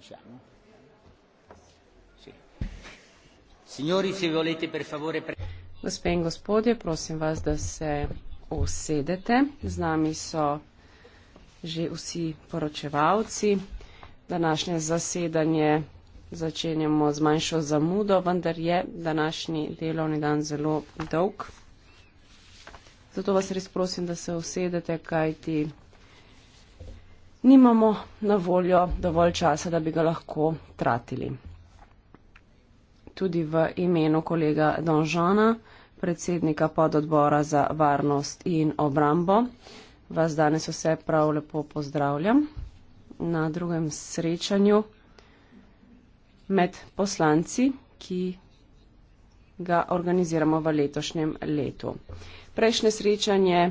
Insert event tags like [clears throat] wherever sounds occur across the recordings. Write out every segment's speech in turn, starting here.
响哦。Signori, se volete, per favore, pre... Gospe in gospodje, prosim vas, da se usedete. Z nami so že vsi poročevalci. Današnje zasedanje začenjamo z manjšo zamudo, vendar je današnji delovni dan zelo dolg. Zato vas res prosim, da se usedete, kajti nimamo na voljo dovolj časa, da bi ga lahko tratili. Tudi v imenu kolega Donžana, predsednika pododbora za varnost in obrambo, vas danes vse prav lepo pozdravljam na drugem srečanju med poslanci, ki ga organiziramo v letošnjem letu. Prejšnje srečanje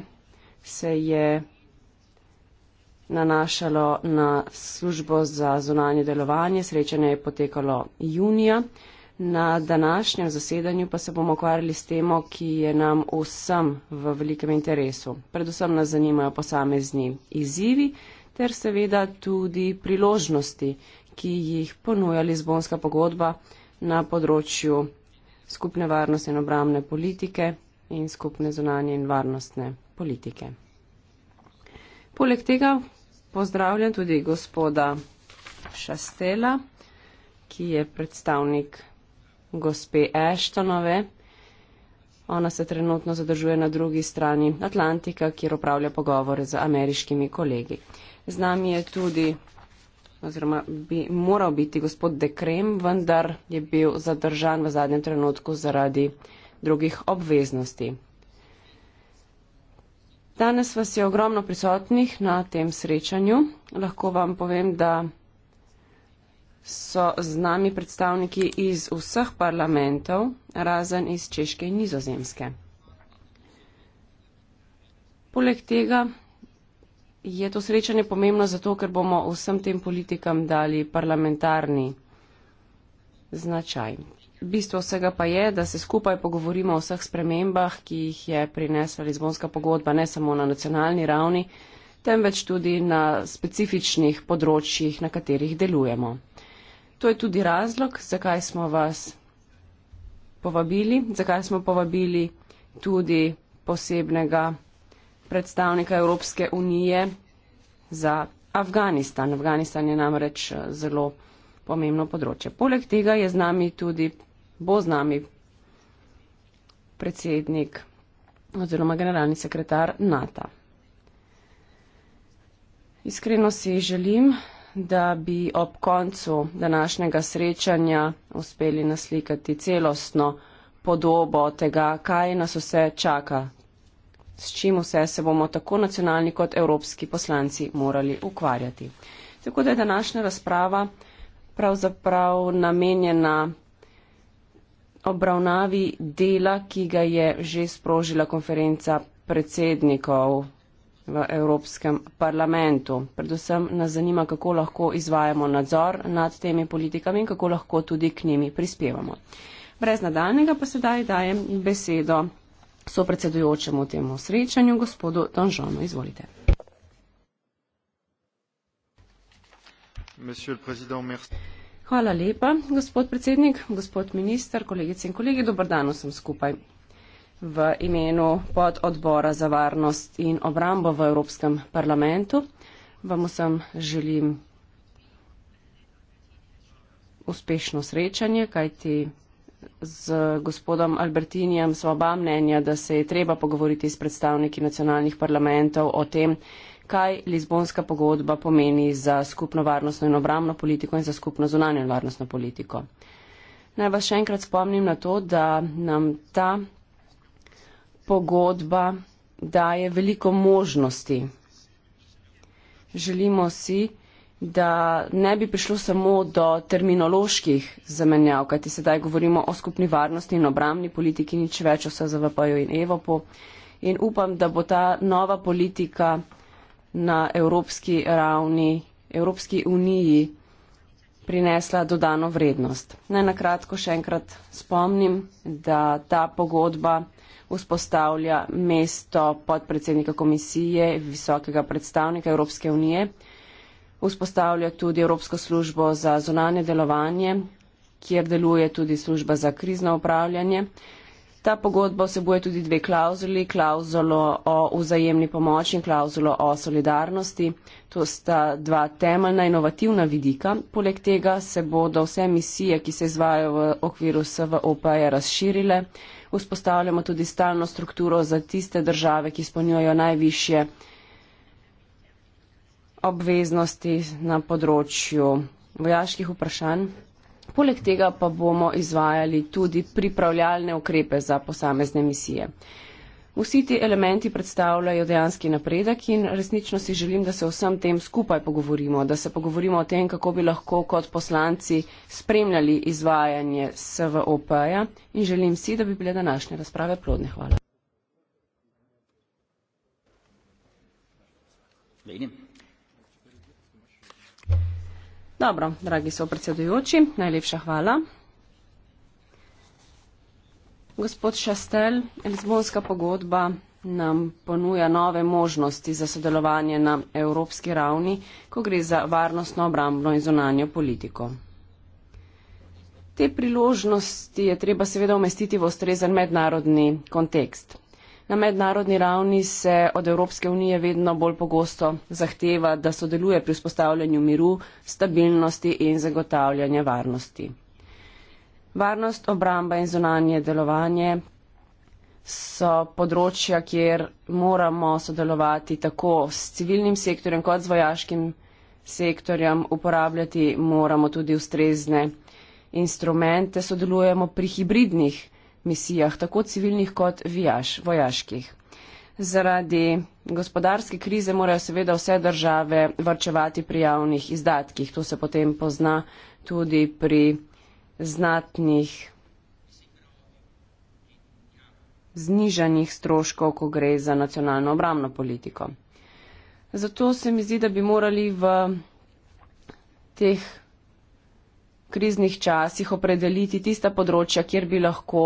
se je nanašalo na službo za zunanje delovanje. Srečanje je potekalo junija. Na današnjem zasedanju pa se bomo ukvarjali s temo, ki je nam vsem v velikem interesu. Predvsem nas zanimajo posamezni izzivi ter seveda tudi priložnosti, ki jih ponuja Lizbonska pogodba na področju skupne varnostne in obramne politike in skupne zunanje in varnostne politike. Poleg tega pozdravljam tudi gospoda Šastela, ki je predstavnik gospe Eštonove. Ona se trenutno zadržuje na drugi strani Atlantika, kjer opravlja pogovore z ameriškimi kolegi. Z nami je tudi, oziroma bi moral biti gospod Dekrem, vendar je bil zadržan v zadnjem trenutku zaradi drugih obveznosti. Danes vas je ogromno prisotnih na tem srečanju. Lahko vam povem, da so z nami predstavniki iz vseh parlamentov, razen iz Češke in Nizozemske. Poleg tega je to srečanje pomembno zato, ker bomo vsem tem politikam dali parlamentarni značaj bistvo vsega pa je, da se skupaj pogovorimo o vseh spremembah, ki jih je prinesla Lizbonska pogodba ne samo na nacionalni ravni, temveč tudi na specifičnih področjih, na katerih delujemo. To je tudi razlog, zakaj smo vas povabili, zakaj smo povabili tudi posebnega predstavnika Evropske unije za Afganistan. Afganistan je namreč eh, zelo pomembno področje. Poleg tega je z nami tudi bo z nami predsednik oziroma generalni sekretar NATO. Iskreno si želim, da bi ob koncu današnjega srečanja uspeli naslikati celostno podobo tega, kaj nas vse čaka, s čim vse se bomo tako nacionalni kot evropski poslanci morali ukvarjati. Tako da je današnja razprava pravzaprav namenjena obravnavi dela, ki ga je že sprožila konferenca predsednikov v Evropskem parlamentu. Predvsem nas zanima, kako lahko izvajamo nadzor nad temi politikami in kako lahko tudi k njimi prispevamo. Brez nadaljnega pa sedaj dajem besedo sopredsedujočemu temu srečanju, gospodu Donžonu. Izvolite. Monsieur le président, merci. Hvala lepa, gospod predsednik, gospod minister, kolegice in kolegi, dobr dan vsem skupaj. V imenu pod odbora za varnost in obrambo v Evropskem parlamentu vam vsem želim uspešno srečanje, kajti z gospodom Albertinijem sva oba mnenja, da se je treba pogovoriti s predstavniki nacionalnih parlamentov o tem, kaj Lizbonska pogodba pomeni za skupno varnostno in obramno politiko in za skupno zunanje varnostno politiko. Naj vas še enkrat spomnim na to, da nam ta pogodba daje veliko možnosti. Želimo si, da ne bi prišlo samo do terminoloških zamenjav, kajti sedaj govorimo o skupni varnosti in obramni politiki, nič več o SZVP-ju in Evopu. In upam, da bo ta nova politika na evropski ravni, Evropski uniji prinesla dodano vrednost. Naj nakratko še enkrat spomnim, da ta pogodba vzpostavlja mesto podpredsednika komisije, visokega predstavnika Evropske unije, vzpostavlja tudi Evropsko službo za zunanje delovanje, kjer deluje tudi služba za krizno upravljanje, Ta pogodba vsebuje tudi dve klauzuli, klauzulo o vzajemni pomoči in klauzulo o solidarnosti. To sta dva temeljna inovativna vidika. Poleg tega se bodo vse misije, ki se izvajo v okviru SVOP-ja, razširile. Vzpostavljamo tudi stalno strukturo za tiste države, ki spolnjujo najviše obveznosti na področju vojaških vprašanj. Poleg tega pa bomo izvajali tudi pripravljalne ukrepe za posamezne misije. Vsi ti elementi predstavljajo dejanski napredek in resnično si želim, da se vsem tem skupaj pogovorimo, da se pogovorimo o tem, kako bi lahko kot poslanci spremljali izvajanje SVOP-ja in želim si, da bi bile današnje razprave plodne. Hvala. Lenim. Dobro, dragi so predsedujoči, najlepša hvala. Gospod Šastel, Lizbonska pogodba nam ponuja nove možnosti za sodelovanje na evropski ravni, ko gre za varnostno, obrambno in zunanjo politiko. Te priložnosti je treba seveda umestiti v ustrezen mednarodni kontekst. Na mednarodni ravni se od Evropske unije vedno bolj pogosto zahteva, da sodeluje pri vzpostavljanju miru, stabilnosti in zagotavljanja varnosti. Varnost, obramba in zunanje delovanje so področja, kjer moramo sodelovati tako s civilnim sektorjem kot z vojaškim sektorjem, uporabljati moramo tudi ustrezne instrumente, sodelujemo pri hibridnih misijah, tako civilnih kot vijaš, vojaških. Zaradi gospodarske krize morajo seveda vse države varčevati pri javnih izdatkih. To se potem pozna tudi pri znatnih znižanjih stroškov, ko gre za nacionalno obramno politiko. Zato se mi zdi, da bi morali v teh kriznih časih opredeliti tista področja, kjer bi lahko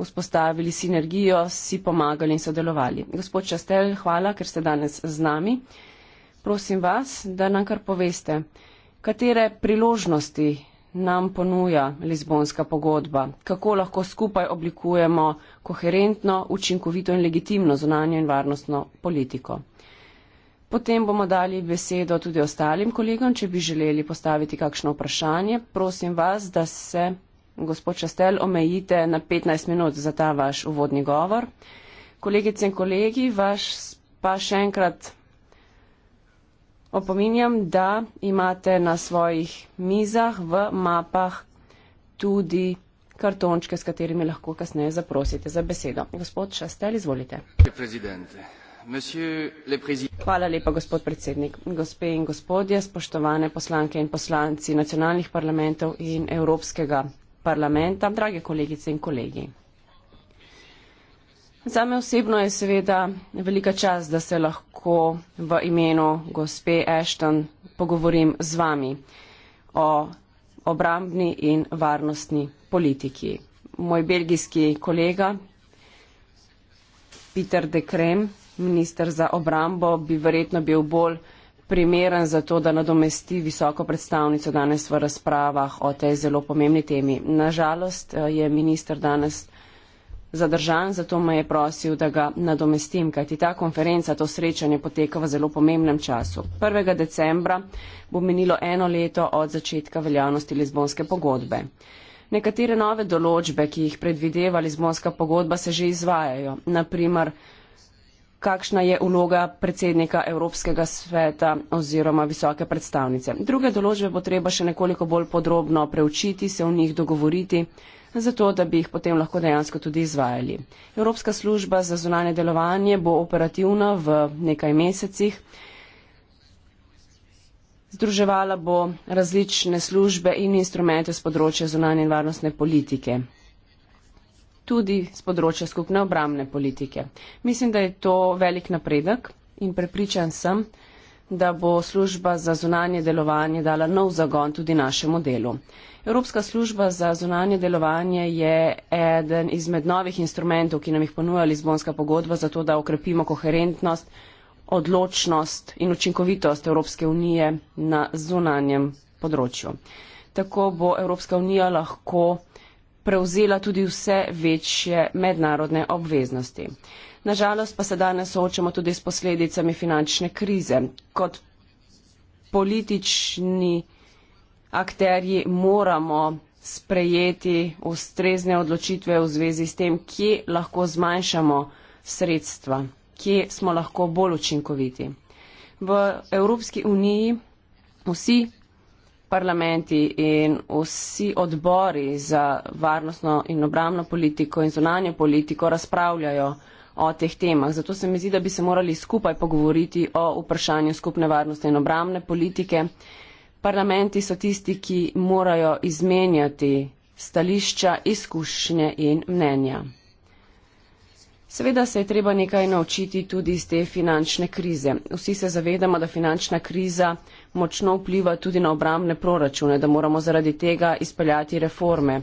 vzpostavili sinergijo, si pomagali in sodelovali. Gospod Častel, hvala, ker ste danes z nami. Prosim vas, da nam kar poveste, katere priložnosti nam ponuja Lizbonska pogodba, kako lahko skupaj oblikujemo koherentno, učinkovito in legitimno zunanje in varnostno politiko. Potem bomo dali besedo tudi ostalim kolegom, če bi želeli postaviti kakšno vprašanje. Prosim vas, da se gospod Šastel, omejite na 15 minut za ta vaš uvodni govor. Kolegice in kolegi, vaš pa še enkrat opominjam, da imate na svojih mizah v mapah tudi kartončke, s katerimi lahko kasneje zaprosite za besedo. Gospod Šastel, izvolite. Hvala lepa, gospod predsednik. Gospe in gospodje, spoštovane poslanke in poslanci nacionalnih parlamentov in Evropskega parlamenta, drage kolegice in kolegi. Zame osebno je seveda velika čas, da se lahko v imenu gospe Ashton pogovorim z vami o obrambni in varnostni politiki. Moj belgijski kolega Peter de Krem, minister za obrambo, bi verjetno bil bolj primeren za to, da nadomesti visoko predstavnico danes v razpravah o tej zelo pomembni temi. Nažalost eh, je minister danes zadržan, zato me je prosil, da ga nadomestim, kajti ta konferenca, to srečanje poteka v zelo pomembnem času. 1. decembra bo minilo eno leto od začetka veljavnosti Lizbonske pogodbe. Nekatere nove določbe, ki jih predvideva Lizbonska pogodba, se že izvajajo. Naprimer, kakšna je vloga predsednika Evropskega sveta oziroma visoke predstavnice. Druge določbe bo treba še nekoliko bolj podrobno preučiti, se o njih dogovoriti, zato da bi jih potem lahko dejansko tudi izvajali. Evropska služba za zunanje delovanje bo operativna v nekaj mesecih. Združevala bo različne službe in instrumente z področja zunanje in varnostne politike tudi z področja skupne obramne politike. Mislim, da je to velik napredek in prepričan sem, da bo služba za zunanje delovanje dala nov zagon tudi našemu delu. Evropska služba za zunanje delovanje je eden izmed novih instrumentov, ki nam jih ponuja Lizbonska pogodba, zato da okrepimo koherentnost, odločnost in učinkovitost Evropske unije na zunanjem področju. Tako bo Evropska unija lahko prevzela tudi vse večje mednarodne obveznosti. Nažalost pa se danes soočamo tudi s posledicami finančne krize. Kot politični akterji moramo sprejeti ustrezne odločitve v zvezi s tem, kje lahko zmanjšamo sredstva, kje smo lahko bolj učinkoviti. V Evropski uniji vsi parlamenti in vsi odbori za varnostno in obramno politiko in zunanje politiko razpravljajo o teh temah. Zato se mi zdi, da bi se morali skupaj pogovoriti o vprašanju skupne varnosti in obramne politike. Parlamenti so tisti, ki morajo izmenjati stališča, izkušnje in mnenja. Seveda se je treba nekaj naučiti tudi iz te finančne krize. Vsi se zavedamo, da finančna kriza močno vpliva tudi na obramne proračune, da moramo zaradi tega izpeljati reforme.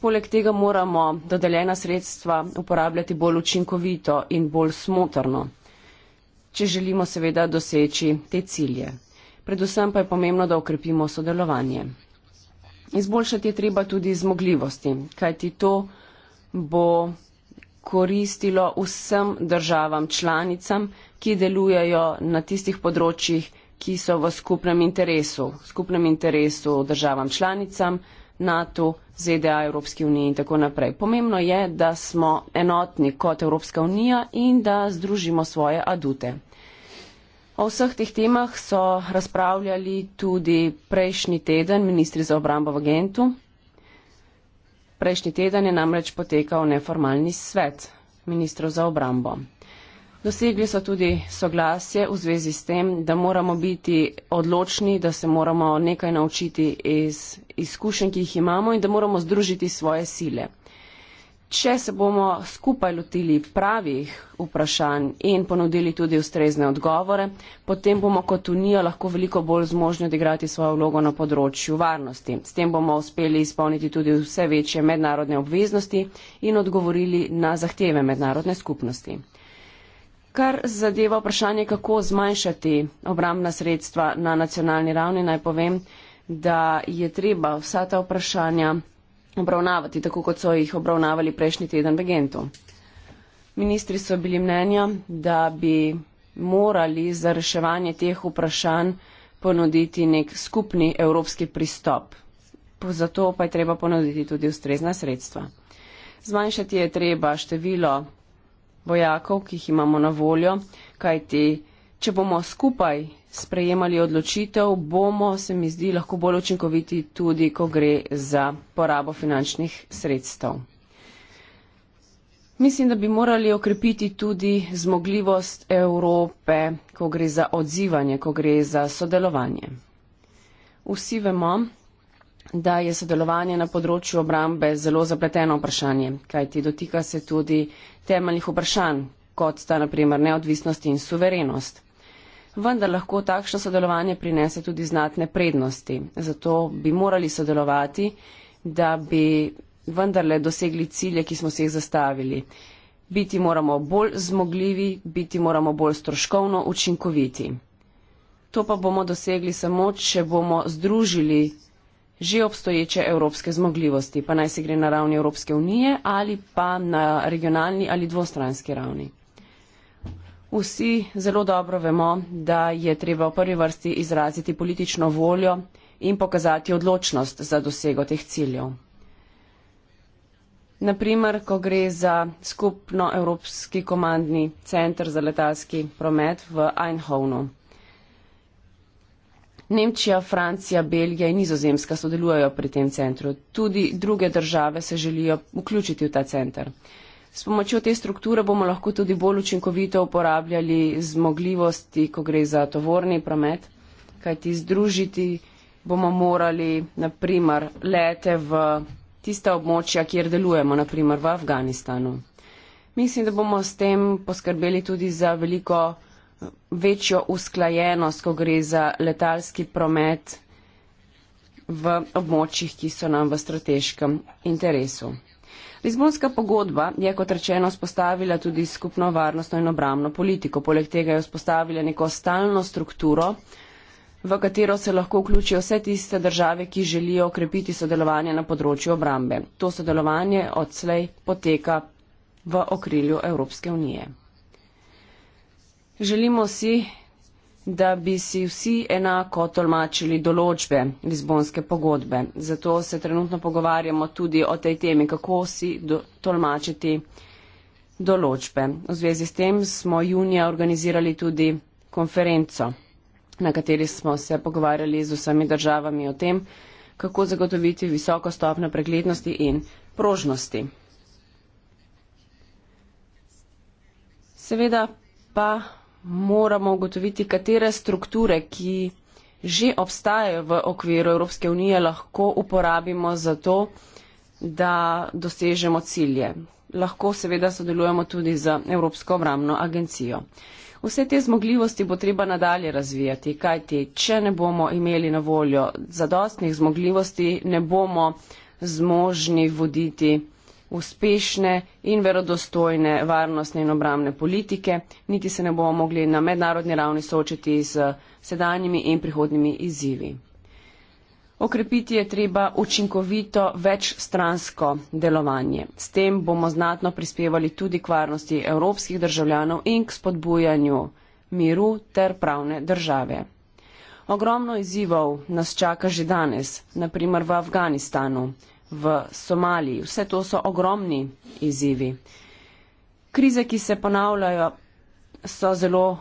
Poleg tega moramo dodeljena sredstva uporabljati bolj učinkovito in bolj smotrno, če želimo seveda doseči te cilje. Predvsem pa je pomembno, da okrepimo sodelovanje. Izboljšati je treba tudi zmogljivosti, kajti to bo koristilo vsem državam članicam, ki delujejo na tistih področjih, ki so v skupnem interesu, skupnem interesu državam članicam, NATO, ZDA, Evropski uniji in tako naprej. Pomembno je, da smo enotni kot Evropska unija in da združimo svoje adute. O vseh teh temah so razpravljali tudi prejšnji teden ministri za obrambo v Gentu. Prejšnji teden je namreč potekal neformalni svet ministrov za obrambo. Dosegli so tudi soglasje v zvezi s tem, da moramo biti odločni, da se moramo nekaj naučiti iz izkušenj, ki jih imamo in da moramo združiti svoje sile. Če se bomo skupaj lotili pravih vprašanj in ponudili tudi ustrezne odgovore, potem bomo kot Unija lahko veliko bolj zmožni odigrati svojo vlogo na področju varnosti. S tem bomo uspeli izpolniti tudi vse večje mednarodne obveznosti in odgovorili na zahteve mednarodne skupnosti. Kar zadeva vprašanje, kako zmanjšati obrambna sredstva na nacionalni ravni, naj povem, da je treba vsa ta vprašanja obravnavati, tako kot so jih obravnavali prejšnji teden v Gentu. Ministri so bili mnenja, da bi morali za reševanje teh vprašanj ponuditi nek skupni evropski pristop. Zato pa je treba ponuditi tudi ustrezna sredstva. Zmanjšati je treba število vojakov, ki jih imamo na voljo, kajti če bomo skupaj sprejemali odločitev, bomo, se mi zdi, lahko bolj učinkoviti tudi, ko gre za porabo finančnih sredstev. Mislim, da bi morali okrepiti tudi zmogljivost Evrope, ko gre za odzivanje, ko gre za sodelovanje. Vsi vemo, da je sodelovanje na področju obrambe zelo zapleteno vprašanje, kajti dotika se tudi temeljnih vprašanj, kot sta naprimer neodvisnost in suverenost. Vendar lahko takšno sodelovanje prinese tudi znatne prednosti. Zato bi morali sodelovati, da bi vendarle dosegli cilje, ki smo se jih zastavili. Biti moramo bolj zmogljivi, biti moramo bolj stroškovno učinkoviti. To pa bomo dosegli samo, če bomo združili že obstoječe evropske zmogljivosti, pa naj se gre na ravni Evropske unije ali pa na regionalni ali dvostranski ravni. Vsi zelo dobro vemo, da je treba v prvi vrsti izraziti politično voljo in pokazati odločnost za dosego teh ciljev. Naprimer, ko gre za skupno Evropski komandni center za letalski promet v Einhovnu. Nemčija, Francija, Belgija in Nizozemska sodelujejo pri tem centru. Tudi druge države se želijo vključiti v ta center. S pomočjo te strukture bomo lahko tudi bolj učinkovito uporabljali zmogljivosti, ko gre za tovorni promet, kajti združiti bomo morali naprimer lete v tista območja, kjer delujemo, naprimer v Afganistanu. Mislim, da bomo s tem poskrbeli tudi za veliko večjo usklajenost, ko gre za letalski promet v območjih, ki so nam v strateškem interesu. Lizbonska pogodba je, kot rečeno, spostavila tudi skupno varnostno in obramno politiko. Poleg tega je spostavila neko stalno strukturo, v katero se lahko vključijo vse tiste države, ki želijo okrepiti sodelovanje na področju obrambe. To sodelovanje odslej poteka v okrilju Evropske unije. Želimo si, da bi si vsi enako tolmačili določbe Lizbonske pogodbe. Zato se trenutno pogovarjamo tudi o tej temi, kako si do, tolmačiti določbe. V zvezi s tem smo junija organizirali tudi konferenco, na kateri smo se pogovarjali z vsemi državami o tem, kako zagotoviti visoko stopno preglednosti in prožnosti. Seveda pa moramo ugotoviti, katere strukture, ki že obstajajo v okviru Evropske unije, lahko uporabimo za to, da dosežemo cilje. Lahko seveda sodelujemo tudi z Evropsko obramno agencijo. Vse te zmogljivosti bo treba nadalje razvijati, kajti če ne bomo imeli na voljo zadostnih zmogljivosti, ne bomo zmožni voditi uspešne in verodostojne varnostne in obramne politike, niti se ne bomo mogli na mednarodni ravni soočiti z sedanjimi in prihodnimi izzivi. Okrepiti je treba učinkovito večstransko delovanje. S tem bomo znatno prispevali tudi k varnosti evropskih državljanov in k spodbujanju miru ter pravne države. Ogromno izzivov nas čaka že danes, naprimer v Afganistanu, v Somaliji. Vse to so ogromni izzivi. Krize, ki se ponavljajo, so zelo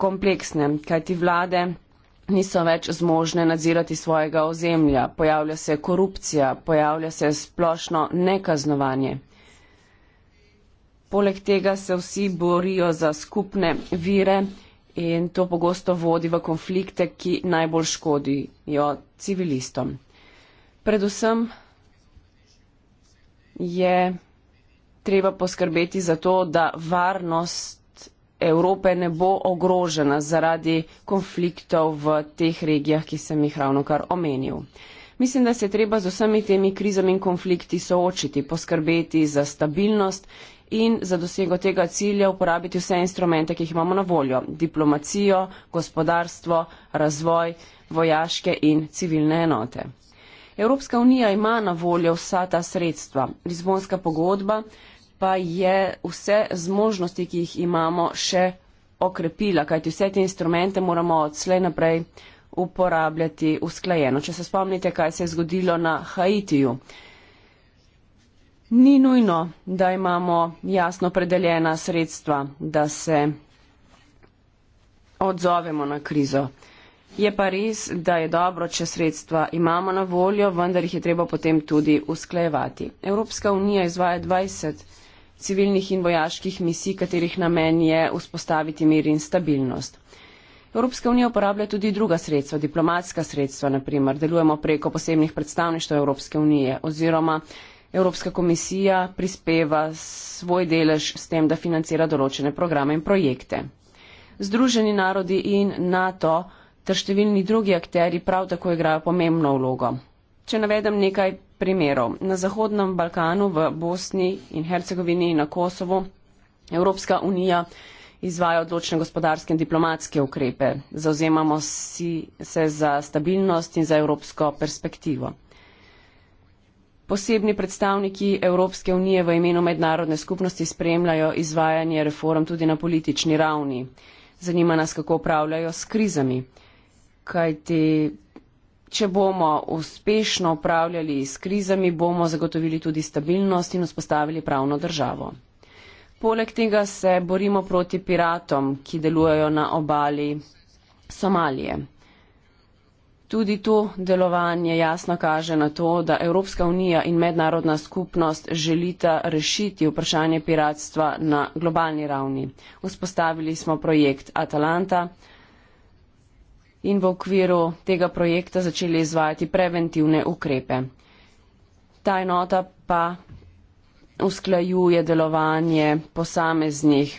kompleksne, kajti vlade niso več zmožne nadzirati svojega ozemlja, pojavlja se korupcija, pojavlja se splošno nekaznovanje. Poleg tega se vsi borijo za skupne vire in to pogosto vodi v konflikte, ki najbolj škodijo civilistom. Predvsem je treba poskrbeti za to, da varnost Evrope ne bo ogrožena zaradi konfliktov v teh regijah, ki sem jih ravno kar omenil. Mislim, da se je treba z vsemi temi krizami in konflikti soočiti, poskrbeti za stabilnost in za dosego tega cilja uporabiti vse instrumente, ki jih imamo na voljo. Diplomacijo, gospodarstvo, razvoj, vojaške in civilne enote. Evropska unija ima na voljo vsa ta sredstva. Lizbonska pogodba pa je vse zmožnosti, ki jih imamo, še okrepila, kajti vse te instrumente moramo odslej naprej uporabljati usklajeno. Če se spomnite, kaj se je zgodilo na Haitiju. Ni nujno, da imamo jasno predeljena sredstva, da se odzovemo na krizo. Je pa res, da je dobro, če sredstva imamo na voljo, vendar jih je treba potem tudi usklejevati. Evropska unija izvaja 20 civilnih in vojaških misij, katerih namen je vzpostaviti mir in stabilnost. Evropska unija uporablja tudi druga sredstva, diplomatska sredstva, naprimer, delujemo preko posebnih predstavništv Evropske unije oziroma Evropska komisija prispeva svoj delež s tem, da financira določene programe in projekte. Združeni narodi in NATO ter številni drugi akteri prav tako igrajo pomembno vlogo. Če navedem nekaj primerov. Na Zahodnem Balkanu, v Bosni in Hercegovini in na Kosovo Evropska unija izvaja odločne gospodarske in diplomatske ukrepe. Zauzemamo si, se za stabilnost in za evropsko perspektivo. Posebni predstavniki Evropske unije v imenu mednarodne skupnosti spremljajo izvajanje reform tudi na politični ravni. Zanima nas, kako upravljajo s krizami kajti če bomo uspešno upravljali s krizami, bomo zagotovili tudi stabilnost in vzpostavili pravno državo. Poleg tega se borimo proti piratom, ki delujejo na obali Somalije. Tudi to delovanje jasno kaže na to, da Evropska unija in mednarodna skupnost želita rešiti vprašanje piratstva na globalni ravni. Vzpostavili smo projekt Atalanta, in v okviru tega projekta začeli izvajati preventivne ukrepe. Ta enota pa usklajuje delovanje posameznih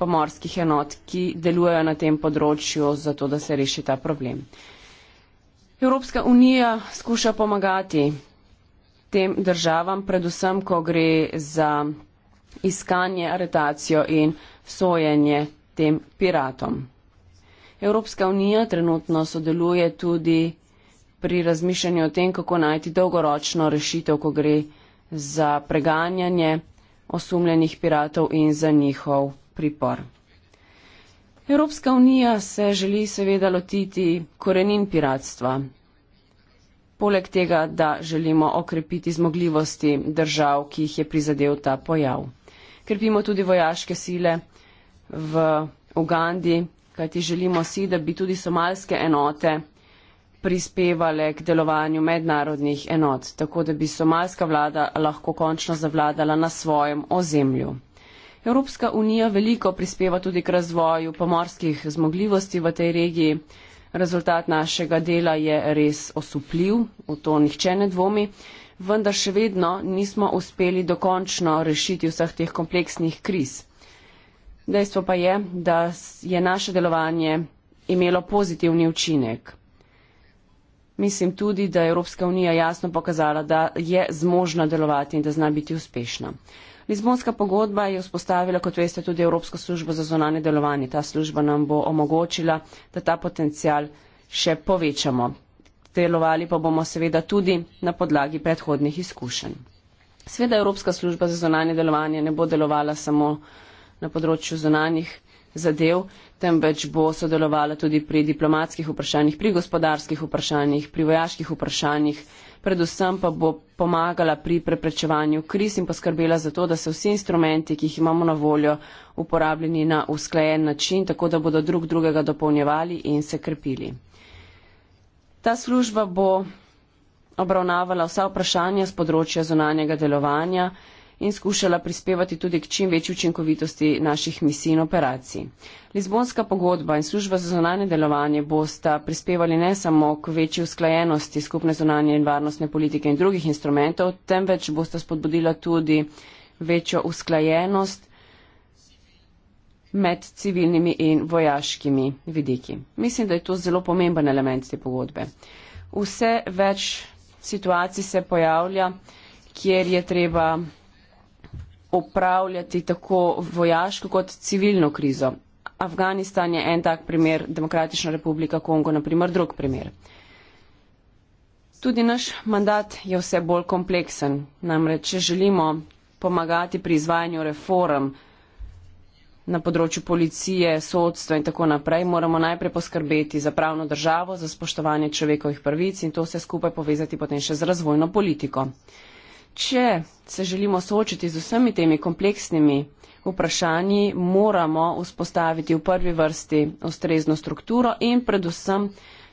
pomorskih enot, ki delujejo na tem področju, zato da se reši ta problem. Evropska unija skuša pomagati tem državam, predvsem, ko gre za iskanje, aretacijo in sojenje tem piratom. Evropska unija trenutno sodeluje tudi pri razmišljanju o tem, kako najti dolgoročno rešitev, ko gre za preganjanje osumljenih piratov in za njihov pripor. Evropska unija se želi seveda lotiti korenin piratstva. Poleg tega, da želimo okrepiti zmogljivosti držav, ki jih je prizadel ta pojav. Krepimo tudi vojaške sile v Ugandi, kajti želimo si, da bi tudi somalske enote prispevale k delovanju mednarodnih enot, tako da bi somalska vlada lahko končno zavladala na svojem ozemlju. Evropska unija veliko prispeva tudi k razvoju pomorskih zmogljivosti v tej regiji. Rezultat našega dela je res osupljiv, v to nihče ne dvomi, vendar še vedno nismo uspeli dokončno rešiti vseh teh kompleksnih kriz. Dejstvo pa je, da je naše delovanje imelo pozitivni učinek. Mislim tudi, da je Evropska unija jasno pokazala, da je zmožna delovati in da zna biti uspešna. Lizbonska pogodba je vzpostavila, kot veste, tudi Evropsko službo za zonanje delovanje. Ta služba nam bo omogočila, da ta potencial še povečamo. Delovali pa bomo seveda tudi na podlagi predhodnih izkušenj. Sveda Evropska služba za zonanje delovanje ne bo delovala samo na področju zunanjih zadev, temveč bo sodelovala tudi pri diplomatskih vprašanjih, pri gospodarskih vprašanjih, pri vojaških vprašanjih, predvsem pa bo pomagala pri preprečevanju kriz in poskrbela za to, da so vsi instrumenti, ki jih imamo na voljo, uporabljeni na usklajen način, tako da bodo drug drugega dopolnjevali in se krepili. Ta služba bo obravnavala vsa vprašanja z področja zunanjega delovanja, in skušala prispevati tudi k čim večji učinkovitosti naših misij in operacij. Lizbonska pogodba in služba za zonanje delovanje bosta prispevali ne samo k večji usklajenosti skupne zonanje in varnostne politike in drugih instrumentov, temveč bosta spodbudila tudi večjo usklajenost med civilnimi in vojaškimi vidiki. Mislim, da je to zelo pomemben element te pogodbe. Vse več situacij se pojavlja, kjer je treba upravljati tako vojaško kot civilno krizo. Afganistan je en tak primer, Demokratična republika Kongo naprimer drug primer. Tudi naš mandat je vse bolj kompleksen. Namreč, če želimo pomagati pri izvajanju reform na področju policije, sodstva in tako naprej, moramo najprej poskrbeti za pravno državo, za spoštovanje človekovih prvic in to vse skupaj povezati potem še z razvojno politiko. Če se želimo soočiti z vsemi temi kompleksnimi vprašanji, moramo vzpostaviti v prvi vrsti ustrezno strukturo in predvsem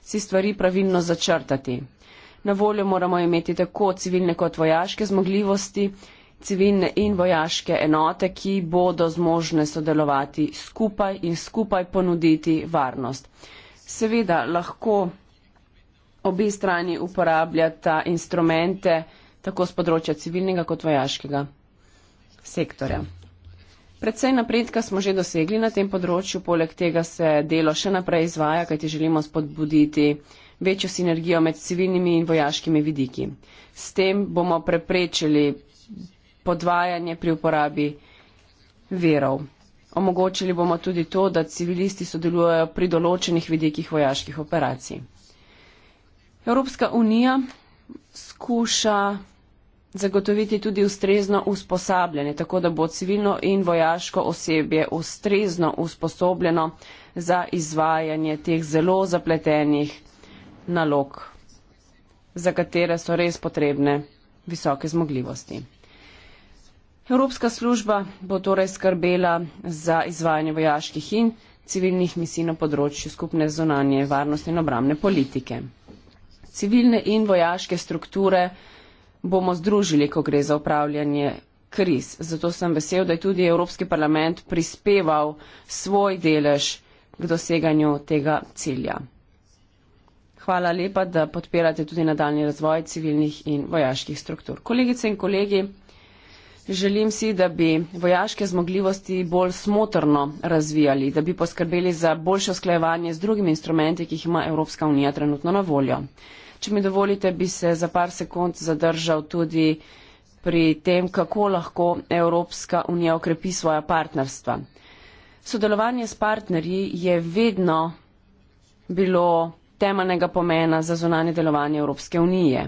si stvari pravilno začrtati. Na voljo moramo imeti tako civilne kot vojaške zmogljivosti, civilne in vojaške enote, ki bodo zmožne sodelovati skupaj in skupaj ponuditi varnost. Seveda lahko obi strani uporabljata instrumente, tako z področja civilnega kot vojaškega sektorja. Predvsej napredka smo že dosegli na tem področju, poleg tega se delo še naprej izvaja, kajti želimo spodbuditi večjo sinergijo med civilnimi in vojaškimi vidiki. S tem bomo preprečili podvajanje pri uporabi verov. Omogočili bomo tudi to, da civilisti sodelujejo pri določenih vidikih vojaških operacij. Evropska unija skuša zagotoviti tudi ustrezno usposabljanje, tako da bo civilno in vojaško osebje ustrezno usposobljeno za izvajanje teh zelo zapletenih nalog, za katere so res potrebne visoke zmogljivosti. Evropska služba bo torej skrbela za izvajanje vojaških in civilnih misij na področju skupne zunanje varnostne in obramne politike civilne in vojaške strukture bomo združili, ko gre za upravljanje kriz. Zato sem vesel, da je tudi Evropski parlament prispeval svoj delež k doseganju tega cilja. Hvala lepa, da podpirate tudi nadaljni razvoj civilnih in vojaških struktur. Kolegice in kolegi, želim si, da bi vojaške zmogljivosti bolj smotrno razvijali, da bi poskrbeli za boljše usklajevanje z drugimi instrumenti, ki jih ima Evropska unija trenutno na voljo. Če mi dovolite, bi se za par sekund zadržal tudi pri tem, kako lahko Evropska unija okrepi svoja partnerstva. Sodelovanje s partnerji je vedno bilo temeljnega pomena za zunanje delovanje Evropske unije.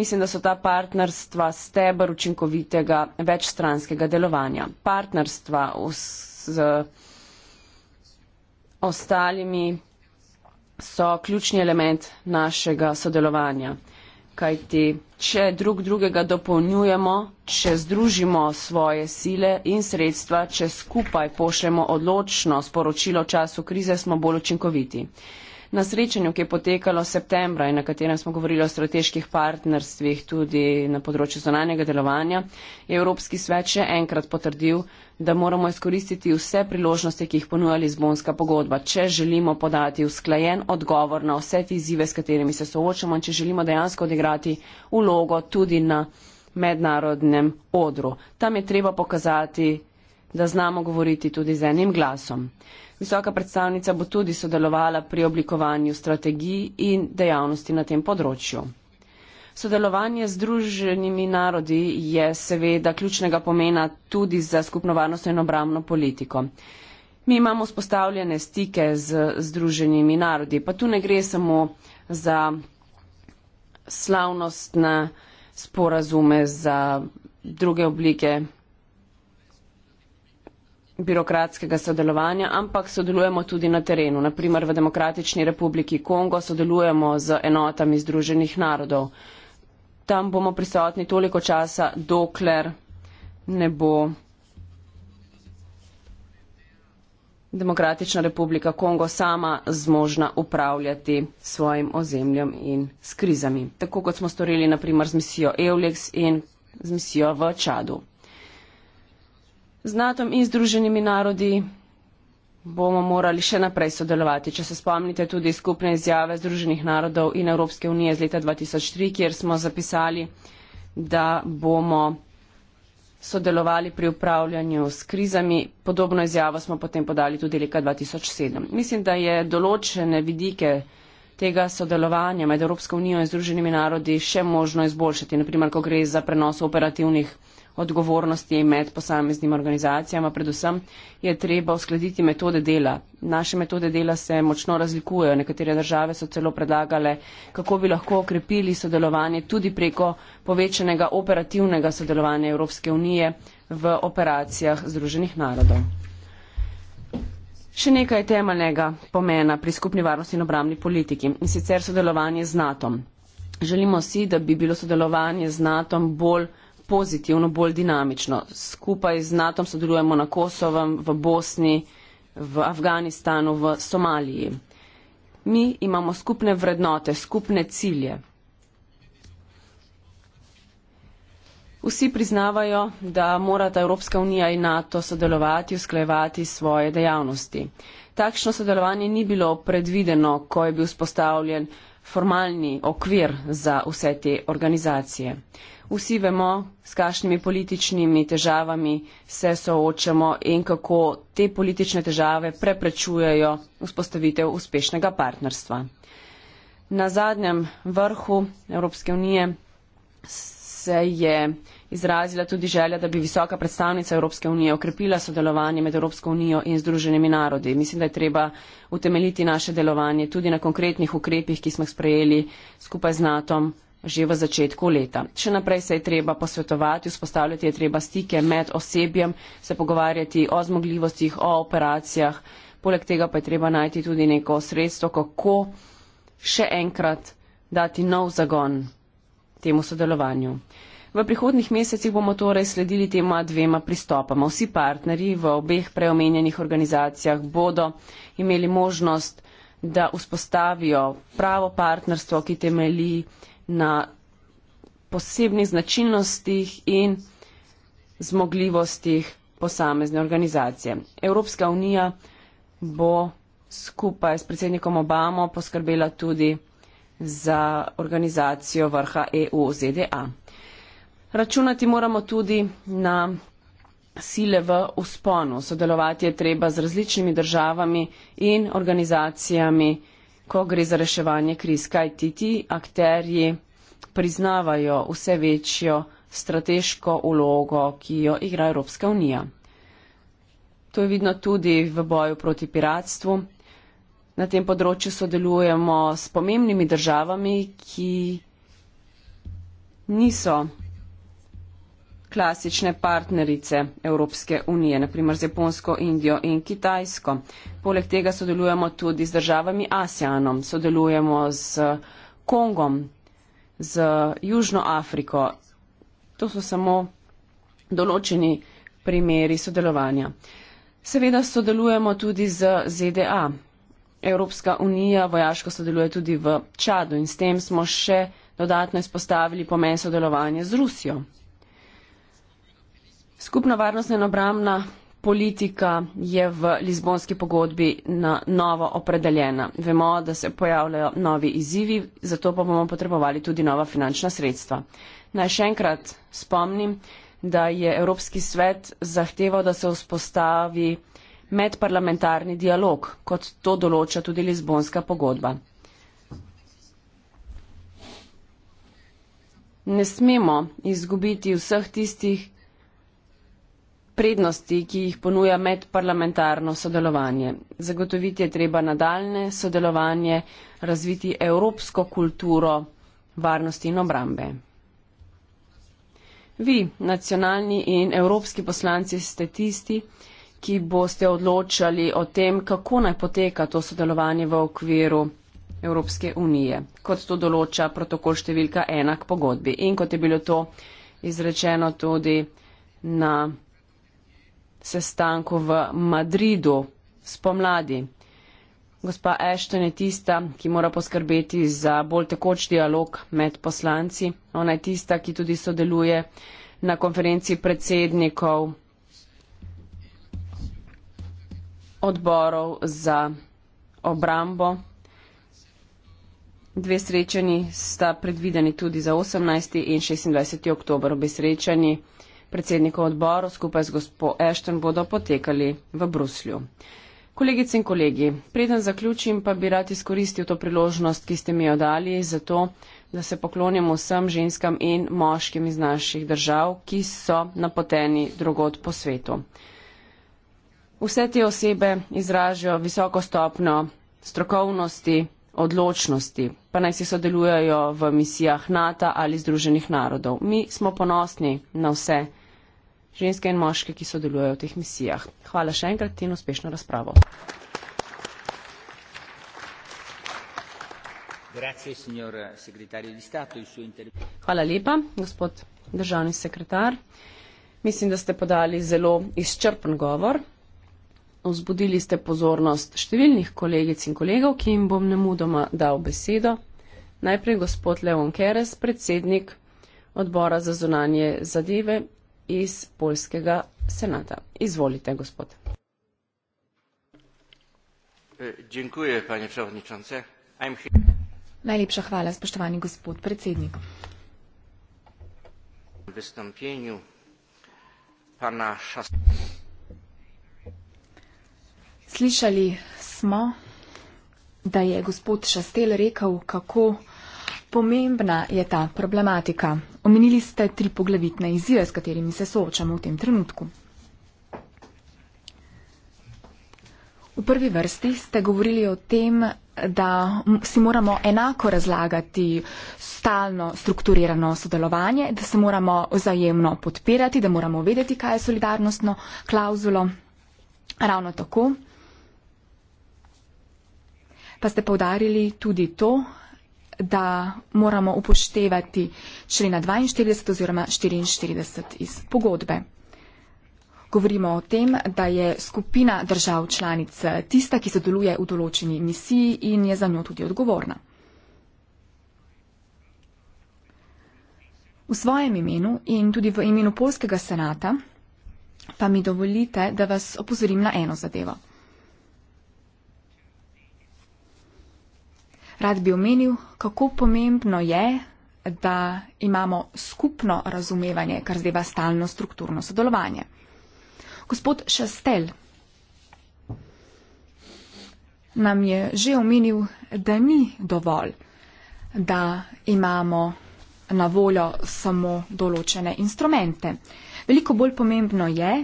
Mislim, da so ta partnerstva stebr učinkovitega večstranskega delovanja. Partnerstva z ostalimi so ključni element našega sodelovanja. Kajti, če drug drugega dopolnjujemo, če združimo svoje sile in sredstva, če skupaj pošljemo odločno sporočilo času krize, smo bolj učinkoviti. Na srečanju, ki je potekalo septembra in na katerem smo govorili o strateških partnerstvih tudi na področju zonanjega delovanja, je Evropski svet še enkrat potrdil, da moramo izkoristiti vse priložnosti, ki jih ponuja Lizbonska pogodba, če želimo podati usklajen odgovor na vse te izzive, s katerimi se soočamo in če želimo dejansko odigrati ulogo tudi na mednarodnem odru. Tam je treba pokazati, da znamo govoriti tudi z enim glasom. Visoka predstavnica bo tudi sodelovala pri oblikovanju strategij in dejavnosti na tem področju. Sodelovanje z druženimi narodi je seveda ključnega pomena tudi za skupno varnost in obramno politiko. Mi imamo spostavljene stike z združenimi narodi, pa tu ne gre samo za slavnostne sporazume, za druge oblike birokratskega sodelovanja, ampak sodelujemo tudi na terenu. Naprimer, v Demokratični republiki Kongo sodelujemo z enotami združenih narodov tam bomo prisotni toliko časa, dokler ne bo Demokratična republika Kongo sama zmožna upravljati svojim ozemljem in s krizami, tako kot smo storili naprimer z misijo Eulex in z misijo v Čadu. Z NATO in Združenimi narodi bomo morali še naprej sodelovati. Če se spomnite tudi skupne izjave Združenih narodov in Evropske unije z leta 2003, kjer smo zapisali, da bomo sodelovali pri upravljanju s krizami. Podobno izjavo smo potem podali tudi leta 2007. Mislim, da je določene vidike tega sodelovanja med Evropsko unijo in Združenimi narodi še možno izboljšati. Naprimer, ko gre za prenos operativnih odgovornosti med posameznim organizacijama. Predvsem je treba uskladiti metode dela. Naše metode dela se močno razlikujejo. Nekatere države so celo predlagale, kako bi lahko okrepili sodelovanje tudi preko povečanega operativnega sodelovanja Evropske unije v operacijah Združenih narodov. Še nekaj temeljnega pomena pri skupni varnosti in obramni politiki in sicer sodelovanje z NATO. Želimo si, da bi bilo sodelovanje z NATO bolj pozitivno, bolj dinamično. Skupaj z NATO sodelujemo na Kosovem, v Bosni, v Afganistanu, v Somaliji. Mi imamo skupne vrednote, skupne cilje. Vsi priznavajo, da morata Evropska unija in NATO sodelovati, usklajevati svoje dejavnosti. Takšno sodelovanje ni bilo predvideno, ko je bil spostavljen formalni okvir za vse te organizacije. Vsi vemo, s kakšnimi političnimi težavami se soočamo in kako te politične težave preprečujejo vzpostavitev uspešnega partnerstva. Na zadnjem vrhu Evropske unije se je izrazila tudi želja, da bi visoka predstavnica Evropske unije okrepila sodelovanje med Evropsko unijo in Združenimi narodi. Mislim, da je treba utemeljiti naše delovanje tudi na konkretnih ukrepih, ki smo jih sprejeli skupaj z NATO že v začetku leta. Še naprej se je treba posvetovati, vzpostavljati je treba stike med osebjem, se pogovarjati o zmogljivostih, o operacijah. Poleg tega pa je treba najti tudi neko sredstvo, kako še enkrat dati nov zagon temu sodelovanju. V prihodnih mesecih bomo torej sledili tema dvema pristopama. Vsi partnerji v obeh preomenjenih organizacijah bodo imeli možnost, da vzpostavijo pravo partnerstvo, ki temeli na posebnih značilnostih in zmogljivostih posamezne organizacije. Evropska unija bo skupaj s predsednikom Obamo poskrbela tudi za organizacijo vrha EU ZDA. Računati moramo tudi na sile v usponu. Sodelovati je treba z različnimi državami in organizacijami, ko gre za reševanje kriz. Kaj ti ti akterji priznavajo vse večjo strateško ulogo, ki jo igra Evropska unija. To je vidno tudi v boju proti piratstvu. Na tem področju sodelujemo s pomembnimi državami, ki niso klasične partnerice Evropske unije, naprimer z Japonsko, Indijo in Kitajsko. Poleg tega sodelujemo tudi z državami ASEANom, sodelujemo z Kongom, z Južno Afriko. To so samo določeni primeri sodelovanja. Seveda sodelujemo tudi z ZDA. Evropska unija vojaško sodeluje tudi v Čadu in s tem smo še dodatno izpostavili pomen sodelovanja z Rusijo. Skupna varnostna in obramna politika je v Lizbonski pogodbi na novo opredeljena. Vemo, da se pojavljajo novi izzivi, zato pa bomo potrebovali tudi nova finančna sredstva. Naj še enkrat spomnim, da je Evropski svet zahteval, da se vzpostavi medparlamentarni dialog, kot to določa tudi Lizbonska pogodba. Ne smemo izgubiti vseh tistih, prednosti, ki jih ponuja medparlamentarno sodelovanje. Zagotoviti je treba nadaljne sodelovanje, razviti evropsko kulturo varnosti in obrambe. Vi, nacionalni in evropski poslanci, ste tisti, ki boste odločali o tem, kako naj poteka to sodelovanje v okviru Evropske unije, kot to določa protokol številka enak pogodbi in kot je bilo to izrečeno tudi na sestanku v Madridu spomladi. Gospa Ashton je tista, ki mora poskrbeti za bolj tekoč dialog med poslanci. Ona je tista, ki tudi sodeluje na konferenci predsednikov odborov za obrambo. Dve srečanji sta predvideni tudi za 18. in 26. oktober obe srečanji predsednikov odborov skupaj z gospod Ešten bodo potekali v Bruslju. Kolegice in kolegi, preden zaključim, pa bi rad izkoristil to priložnost, ki ste mi jo dali, zato, da se poklonim vsem ženskam in moškim iz naših držav, ki so napoteni drugod po svetu. Vse te osebe izražajo visoko stopno strokovnosti, odločnosti, pa naj si sodelujajo v misijah NATO ali Združenih narodov. Mi smo ponosni na vse ženske in moške, ki sodelujejo v teh misijah. Hvala še enkrat in uspešno razpravo. Hvala lepa, gospod državni sekretar. Mislim, da ste podali zelo izčrpen govor. Vzbudili ste pozornost številnih kolegic in kolegov, ki jim bom nemudoma dal besedo. Najprej gospod Leon Keres, predsednik odbora za zunanje zadeve iz Poljskega senata. Izvolite, gospod. E, dziękuję, panie przewodniczący. I'm here. Najlepša hvala, spoštovani gospod predsednik. Slišali smo, da je gospod Šastel rekel, kako Pomembna je ta problematika. Omenili ste tri poglavitne izzive, s katerimi se soočamo v tem trenutku. V prvi vrsti ste govorili o tem, da si moramo enako razlagati stalno strukturirano sodelovanje, da se moramo vzajemno podpirati, da moramo vedeti, kaj je solidarnostno klauzulo. Ravno tako pa ste povdarili tudi to, da moramo upoštevati člena 42 oziroma 44 iz pogodbe. Govorimo o tem, da je skupina držav članic tista, ki sodeluje v določeni misiji in je za njo tudi odgovorna. V svojem imenu in tudi v imenu Polskega senata pa mi dovolite, da vas opozorim na eno zadevo. Rad bi omenil, kako pomembno je, da imamo skupno razumevanje, kar zdeva stalno strukturno sodelovanje. Gospod Šastel nam je že omenil, da ni dovolj, da imamo na voljo samo določene instrumente. Veliko bolj pomembno je,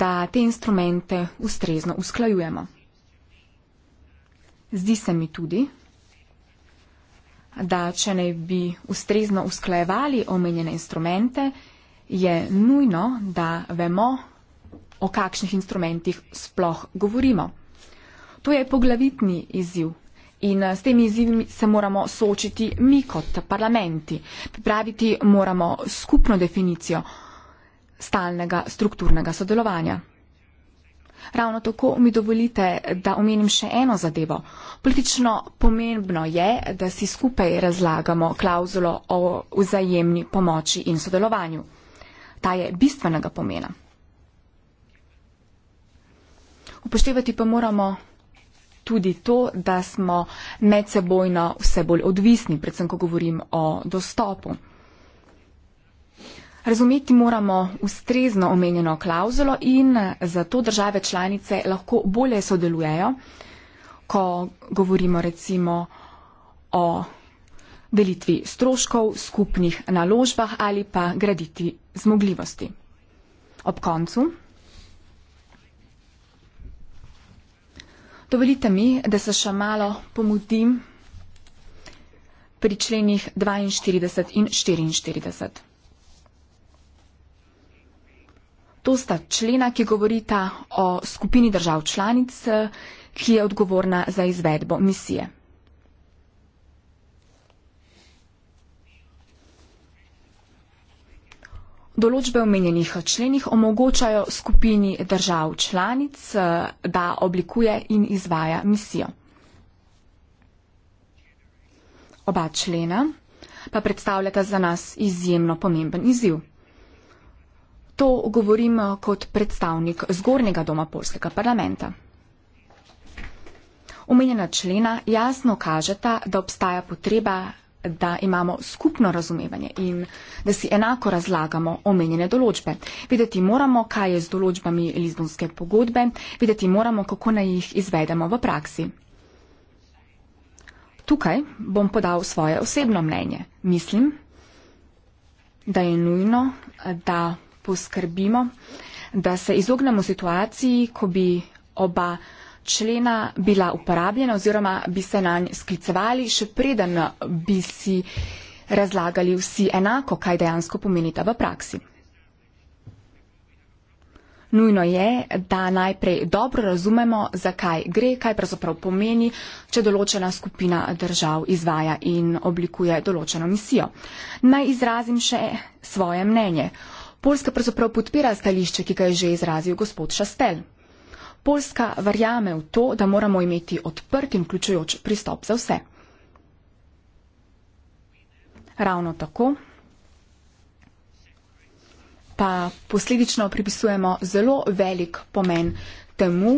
da te instrumente ustrezno usklajujemo. Zdi se mi tudi, da če ne bi ustrezno usklajevali omenjene instrumente, je nujno, da vemo, o kakšnih instrumentih sploh govorimo. To je poglavitni izziv in eh, s temi izzivi se moramo soočiti mi kot parlamenti. Pripraviti moramo skupno definicijo stalnega strukturnega sodelovanja. Ravno tako mi dovolite, da omenim še eno zadevo. Politično pomembno je, da si skupaj razlagamo klauzulo o vzajemni pomoči in sodelovanju. Ta je bistvenega pomena. Upoštevati pa moramo tudi to, da smo medsebojno vse bolj odvisni, predvsem ko govorim o dostopu. Razumeti moramo ustrezno omenjeno klauzulo in zato države članice lahko bolje sodelujejo, ko govorimo recimo o delitvi stroškov, skupnih naložbah ali pa graditi zmogljivosti. Ob koncu. Dovolite mi, da se še malo pomudim pri členih 42 in 44. To sta člena, ki govorita o skupini držav članic, eh, ki je odgovorna za izvedbo misije. Določbe omenjenih členih omogočajo skupini držav članic, eh, da oblikuje in izvaja misijo. Oba člena pa predstavljata za nas izjemno pomemben izziv. To govorim eh, kot predstavnik zgornjega doma polskega parlamenta. Omenjena člena jasno kažeta, da obstaja potreba, da imamo skupno razumevanje in da si enako razlagamo omenjene določbe. Videti moramo, kaj je z določbami Lizbonske pogodbe, videti moramo, kako naj jih izvedemo v praksi. Tukaj bom podal svoje osebno mnenje. Mislim, da je nujno, da poskrbimo, da se izognemo situaciji, ko bi oba člena bila uporabljena oziroma bi se na nje sklicevali, še preden bi si razlagali vsi enako, kaj dejansko pomenita v praksi. Nujno je, da najprej dobro razumemo, zakaj gre, kaj pravzaprav pomeni, če določena skupina držav izvaja in oblikuje določeno misijo. Naj izrazim še svoje mnenje. Poljska pravzaprav podpira stališče, ki ga je že izrazil gospod Šastel. Poljska verjame v to, da moramo imeti odprt in vključujoč pristop za vse. Ravno tako pa posledično pripisujemo zelo velik pomen temu,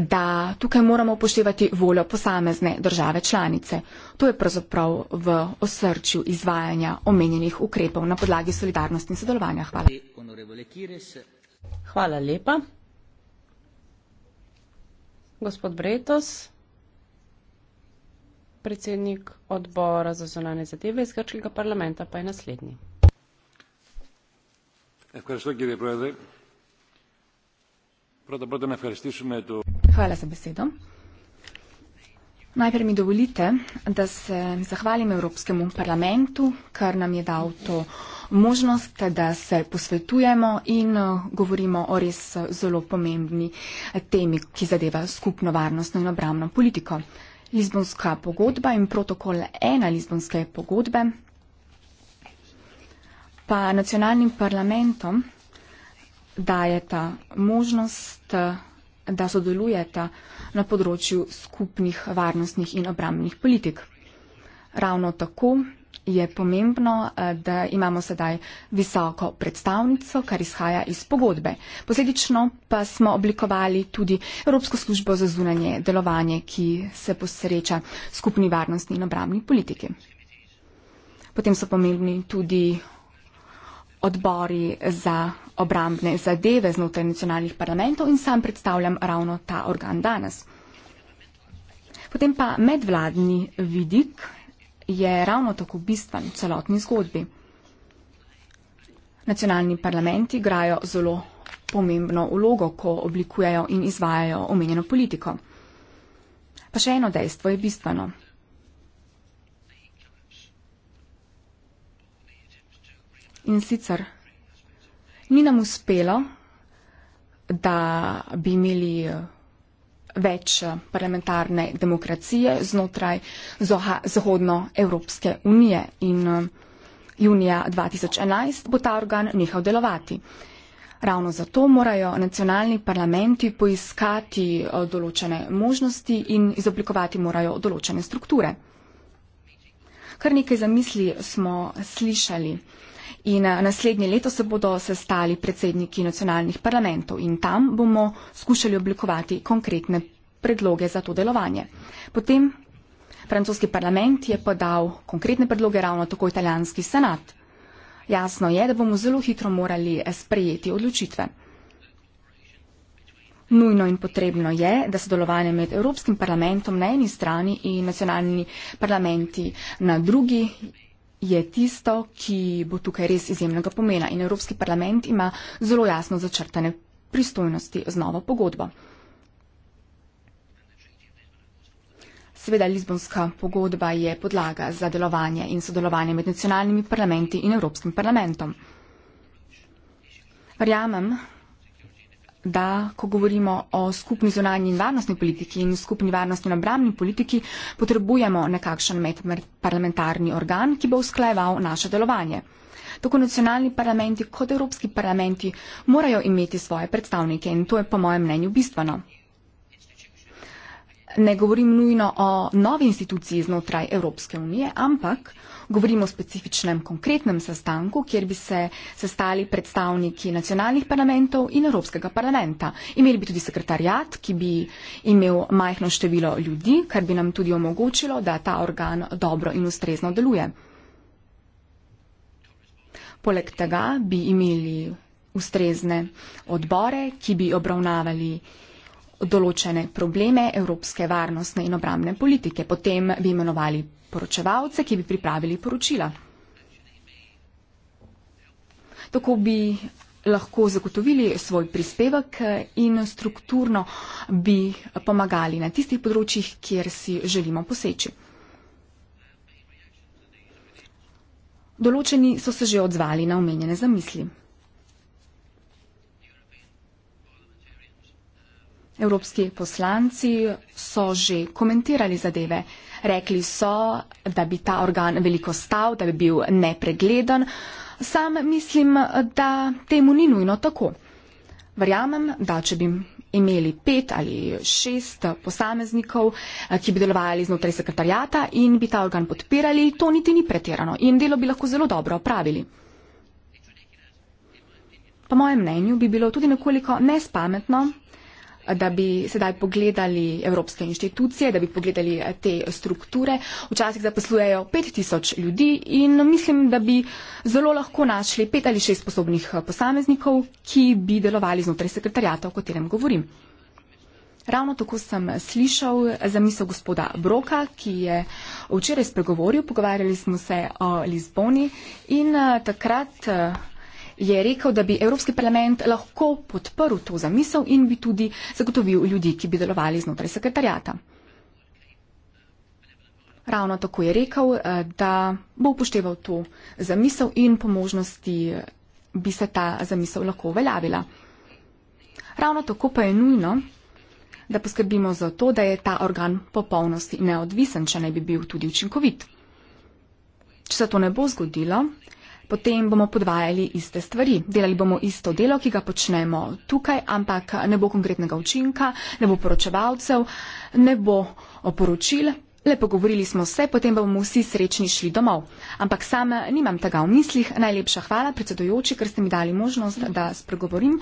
da tukaj moramo upoštevati voljo posamezne države članice. To je pravzaprav v osrčju izvajanja omenjenih ukrepov na podlagi solidarnosti in sodelovanja. Hvala. Hvala lepa. Gospod Bretos, predsednik odbora za zonane zadeve iz Grčkega parlamenta, pa je naslednji. Ευχαριστώ κύριε Πρόεδρε. Πρώτα πρώτα να ευχαριστήσουμε το Hvala za besedo. Najprej mi dovolite, da se zahvalim Evropskemu parlamentu, kar nam je dal to možnost, da se posvetujemo in uh, govorimo o res uh, zelo pomembni temi, ki zadeva skupno varnostno in obramno politiko. Lizbonska pogodba in protokol ena Lizbonske pogodbe pa nacionalnim parlamentom dajeta možnost uh, da sodelujeta na področju skupnih varnostnih in obrambnih politik. Ravno tako je pomembno, eh, da imamo sedaj visoko predstavnico, kar izhaja iz pogodbe. Posledično pa smo oblikovali tudi Evropsko službo za zunanje delovanje, ki se posreča skupni varnostni in obrambni politiki. Potem so pomembni tudi odbori za obrambne zadeve znotraj nacionalnih parlamentov in sam predstavljam ravno ta organ danes. Potem pa medvladni vidik je ravno tako bistven v celotni zgodbi. Nacionalni parlamenti igrajo zelo pomembno vlogo, ko oblikujejo in izvajajo omenjeno politiko. Pa še eno dejstvo je bistveno. In sicer ni nam uspelo, da bi imeli eh, več eh, parlamentarne demokracije znotraj Zahodnoevropske unije in eh, junija 2011 bo ta organ nehal delovati. Ravno zato morajo nacionalni parlamenti poiskati določene možnosti in izoblikovati morajo določene strukture. Kar nekaj zamisli smo slišali. In eh, naslednje leto se bodo sestali predsedniki nacionalnih parlamentov in tam bomo skušali oblikovati konkretne predloge za to delovanje. Potem francoski parlament je podal konkretne predloge, ravno tako italijanski senat. Jasno je, da bomo zelo hitro morali eh, sprejeti odločitve. Nujno in potrebno je, da sodelovanje med Evropskim parlamentom na eni strani in nacionalnimi parlamenti na drugi je tisto, ki bo tukaj res izjemnega pomena in Evropski parlament ima zelo jasno začrtane pristojnosti z novo pogodbo. Seveda, Lizbonska pogodba je podlaga za delovanje in sodelovanje med nacionalnimi parlamenti in Evropskim parlamentom. Verjamem, da, ko govorimo o skupni zonalni in varnostni politiki in skupni varnostni in obramni politiki, potrebujemo nekakšen medparlamentarni organ, ki bo usklajeval naše delovanje. Tako nacionalni parlamenti kot evropski parlamenti morajo imeti svoje predstavnike in to je po mojem mnenju bistveno. Ne govorim nujno o novi instituciji znotraj Evropske unije, ampak Govorim o specifičnem konkretnem sestanku, kjer bi se sestali predstavniki nacionalnih parlamentov in Evropskega parlamenta. Imeli bi tudi sekretarjat, ki bi imel majhno število ljudi, kar bi nam tudi omogočilo, da ta organ dobro in ustrezno deluje. Poleg tega bi imeli ustrezne odbore, ki bi obravnavali določene probleme evropske varnostne in obramne politike. Potem bi imenovali poročevalce, ki bi pripravili poročila. Tako bi lahko zagotovili svoj prispevek in strukturno bi pomagali na tistih področjih, kjer si želimo poseči. Določeni so se že odzvali na omenjene zamisli. Evropski poslanci so že komentirali zadeve. Rekli so, da bi ta organ veliko stal, da bi bil nepregleden. Sam mislim, da temu ni nujno tako. Verjamem, da če bi imeli pet ali šest posameznikov, eh, ki bi delovali znotraj sekretarjata in bi ta organ podpirali, to niti ni pretirano in delo bi lahko zelo dobro opravili. Po mojem mnenju bi bilo tudi nekoliko nespametno da bi sedaj pogledali evropske inštitucije, da bi pogledali eh, te strukture. Včasih zaposlujejo 5000 ljudi in mislim, da bi zelo lahko našli pet ali šest sposobnih eh, posameznikov, ki bi delovali znotraj sekretarjata, o katerem govorim. Ravno tako sem slišal za misel gospoda Broka, ki je včeraj spregovoril, pogovarjali smo se o Lizboni in eh, takrat je rekel, da bi Evropski parlament lahko podprl to zamisel in bi tudi zagotovil ljudi, ki bi delovali znotraj sekretarjata. Ravno tako je rekel, eh, da bo upošteval to zamisel in po možnosti eh, bi se ta zamisel lahko uveljavila. Ravno tako pa je nujno, da poskrbimo za to, da je ta organ popolnosti neodvisen, če naj bi bil tudi učinkovit. Če se to ne bo zgodilo, potem bomo podvajali iste stvari. Delali bomo isto delo, ki ga počnemo tukaj, ampak ne bo konkretnega učinka, ne bo poročevalcev, ne bo oporočil. Le pogovorili smo se, potem bomo vsi srečni šli domov. Ampak sam nimam tega v mislih. Najlepša hvala, predsedojoči, ker ste mi dali možnost, da spregovorim.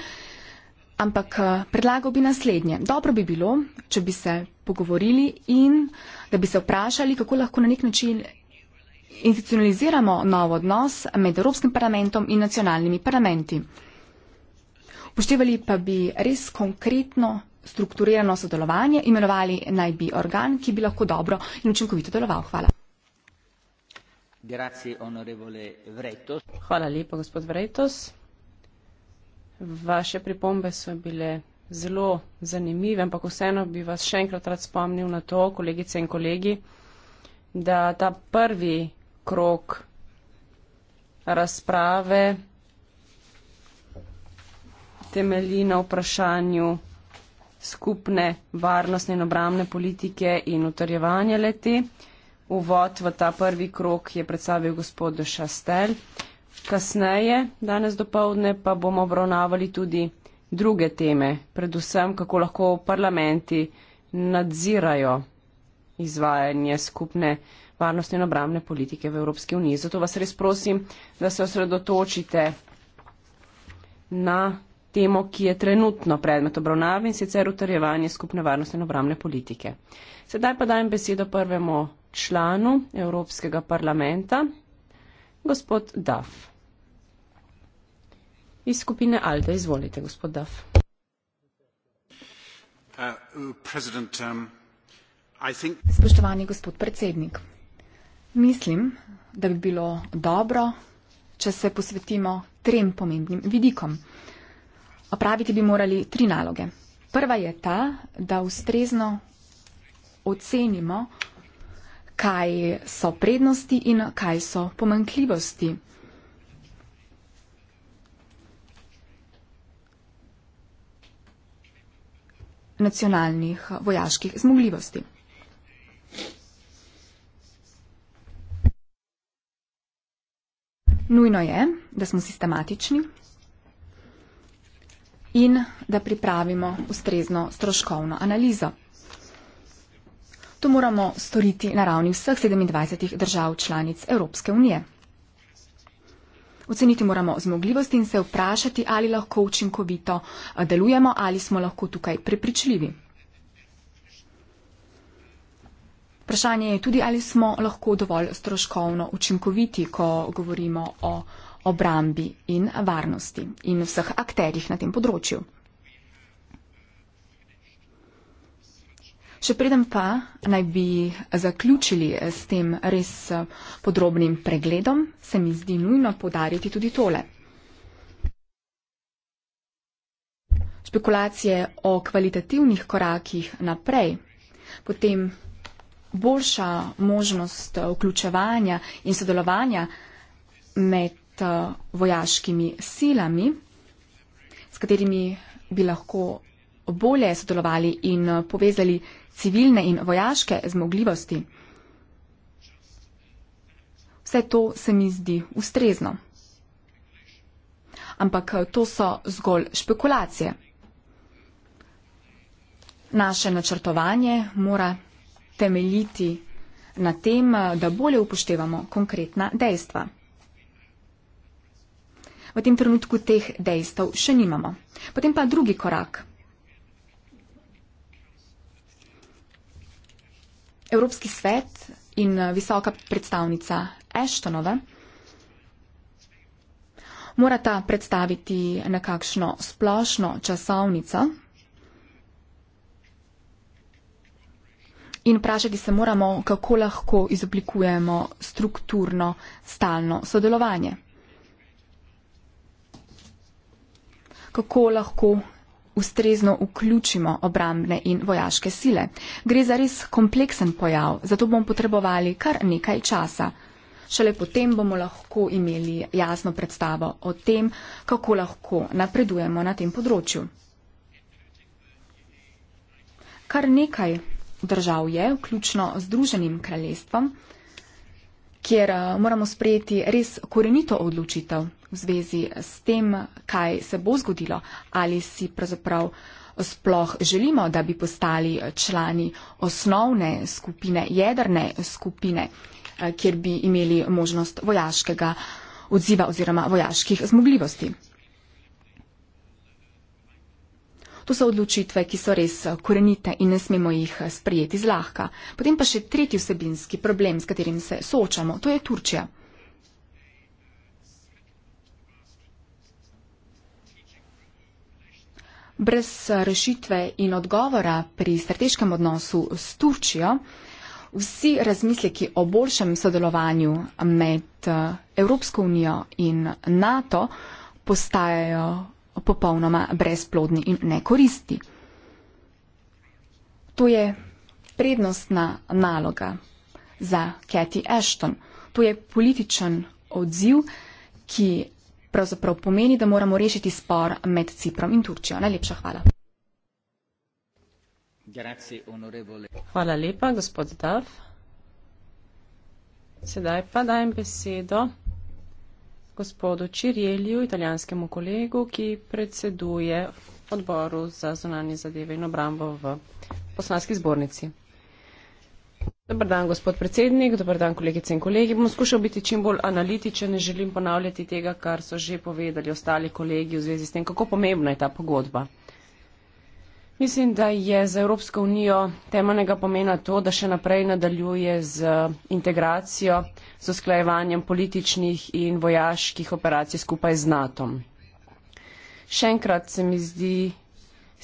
Ampak eh, predlagal bi naslednje. Dobro bi bilo, če bi se pogovorili in da bi se vprašali, kako lahko na nek način institucionaliziramo nov odnos med Evropskim parlamentom in nacionalnimi parlamenti. Poštevali pa bi res konkretno strukturirano sodelovanje, imenovali naj bi organ, ki bi lahko dobro in učinkovito deloval. Hvala. Hvala lepa, gospod Vretos. Vaše pripombe so bile zelo zanimive, ampak vseeno bi vas še enkrat rad spomnil na to, kolegice in kolegi, da ta prvi okrog razprave temelji na vprašanju skupne varnostne in obramne politike in utrjevanje leti. Uvod v ta prvi krok je predstavil gospod Šastel. Kasneje, danes dopoldne, pa bomo obravnavali tudi druge teme, predvsem kako lahko parlamenti nadzirajo izvajanje skupne varnostne in obramne politike v Evropski uniji. Zato vas res prosim, da se osredotočite na temo, ki je trenutno predmet obravnave in sicer utrjevanje skupne varnostne in obramne politike. Sedaj pa dajem besedo prvemu članu Evropskega parlamenta, gospod Daf. Iz skupine Alde, izvolite, gospod Daf. Uh, um, Spoštovani gospod predsednik, Mislim, da bi bilo dobro, če se posvetimo trem pomembnim vidikom. Opraviti bi morali tri naloge. Prva je ta, da ustrezno ocenimo, kaj so prednosti in kaj so pomankljivosti. nacionalnih vojaških zmogljivosti. Nujno je, da smo sistematični in da pripravimo ustrezno stroškovno analizo. To moramo storiti na ravni vseh 27 držav članic Evropske unije. Oceniti moramo zmogljivosti in se vprašati, ali lahko učinkovito delujemo, ali smo lahko tukaj prepričljivi. Vprašanje je tudi, ali smo lahko dovolj stroškovno učinkoviti, ko govorimo o obrambi in varnosti in vseh akterjih na tem področju. Še preden pa naj bi zaključili s tem res podrobnim pregledom, se mi zdi nujno podariti tudi tole. Špekulacije o kvalitativnih korakih naprej, potem boljša možnost vključevanja in sodelovanja med eh, vojaškimi silami, s katerimi bi lahko bolje sodelovali in eh, povezali civilne in vojaške zmogljivosti. Vse to se mi zdi ustrezno. Ampak eh, to so zgolj špekulacije. Naše načrtovanje mora temeljiti na tem, da bolje upoštevamo konkretna dejstva. V tem trenutku teh dejstev še nimamo. Potem pa drugi korak. Evropski svet in eh, visoka predstavnica Ashtonova morata predstaviti nekakšno splošno časovnico In vprašati se moramo, kako lahko izoblikujemo strukturno, stalno sodelovanje. Kako lahko ustrezno vključimo obrambne in vojaške sile. Gre za res kompleksen pojav, zato bomo potrebovali kar nekaj časa. Šele potem bomo lahko imeli jasno predstavo o tem, kako lahko napredujemo na tem področju. Kar nekaj držav je, vključno z Združenim kraljestvom, kjer eh, moramo sprejeti res korenito odločitev v zvezi s tem, kaj se bo zgodilo, ali si pravzaprav sploh želimo, da bi postali eh, člani osnovne skupine, jedrne skupine, eh, kjer bi imeli možnost vojaškega odziva oziroma vojaških zmogljivosti. To so odločitve, ki so res eh, korenite in ne smemo jih eh, sprejeti zlahka. Potem pa še tretji vsebinski problem, s katerim se soočamo, to je Turčija. Brez eh, rešitve in odgovora pri strateškem odnosu s Turčijo, vsi razmisleki o boljšem sodelovanju med Evropsko unijo in NATO postajajo popolnoma brezplodni in nekoristi. To je prednostna naloga za Cathy Ashton. To je političen odziv, ki pravzaprav pomeni, da moramo rešiti spor med Ciprom in Turčijo. Najlepša hvala. Hvala lepa, gospod Dav. Sedaj pa dajem besedo gospodu Čirjelju, italijanskemu kolegu, ki predseduje odboru za zonanje zadeve in obrambo v poslanski zbornici. Dobar dan, gospod predsednik, dobar dan, kolegice in kolegi. Bom skušal biti čim bolj analitičen, ne želim ponavljati tega, kar so že povedali ostali kolegi v zvezi s tem, kako pomembna je ta pogodba. Mislim, da je za Evropsko unijo temeljnega pomena to, da še naprej nadaljuje z integracijo, z usklajevanjem političnih in vojaških operacij skupaj z NATO. Še enkrat se mi zdi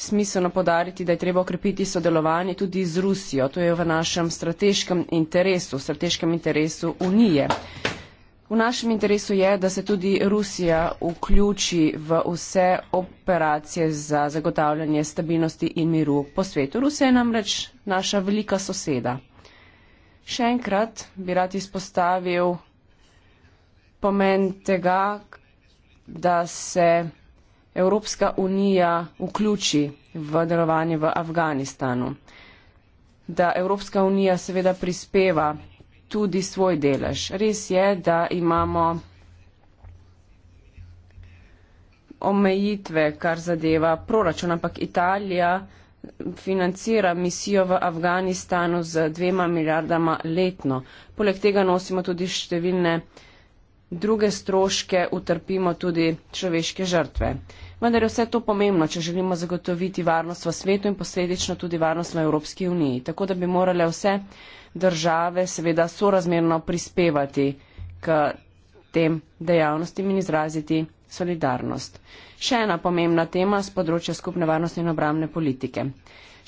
smiselno podariti, da je treba okrepiti sodelovanje tudi z Rusijo. To je v našem strateškem interesu, strateškem interesu unije. V našem interesu je, da se tudi Rusija vključi v vse operacije za zagotavljanje stabilnosti in miru po svetu. Rusija je namreč naša velika soseda. Še enkrat bi rad izpostavil pomen tega, da se Evropska unija vključi v delovanje v Afganistanu. Da Evropska unija seveda prispeva tudi svoj delež. Res je, da imamo omejitve, kar zadeva proračun, ampak Italija financira misijo v Afganistanu z dvema milijardama letno. Poleg tega nosimo tudi številne druge stroške, utrpimo tudi človeške žrtve. Vendar je vse to pomembno, če želimo zagotoviti varnost v svetu in posledično tudi varnost v Evropski uniji. Tako da bi morale vse države seveda sorazmerno prispevati k tem dejavnostim in izraziti solidarnost. Še ena pomembna tema z področja skupne varnostne in obramne politike.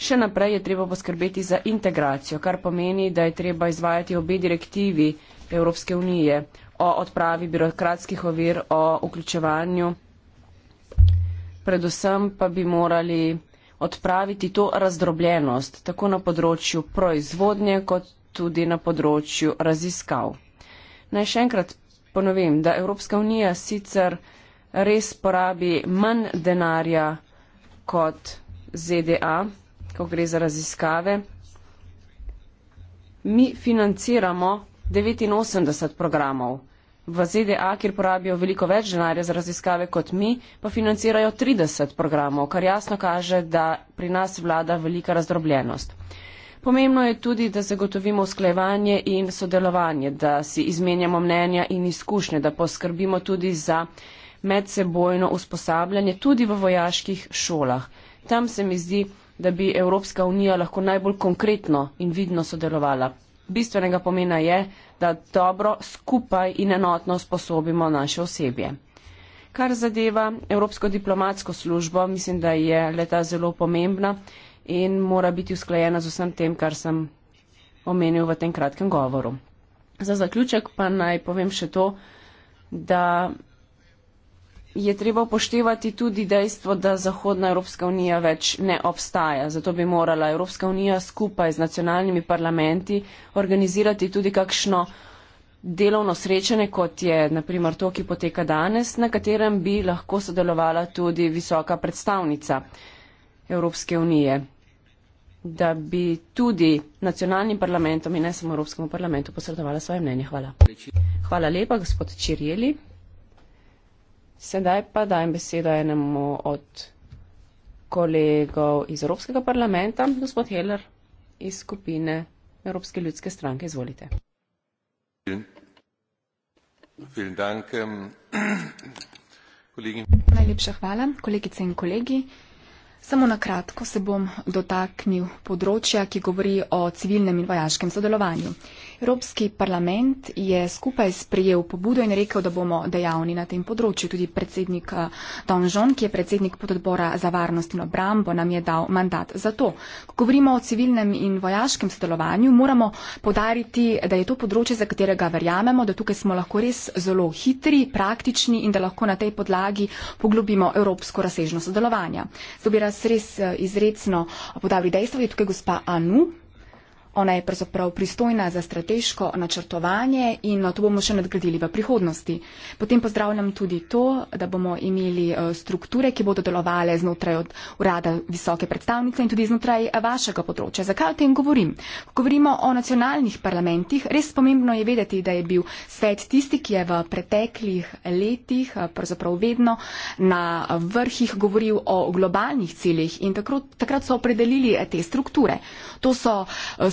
Še naprej je treba poskrbeti za integracijo, kar pomeni, da je treba izvajati obe direktivi Evropske unije o odpravi birokratskih ovir, o vključevanju. Predvsem pa bi morali odpraviti to razdrobljenost tako na področju proizvodnje kot tudi na področju raziskav. Naj še enkrat ponovim, da Evropska unija sicer res porabi manj denarja kot ZDA, ko gre za raziskave. Mi financiramo 89 programov. V ZDA, kjer porabijo veliko več denarja za raziskave kot mi, pa financirajo 30 programov, kar jasno kaže, da pri nas vlada velika razdrobljenost. Pomembno je tudi, da zagotovimo usklajevanje in sodelovanje, da si izmenjamo mnenja in izkušnje, da poskrbimo tudi za medsebojno usposabljanje tudi v vojaških šolah. Tam se mi zdi, da bi Evropska unija lahko najbolj konkretno in vidno sodelovala. Bistvenega pomena je, da dobro skupaj in enotno sposobimo naše osebje. Kar zadeva Evropsko diplomatsko službo, mislim, da je leta zelo pomembna in mora biti usklajena z vsem tem, kar sem omenil v tem kratkem govoru. Za zaključek pa naj povem še to, da je treba upoštevati tudi dejstvo, da Zahodna Evropska unija več ne obstaja. Zato bi morala Evropska unija skupaj z nacionalnimi parlamenti organizirati tudi kakšno delovno srečanje, kot je naprimer to, ki poteka danes, na katerem bi lahko sodelovala tudi visoka predstavnica Evropske unije da bi tudi nacionalnim parlamentom in ne samo Evropskemu parlamentu posredovala svoje mnenje. Hvala. Hvala lepa, gospod Čirjeli. Sedaj pa dajem besedo enemu od kolegov iz Evropskega parlamenta, gospod Heller iz skupine Evropske ljudske stranke. Izvolite. Ähm, [clears throat] Najlepša hvala, kolegice in kolegi. Samo na kratko se bom dotaknil področja, ki govori o civilnem in vojaškem sodelovanju. Evropski parlament je skupaj sprejel pobudo in rekel, da bomo dejavni na tem področju. Tudi predsednik eh, Don John, ki je predsednik pododbora za varnost in obrambo, nam je dal mandat za to. Ko govorimo o civilnem in vojaškem sodelovanju, moramo podariti, da je to področje, za katerega verjamemo, da tukaj smo lahko res zelo hitri, praktični in da lahko na tej podlagi poglobimo evropsko razsežno sodelovanje. Zdaj bi res eh, izredno podali dejstvo, da je tukaj gospa Anu, Ona je pravzaprav pristojna za strateško načrtovanje in no, to bomo še nadgradili v prihodnosti. Potem pozdravljam tudi to, da bomo imeli eh, strukture, ki bodo delovale znotraj od urada visoke predstavnice in tudi znotraj eh, vašega področja. Zakaj o tem govorim? Ko govorimo o nacionalnih parlamentih, res pomembno je vedeti, da je bil svet tisti, ki je v preteklih letih eh, pravzaprav vedno na vrhih govoril o globalnih ciljih in takrat, takrat so opredelili te strukture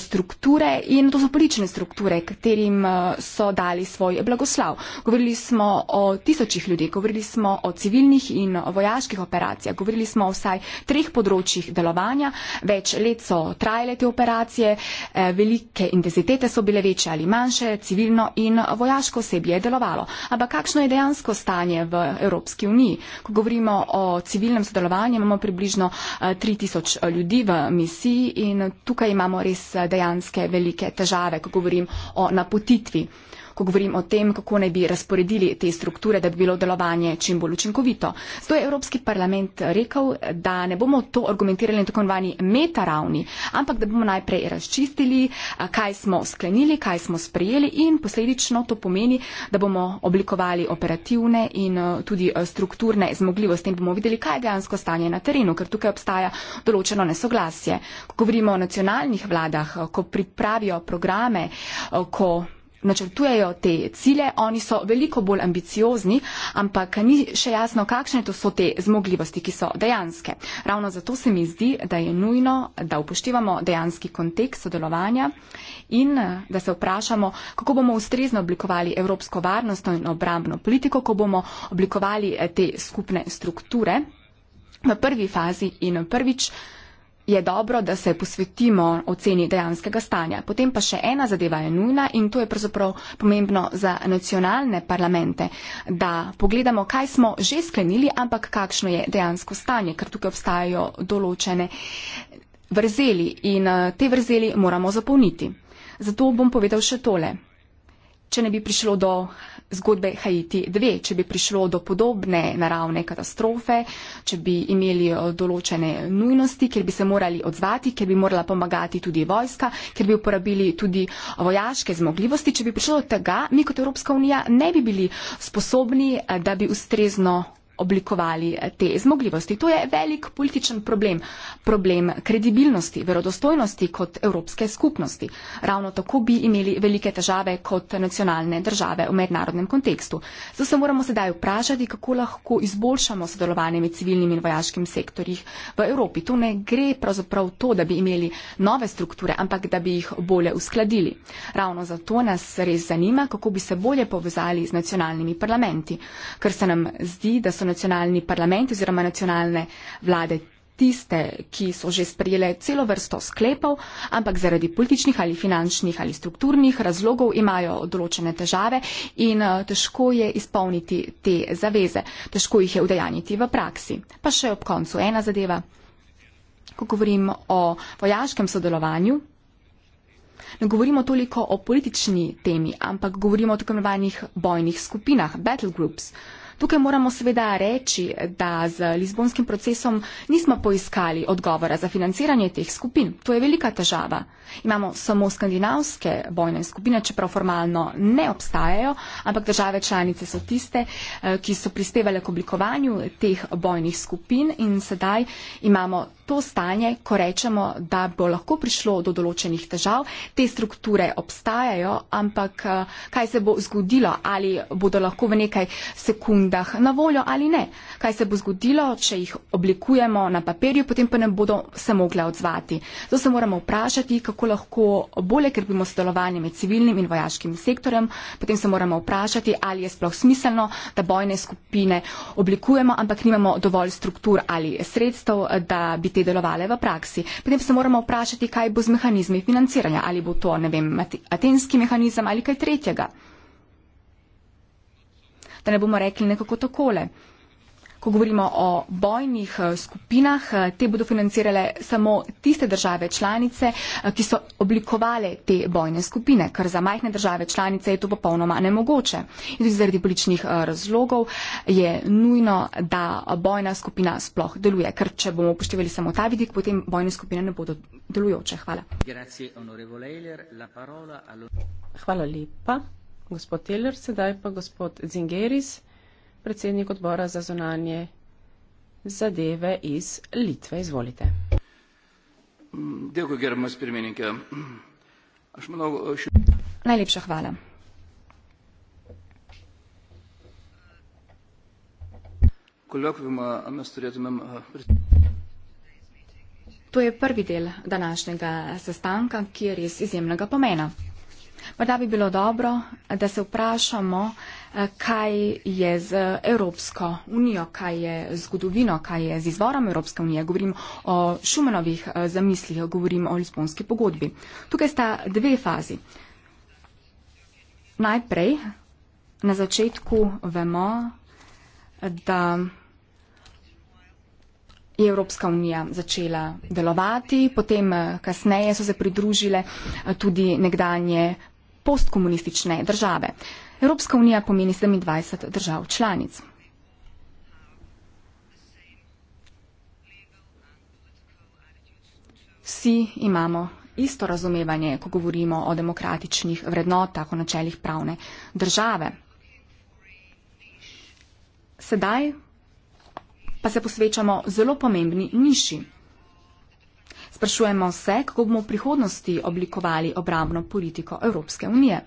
strukture in to so politične strukture, katerim eh, so dali svoj blagoslav. Govorili smo o tisočih ljudi, govorili smo o civilnih in vojaških operacijah, govorili smo o vsaj treh področjih delovanja, več let so trajale te operacije, eh, velike intenzitete so bile večje ali manjše, civilno in vojaško osebje je delovalo. Ampak kakšno je dejansko stanje v Evropski uniji? Ko govorimo o civilnem sodelovanju, imamo približno 3000 eh, ljudi v misiji in tukaj imamo res delovanje dejanske velike težave, ko govorim o napotitvi ko govorim o tem, kako naj bi razporedili te strukture, da bi bilo delovanje čim bolj učinkovito. Zato je Evropski parlament rekel, da ne bomo to argumentirali na tako imenovani meta ravni, ampak da bomo najprej razčistili, kaj smo sklenili, kaj smo sprejeli in posledično to pomeni, da bomo oblikovali operativne in tudi strukturne zmogljivosti in bomo videli, kaj je dejansko stanje na terenu, ker tukaj obstaja določeno nesoglasje. Ko govorimo o nacionalnih vladah, ko pripravijo programe, ko načrtujejo te cilje, oni so veliko bolj ambiciozni, ampak ni še jasno, kakšne to so te zmogljivosti, ki so dejanske. Ravno zato se mi zdi, da je nujno, da upoštevamo dejanski kontekst sodelovanja in eh, da se vprašamo, kako bomo ustrezno oblikovali evropsko varnostno in obrambno politiko, ko bomo oblikovali eh, te skupne strukture v prvi fazi in eh, prvič je dobro, da se posvetimo oceni dejanskega stanja. Potem pa še ena zadeva je nujna in to je pravzaprav pomembno za nacionalne parlamente, da pogledamo, kaj smo že sklenili, ampak kakšno je dejansko stanje, ker tukaj obstajajo določene vrzeli in eh, te vrzeli moramo zapolniti. Zato bom povedal še tole. Če ne bi prišlo do zgodbe Haiti 2. Če bi prišlo do podobne naravne katastrofe, če bi imeli eh, določene nujnosti, ker bi se morali odzvati, ker bi morala pomagati tudi vojska, ker bi uporabili tudi eh, vojaške zmogljivosti, če bi prišlo do tega, mi kot Evropska unija ne bi bili sposobni, eh, da bi ustrezno oblikovali eh, te zmogljivosti. To je velik političen problem. Problem kredibilnosti, verodostojnosti kot evropske skupnosti. Ravno tako bi imeli velike težave kot nacionalne države v mednarodnem kontekstu. Zato se moramo sedaj vprašati, kako lahko izboljšamo sodelovanje med civilnim in vojaškim sektorjih v Evropi. To ne gre pravzaprav to, da bi imeli nove strukture, ampak da bi jih bolje uskladili. Ravno zato nas res zanima, kako bi se bolje povezali z nacionalnimi parlamenti, ker se nam zdi, da so nacionalni parlament oziroma nacionalne vlade tiste, ki so že sprejele celo vrsto sklepov, ampak zaradi političnih ali finančnih ali strukturnih razlogov imajo določene težave in eh, težko je izpolniti te zaveze, težko jih je udejaniti v praksi. Pa še ob koncu ena zadeva. Ko govorim o vojaškem sodelovanju, ne govorimo toliko o politični temi, ampak govorimo o tako imenovanih bojnih skupinah, battle groups. Uh, Tukaj moramo seveda reči, da z Lizbonskim procesom nismo poiskali odgovora za financiranje teh skupin. To je velika težava. Imamo samo skandinavske vojne skupine, čeprav formalno ne obstajajo, ampak države članice so tiste, eh, ki so prispevale k oblikovanju teh bojnih skupin in sedaj imamo to stanje, ko rečemo, da bo lahko prišlo do določenih težav. Te strukture obstajajo, ampak eh, kaj se bo zgodilo, ali bodo lahko v nekaj sekund agendah na voljo ali ne. Kaj se bo zgodilo, če jih oblikujemo na papirju, potem pa ne bodo se mogle odzvati. To se moramo vprašati, kako lahko bolje krpimo sodelovanje med civilnim in vojaškim sektorjem. Potem se moramo vprašati, ali je sploh smiselno, da bojne skupine oblikujemo, ampak nimamo dovolj struktur ali sredstev, da bi te delovale v praksi. Potem se moramo vprašati, kaj bo z mehanizmi financiranja, ali bo to, ne vem, atenski mehanizem ali kaj tretjega da ne bomo rekli nekako takole. Ko govorimo o bojnih eh, skupinah, eh, te bodo financirale samo tiste države članice, eh, ki so oblikovale te bojne skupine, ker za majhne države članice je to popolnoma nemogoče. In tudi zaradi političnih razlogov je nujno, da bojna skupina sploh deluje, ker če bomo upoštevali samo ta vidik, potem bojne skupine ne bodo delujoče. Hvala. Hvala lepa gospod Teller, sedaj pa gospod Zingeris, predsednik odbora za zunanje zadeve iz Litve. Izvolite. Najlepša hvala. To je prvi del današnjega sestanka, ki je res izjemnega pomena. Morda bi bilo dobro, da se vprašamo, eh, kaj je z Evropsko unijo, kaj je z zgodovino, kaj je z izvorom Evropske unije. Govorim o Šumanovih eh, zamislih, govorim o Lisbonski pogodbi. Tukaj sta dve fazi. Najprej, na začetku vemo, da je Evropska unija začela delovati, potem eh, kasneje so se pridružile tudi nekdanje postkomunistične države. Evropska unija pomeni 27 držav članic. Vsi imamo isto razumevanje, ko govorimo o demokratičnih vrednotah, o načeljih pravne države. Sedaj pa se posvečamo zelo pomembni niši. Sprašujemo se, kako bomo v prihodnosti oblikovali obrambno politiko Evropske unije.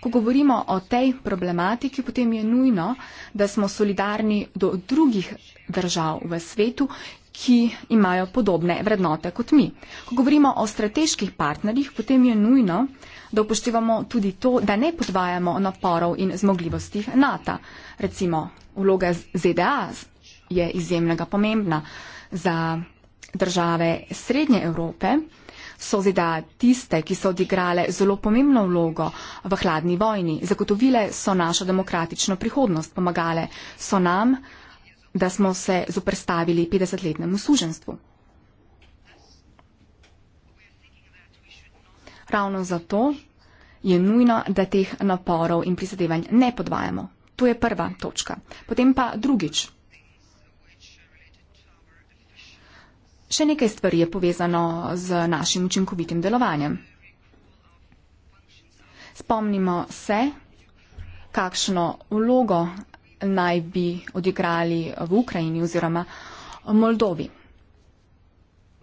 Ko govorimo o tej problematiki, potem je nujno, da smo solidarni do drugih držav v svetu, ki imajo podobne vrednote kot mi. Ko govorimo o strateških partnerjih, potem je nujno, da upoštevamo tudi to, da ne podvajamo naporov in zmogljivosti NATO. Recimo, vloga ZDA je izjemnega pomembna za države Srednje Evrope so zida tiste, ki so odigrale zelo pomembno vlogo v hladni vojni, zagotovile so našo demokratično prihodnost, pomagale so nam, da smo se zoprstavili 50-letnemu suženstvu. Ravno zato je nujno, da teh naporov in prizadevanj ne podvajamo. To je prva točka. Potem pa drugič. Še nekaj stvari je povezano z našim učinkovitim delovanjem. Spomnimo se, kakšno vlogo naj bi odigrali v Ukrajini oziroma Moldovi.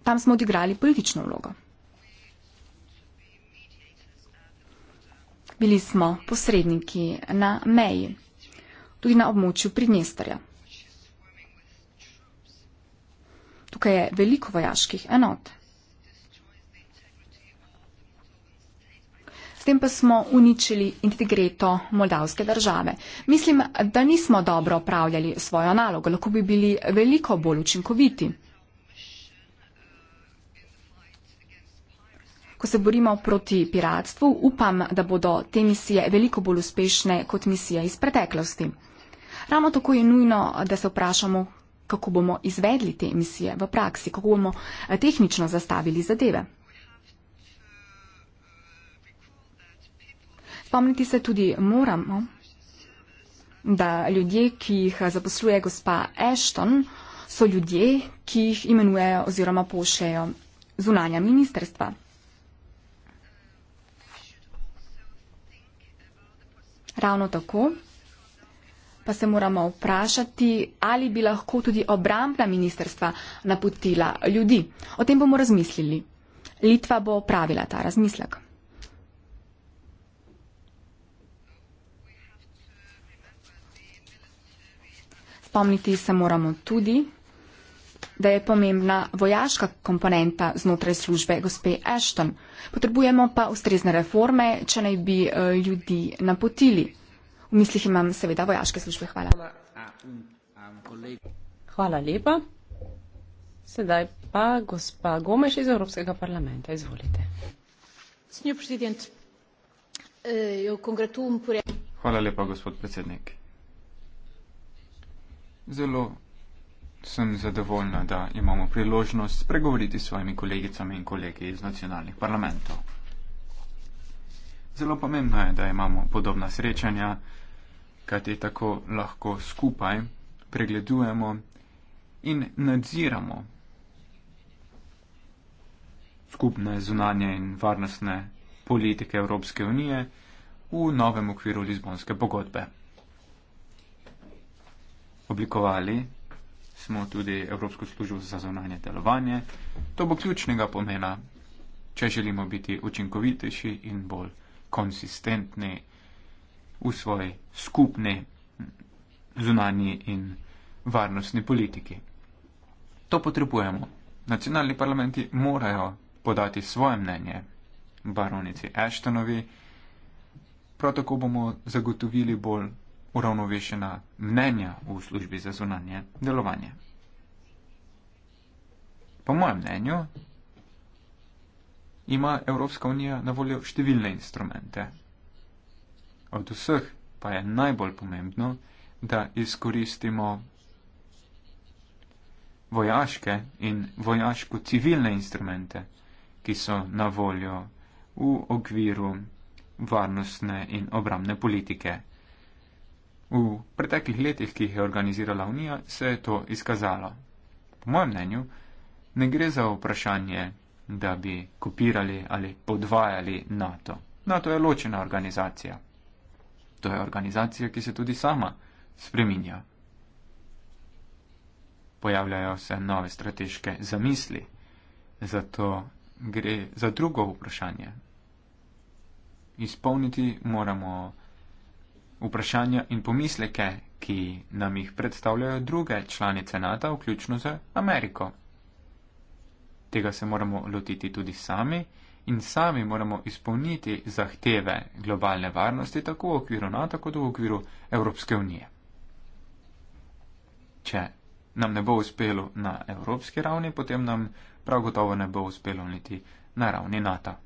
Tam smo odigrali politično vlogo. Bili smo posredniki na meji, tudi na območju Pridnestarja. Tukaj je veliko vojaških enot. S tem pa smo uničili integriteto moldavske države. Mislim, da nismo dobro opravljali svojo nalogo, lahko bi bili veliko bolj učinkoviti. Ko se borimo proti piratstvu, upam, da bodo te misije veliko bolj uspešne kot misije iz preteklosti. Ravno tako je nujno, da se vprašamo, kako bomo izvedli te misije v praksi, kako bomo eh, tehnično zastavili zadeve. Spomniti se tudi moramo, da ljudje, ki jih eh, zaposluje gospa Ashton, so ljudje, ki jih imenujejo oziroma pošljejo zunanja ministerstva. Ravno tako pa se moramo vprašati, ali bi lahko tudi obrambna ministerstva napotila ljudi. O tem bomo razmislili. Litva bo pravila ta razmislek. Spomniti se moramo tudi, da je pomembna vojaška komponenta znotraj službe gospe Ashton. Potrebujemo pa ustrezne reforme, če naj bi eh, ljudi napotili v mislih imam seveda vojaške službe hvala hvala lepa sedaj pa gospa gomeš iz evropskega parlamenta izvolite eh, hvala lepa gospod predsednik zelo sem zadovoljna da imamo priložnost spregovoriti s svojimi kolegicami in kolegi iz nacionalnih parlamentov zelo pomembno je da imamo podobna srečanja kajti tako lahko skupaj pregledujemo in nadziramo skupne zunanje in varnostne politike Evropske unije v novem okviru Lizbonske pogodbe. Oblikovali smo tudi Evropsko službo za zunanje delovanje. To bo ključnega pomena, če želimo biti učinkovitejši in bolj konsistentni v svoji skupni zunanji in varnostni politiki. To potrebujemo. Nacionalni parlamenti morajo podati svoje mnenje baronici Ashtonovi, prav tako bomo zagotovili bolj uravnovešena mnenja v službi za zunanje delovanje. Po mojem mnenju ima Evropska unija na voljo številne instrumente od vseh pa je najbolj pomembno, da izkoristimo vojaške in vojaško-civilne instrumente, ki so na voljo v okviru varnostne in obramne politike. V preteklih letih, ki jih je organizirala Unija, se je to izkazalo. Po mojem mnenju, ne gre za vprašanje, da bi kopirali ali podvajali NATO. NATO je ločena organizacija. To je organizacija, ki se tudi sama spreminja. Pojavljajo se nove strateške zamisli, zato gre za drugo vprašanje. Izpolniti moramo vprašanja in pomisleke, ki nam jih predstavljajo druge članice NATO, vključno z Ameriko. Tega se moramo lotiti tudi sami in sami moramo izpolniti zahteve globalne varnosti tako v okviru NATO kot v okviru Evropske unije. Če nam ne bo uspelo na evropski ravni, potem nam prav gotovo ne bo uspelo niti na ravni NATO.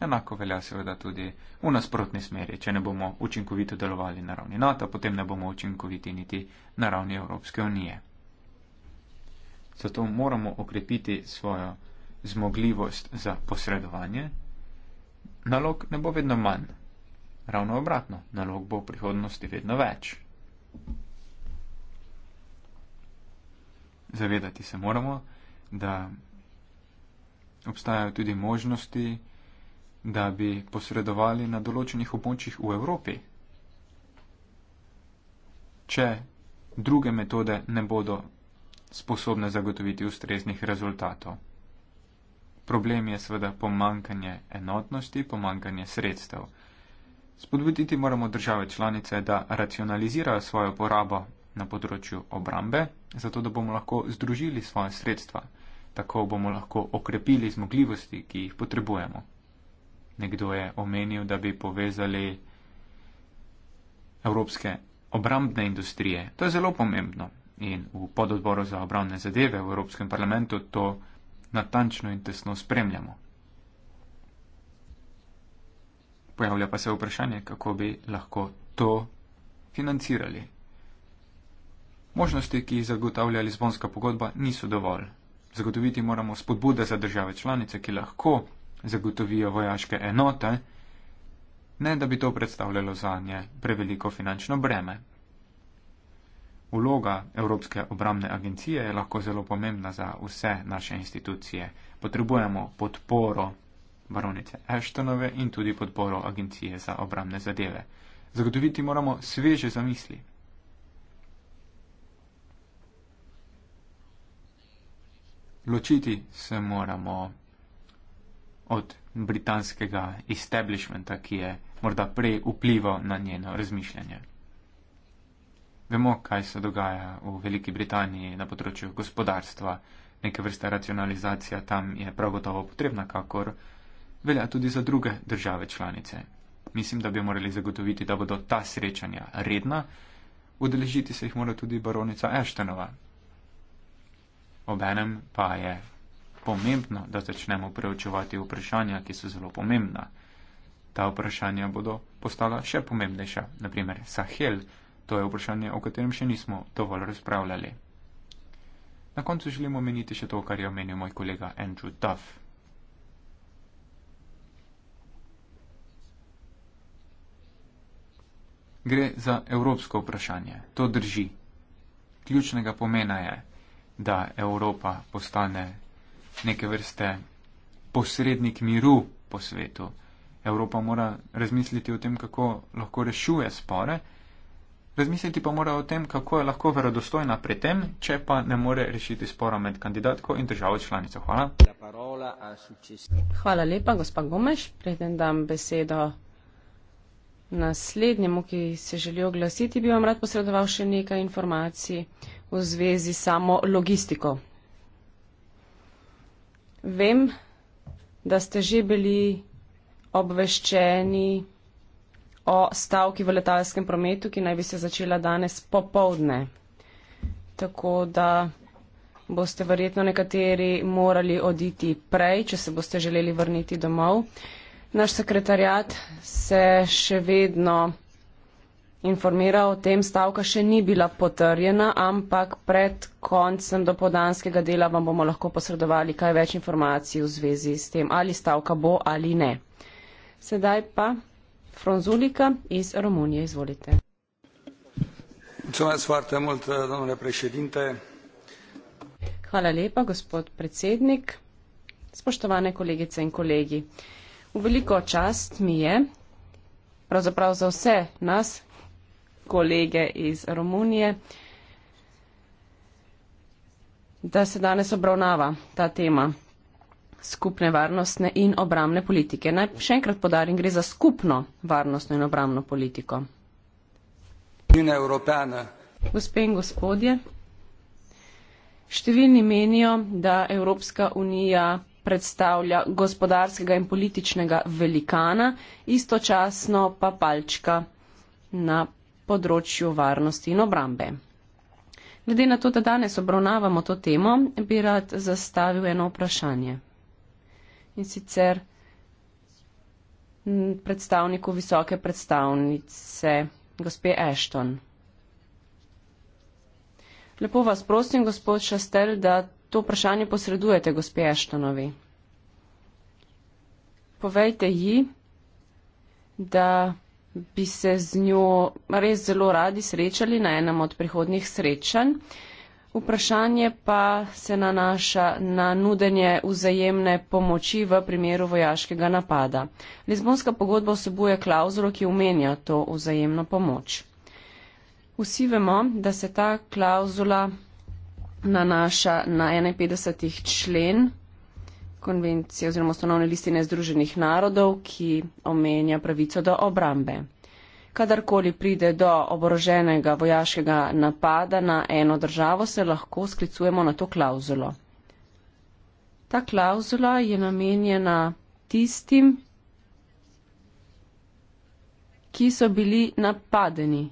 Enako velja seveda tudi v nasprotni smeri. Če ne bomo učinkovito delovali na ravni NATO, potem ne bomo učinkoviti niti na ravni Evropske unije zato moramo okrepiti svojo zmogljivost za posredovanje. Nalog ne bo vedno manj, ravno obratno, nalog bo v prihodnosti vedno več. Zavedati se moramo, da obstajajo tudi možnosti, da bi posredovali na določenih območjih v Evropi, če druge metode ne bodo sposobne zagotoviti ustreznih rezultatov. Problem je seveda pomankanje enotnosti, pomankanje sredstev. Spodbuditi moramo države članice, da racionalizirajo svojo porabo na področju obrambe, zato da bomo lahko združili svoje sredstva, tako bomo lahko okrepili zmogljivosti, ki jih potrebujemo. Nekdo je omenil, da bi povezali evropske obrambne industrije. To je zelo pomembno in v pododboru za obravne zadeve v Evropskem parlamentu to natančno in tesno spremljamo. Pojavlja pa se vprašanje, kako bi lahko to financirali. Možnosti, ki jih zagotavlja Lizbonska pogodba, niso dovolj. Zagotoviti moramo spodbude za države članice, ki lahko zagotovijo vojaške enote, ne da bi to predstavljalo zanje preveliko finančno breme, Vloga Evropske obramne agencije je lahko zelo pomembna za vse naše institucije. Potrebujemo podporo baronice Eštonove in tudi podporo Agencije za obramne zadeve. Zagotoviti moramo sveže zamisli. Ločiti se moramo od britanskega establishmenta, ki je morda prej vplival na njeno razmišljanje. Vemo, kaj se dogaja v Veliki Britaniji na področju gospodarstva. Neka vrsta racionalizacija tam je prav gotovo potrebna, kakor velja tudi za druge države članice. Mislim, da bi morali zagotoviti, da bodo ta srečanja redna, udeležiti se jih mora tudi baronica Eštenova. Obenem pa je pomembno, da začnemo preučevati vprašanja, ki so zelo pomembna. Ta vprašanja bodo postala še pomembnejša, naprimer Sahel. To je vprašanje, o katerem še nismo dovolj razpravljali. Na koncu želimo omeniti še to, kar je omenil moj kolega Andrew Duff. Gre za evropsko vprašanje. To drži. Ključnega pomena je, da Evropa postane neke vrste posrednik miru po svetu. Evropa mora razmisliti o tem, kako lahko rešuje spore. Razmisliti pa mora o tem, kako je lahko verodostojna pri tem, če pa ne more rešiti spora med kandidatko in državo članico. Hvala. Hvala lepa, gospa Gomeš. Preden dam besedo naslednjemu, ki se želi oglasiti, bi vam rad posredoval še nekaj informacij v zvezi samo logistiko. Vem, da ste že bili obveščeni o stavki v letalskem prometu, ki naj bi se začela danes popovdne. Tako da boste verjetno nekateri morali oditi prej, če se boste želeli vrniti domov. Naš sekretarjat se še vedno informira o tem, stavka še ni bila potrjena, ampak pred koncem do podanskega dela vam bomo lahko posredovali kaj več informacij v zvezi s tem, ali stavka bo ali ne. Sedaj pa. Fronzulica iz Romunije. Izvolite. Mulțumesc foarte mult, domnule președinte. Hvala lepa, gospod predsednik. Spoštovane kolegice in kolegi, v veliko čast mi je, pravzaprav za vse nas, kolege iz Romunije, da se danes obravnava ta tema, skupne varnostne in obramne politike. Naj še enkrat podarim, gre za skupno varnostno in obramno politiko. Gospe in gospodje, številni menijo, da Evropska unija predstavlja gospodarskega in političnega velikana, istočasno pa palčka na področju varnosti in obrambe. Glede na to, da danes obravnavamo to temo, bi rad zastavil eno vprašanje in sicer predstavniku visoke predstavnice, gospe Ashton. Lepo vas prosim, gospod Šastel, da to vprašanje posredujete gospe Ashtonovi. Povejte ji, da bi se z njo res zelo radi srečali na enem od prihodnjih srečanj. Vprašanje pa se nanaša na nudenje vzajemne pomoči v primeru vojaškega napada. Lizbonska pogodba vsebuje klauzulo, ki umenja to vzajemno pomoč. Vsi vemo, da se ta klauzula nanaša na 51. člen konvencije oziroma osnovne listine Združenih narodov, ki omenja pravico do obrambe. Kadarkoli pride do oboroženega vojaškega napada na eno državo, se lahko sklicujemo na to klauzulo. Ta klauzula je namenjena tistim, ki so bili napadeni.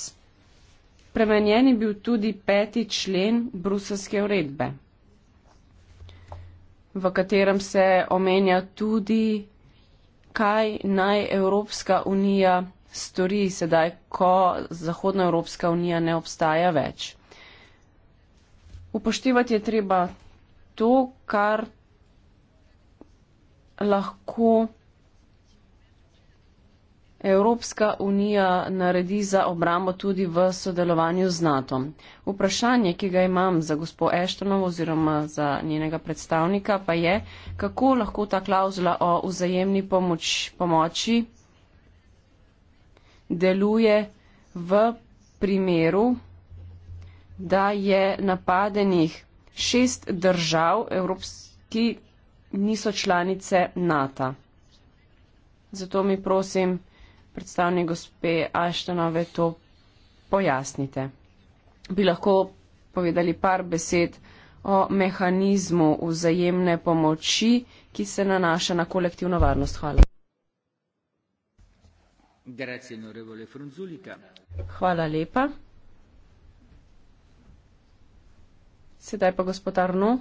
Spremenjen je bil tudi peti člen bruselske uredbe v katerem se omenja tudi, kaj naj Evropska unija stori sedaj, ko Zahodna Evropska unija ne obstaja več. Upoštevati je treba to, kar lahko Evropska unija naredi za obrambo tudi v sodelovanju z NATO. Vprašanje, ki ga imam za gospod Eštonov oziroma za njenega predstavnika, pa je, kako lahko ta klauzula o vzajemni pomoč, pomoči deluje v primeru, da je napadenih šest držav evropski niso članice NATO. Zato mi prosim, predstavni gospe Aštanove to pojasnite. Bi lahko povedali par besed o mehanizmu vzajemne pomoči, ki se nanaša na kolektivno varnost. Hvala. Hvala lepa. Sedaj pa gospod Arno,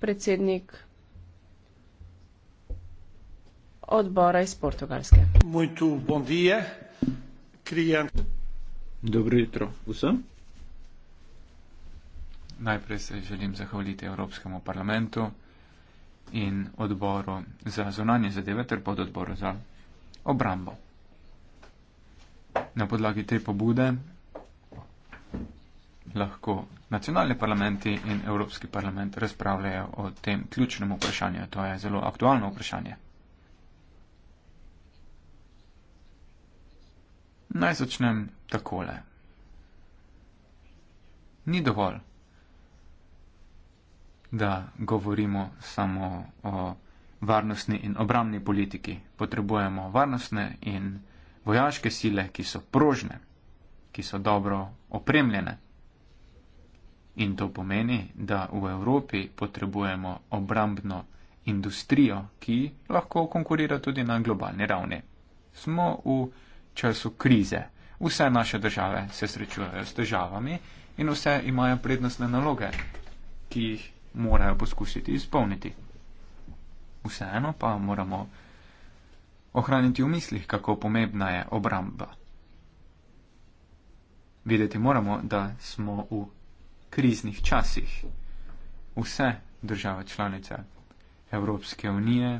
predsednik odbora iz Portugalske. Muito bom dia. Queria... Dobro jutro vsem. Najprej se želim zahvaliti Evropskemu parlamentu in odboru za zunanje zadeve ter pod odboru za obrambo. Na podlagi te pobude lahko nacionalni parlamenti in Evropski parlament razpravljajo o tem ključnem vprašanju. To je zelo aktualno vprašanje. Naj začnem takole. Ni dovolj, da govorimo samo o varnostni in obramni politiki. Potrebujemo varnostne in vojaške sile, ki so prožne, ki so dobro opremljene. In to pomeni, da v Evropi potrebujemo obrambno industrijo, ki lahko konkurira tudi na globalni ravni. Smo v času krize. Vse naše države se srečujejo s težavami in vse imajo prednostne naloge, ki jih morajo poskusiti izpolniti. Vseeno pa moramo ohraniti v mislih, kako pomembna je obramba. Videti moramo, da smo v kriznih časih. Vse države članice Evropske unije,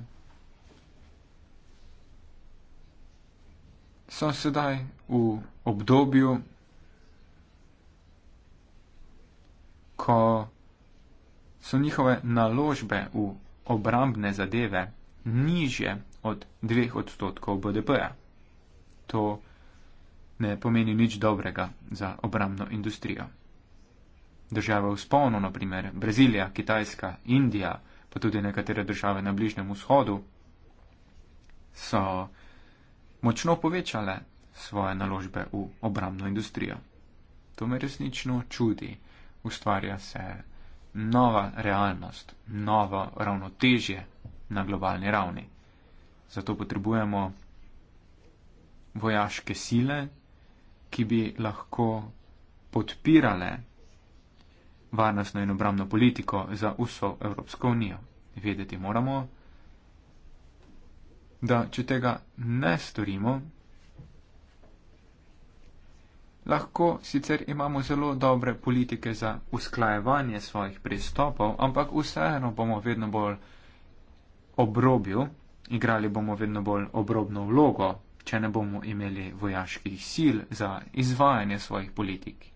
so sedaj v obdobju, ko so njihove naložbe v obrambne zadeve niže od dveh odstotkov BDP-ja. To ne pomeni nič dobrega za obrambno industrijo. Države v sponu, naprimer Brazilija, Kitajska, Indija, pa tudi nekatere države na Bližnjem vzhodu, so močno povečale svoje naložbe v obramno industrijo. To me resnično čudi. Ustvarja se nova realnost, novo ravnotežje na globalni ravni. Zato potrebujemo vojaške sile, ki bi lahko podpirale varnostno in obramno politiko za vso Evropsko unijo. Vedeti moramo, da če tega ne storimo, lahko sicer imamo zelo dobre politike za usklajevanje svojih pristopov, ampak vseeno bomo vedno bolj obrobju, igrali bomo vedno bolj obrobno vlogo, če ne bomo imeli vojaških sil za izvajanje svojih politik.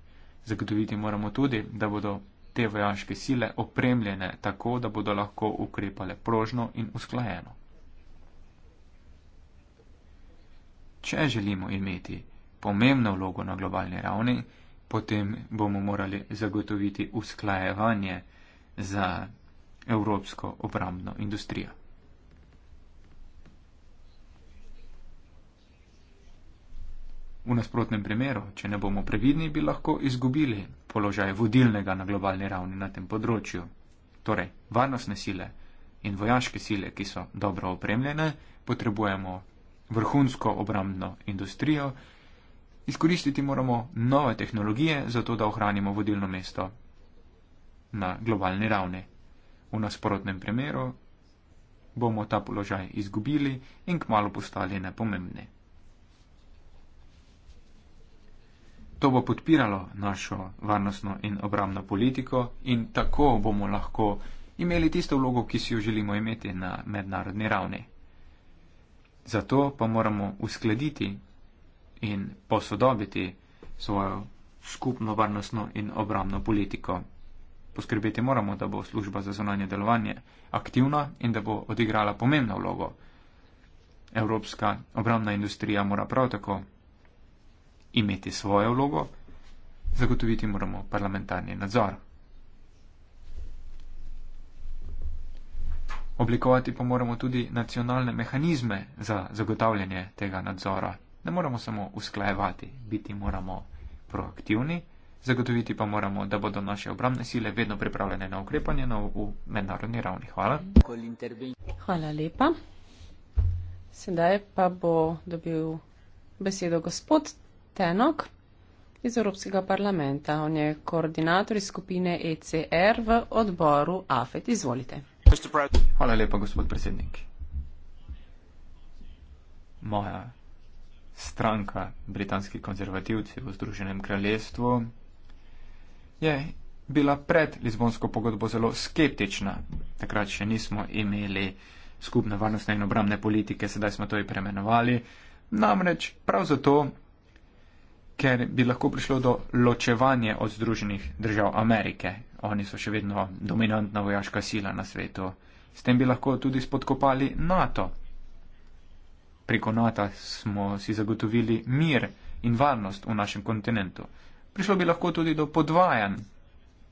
Zagotoviti moramo tudi, da bodo te vojaške sile opremljene tako, da bodo lahko ukrepale prožno in usklajeno. Če želimo imeti pomembno vlogo na globalni ravni, potem bomo morali zagotoviti usklajevanje za evropsko obramno industrijo. V nasprotnem primeru, če ne bomo previdni, bi lahko izgubili položaj vodilnega na globalni ravni na tem področju. Torej, varnostne sile in vojaške sile, ki so dobro opremljene, potrebujemo vrhunsko obrambno industrijo. Izkoristiti moramo nove tehnologije, zato da ohranimo vodilno mesto na globalni ravni. V nasprotnem primeru bomo ta položaj izgubili in kmalo postali nepomembni. To bo podpiralo našo varnostno in obramno politiko in tako bomo lahko imeli tisto vlogo, ki si jo želimo imeti na mednarodni ravni. Zato pa moramo uskladiti in posodobiti svojo skupno varnostno in obramno politiko. Poskrbeti moramo, da bo služba za zonanje delovanje aktivna in da bo odigrala pomembno vlogo. Evropska obramna industrija mora prav tako imeti svojo vlogo, zagotoviti moramo parlamentarni nadzor. Oblikovati pa moramo tudi nacionalne mehanizme za zagotavljanje tega nadzora. Ne moramo samo usklajevati, biti moramo proaktivni, zagotoviti pa moramo, da bodo naše obramne sile vedno pripravljene na ukrepanje na v mednarodni ravni. Hvala. Hvala lepa. Sedaj pa bo dobil besedo gospod Tenok iz Evropskega parlamenta. On je koordinator iz skupine ECR v odboru AFET. Izvolite. Hvala lepa, gospod predsednik. Moja stranka, britanski konzervativci v Združenem kraljestvu, je bila pred Lizbonsko pogodbo zelo skeptična. Takrat še nismo imeli skupne varnostne in obramne politike, sedaj smo to i premenovali. Namreč prav zato, ker bi lahko prišlo do ločevanja od Združenih držav Amerike. Oni so še vedno dominantna vojaška sila na svetu. S tem bi lahko tudi spodkopali NATO. Preko NATO smo si zagotovili mir in varnost v našem kontinentu. Prišlo bi lahko tudi do podvajanj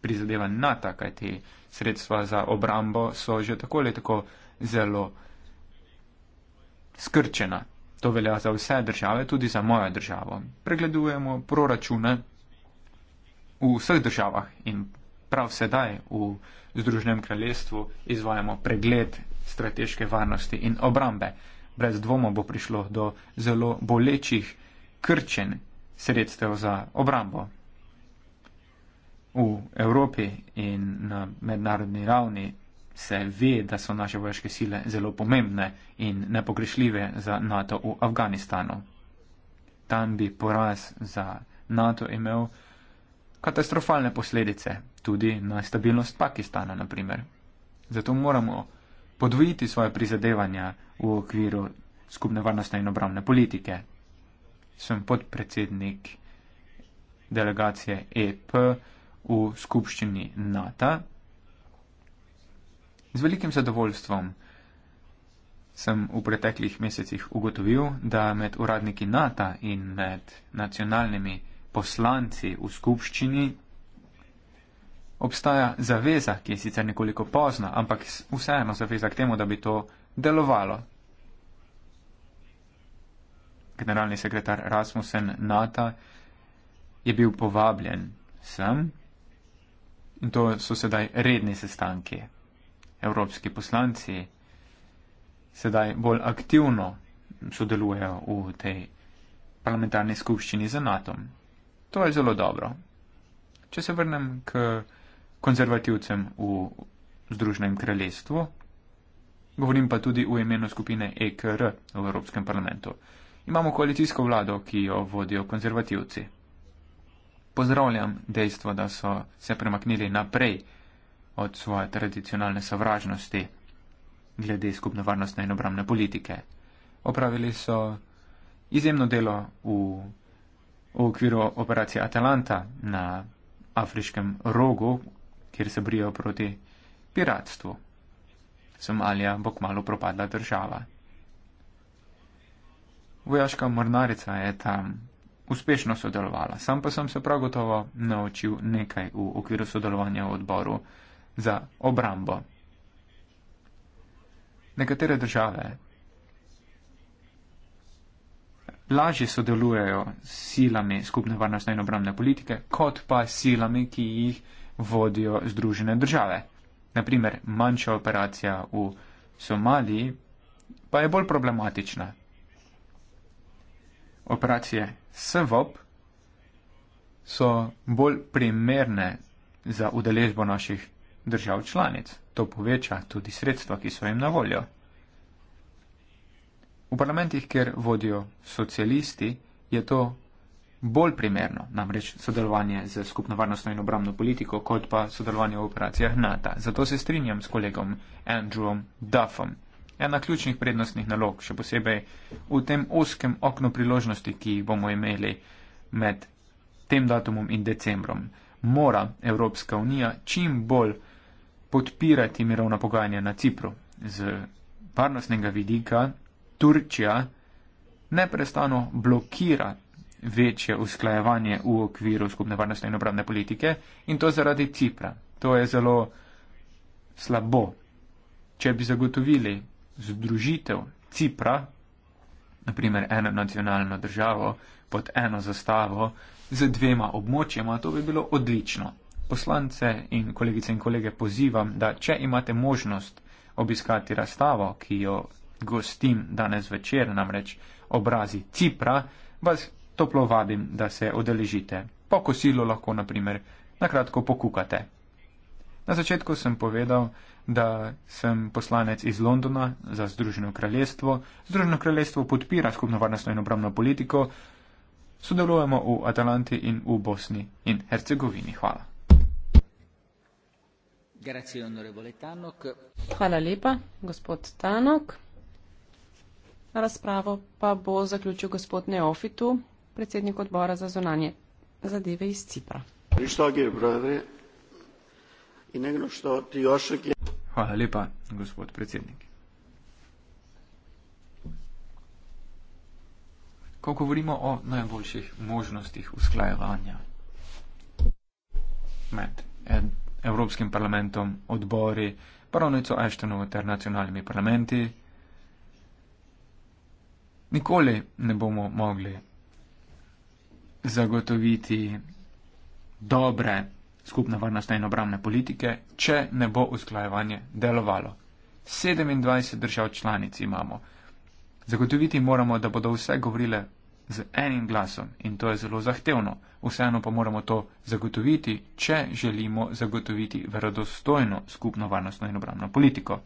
prizadevan NATO, kajti sredstva za obrambo so že tako ali tako zelo skrčena. To velja za vse države, tudi za mojo državo. Pregledujemo proračune v vseh državah in prav sedaj v Združenem kraljestvu izvajamo pregled strateške varnosti in obrambe. Brez dvoma bo prišlo do zelo bolečih krčen sredstev za obrambo. V Evropi in na mednarodni ravni se ve, da so naše vojaške sile zelo pomembne in nepogrešljive za NATO v Afganistanu. Tam bi poraz za NATO imel katastrofalne posledice, tudi na stabilnost Pakistana, naprimer. Zato moramo podvojiti svoje prizadevanja v okviru skupne varnostne in obramne politike. Sem podpredsednik delegacije EP v skupščini NATO. Z velikim zadovoljstvom sem v preteklih mesecih ugotovil, da med uradniki NATO in med nacionalnimi poslanci v skupščini obstaja zaveza, ki je sicer nekoliko pozna, ampak vseeno zaveza k temu, da bi to delovalo. Generalni sekretar Rasmussen NATO je bil povabljen sem in to so sedaj redni sestanki evropski poslanci sedaj bolj aktivno sodelujejo v tej parlamentarni skupščini za NATO. To je zelo dobro. Če se vrnem k konzervativcem v Združenem kraljestvu, govorim pa tudi v imenu skupine EKR v Evropskem parlamentu. Imamo koalicijsko vlado, ki jo vodijo konzervativci. Pozdravljam dejstvo, da so se premaknili naprej od svoje tradicionalne sovražnosti glede skupne varnostne in obramne politike. Opravili so izjemno delo v, v okviru operacije Atalanta na afriškem rogu, kjer se brijo proti piratstvu. Somalija bo kmalo propadla država. Vojaška mornarica je tam uspešno sodelovala, sam pa sem se prav gotovo naučil nekaj v okviru sodelovanja v odboru za obrambo. Nekatere države lažje sodelujejo s silami skupne varnostne in obrambne politike, kot pa silami, ki jih vodijo združene države. Naprimer, manjša operacija v Somaliji pa je bolj problematična. Operacije SVOP so bolj primerne za udeležbo naših držav članic. To poveča tudi sredstva, ki so jim na voljo. V parlamentih, kjer vodijo socialisti, je to bolj primerno, namreč sodelovanje z skupno varnostno in obramno politiko, kot pa sodelovanje v operacijah NATO. Zato se strinjam s kolegom Andrewom Duffom. Ena ključnih prednostnih nalog, še posebej v tem oskem oknu priložnosti, ki jih bomo imeli med tem datumom in decembrom, mora Evropska unija čim bolj podpirati mirovna pogajanja na Cipru. Z varnostnega vidika Turčija neprestano blokira večje usklajevanje v okviru skupne varnostne in obrambne politike in to zaradi Cipra. To je zelo slabo. Če bi zagotovili združitev Cipra, naprimer eno nacionalno državo pod eno zastavo z dvema območjema, to bi bilo odlično poslance in kolegice in kolege pozivam, da če imate možnost obiskati razstavo, ki jo gostim danes večer, namreč obrazi Cipra, vas toplo vabim, da se odeležite. Po kosilu lahko, na primer, nakratko pokukate. Na začetku sem povedal, da sem poslanec iz Londona za Združeno kraljestvo. Združeno kraljestvo podpira skupno varnostno in obramno politiko. Sodelujemo v Atalanti in v Bosni in Hercegovini. Hvala. Hvala lepa, gospod Tanok. Razpravo pa bo zaključil gospod Neofitu, predsednik odbora za zunanje zadeve iz Cipra. Hvala lepa, gospod predsednik. Ko govorimo o najboljših možnostih usklajevanja med Evropskim parlamentom, odbori, pravnico Eštonov ter nacionalnimi parlamenti. Nikoli ne bomo mogli zagotoviti dobre skupne varnostne in obramne politike, če ne bo usklajevanje delovalo. 27 držav članic imamo. Zagotoviti moramo, da bodo vse govorile z enim glasom in to je zelo zahtevno. Vseeno pa moramo to zagotoviti, če želimo zagotoviti verodostojno skupno varnostno in obramno politiko.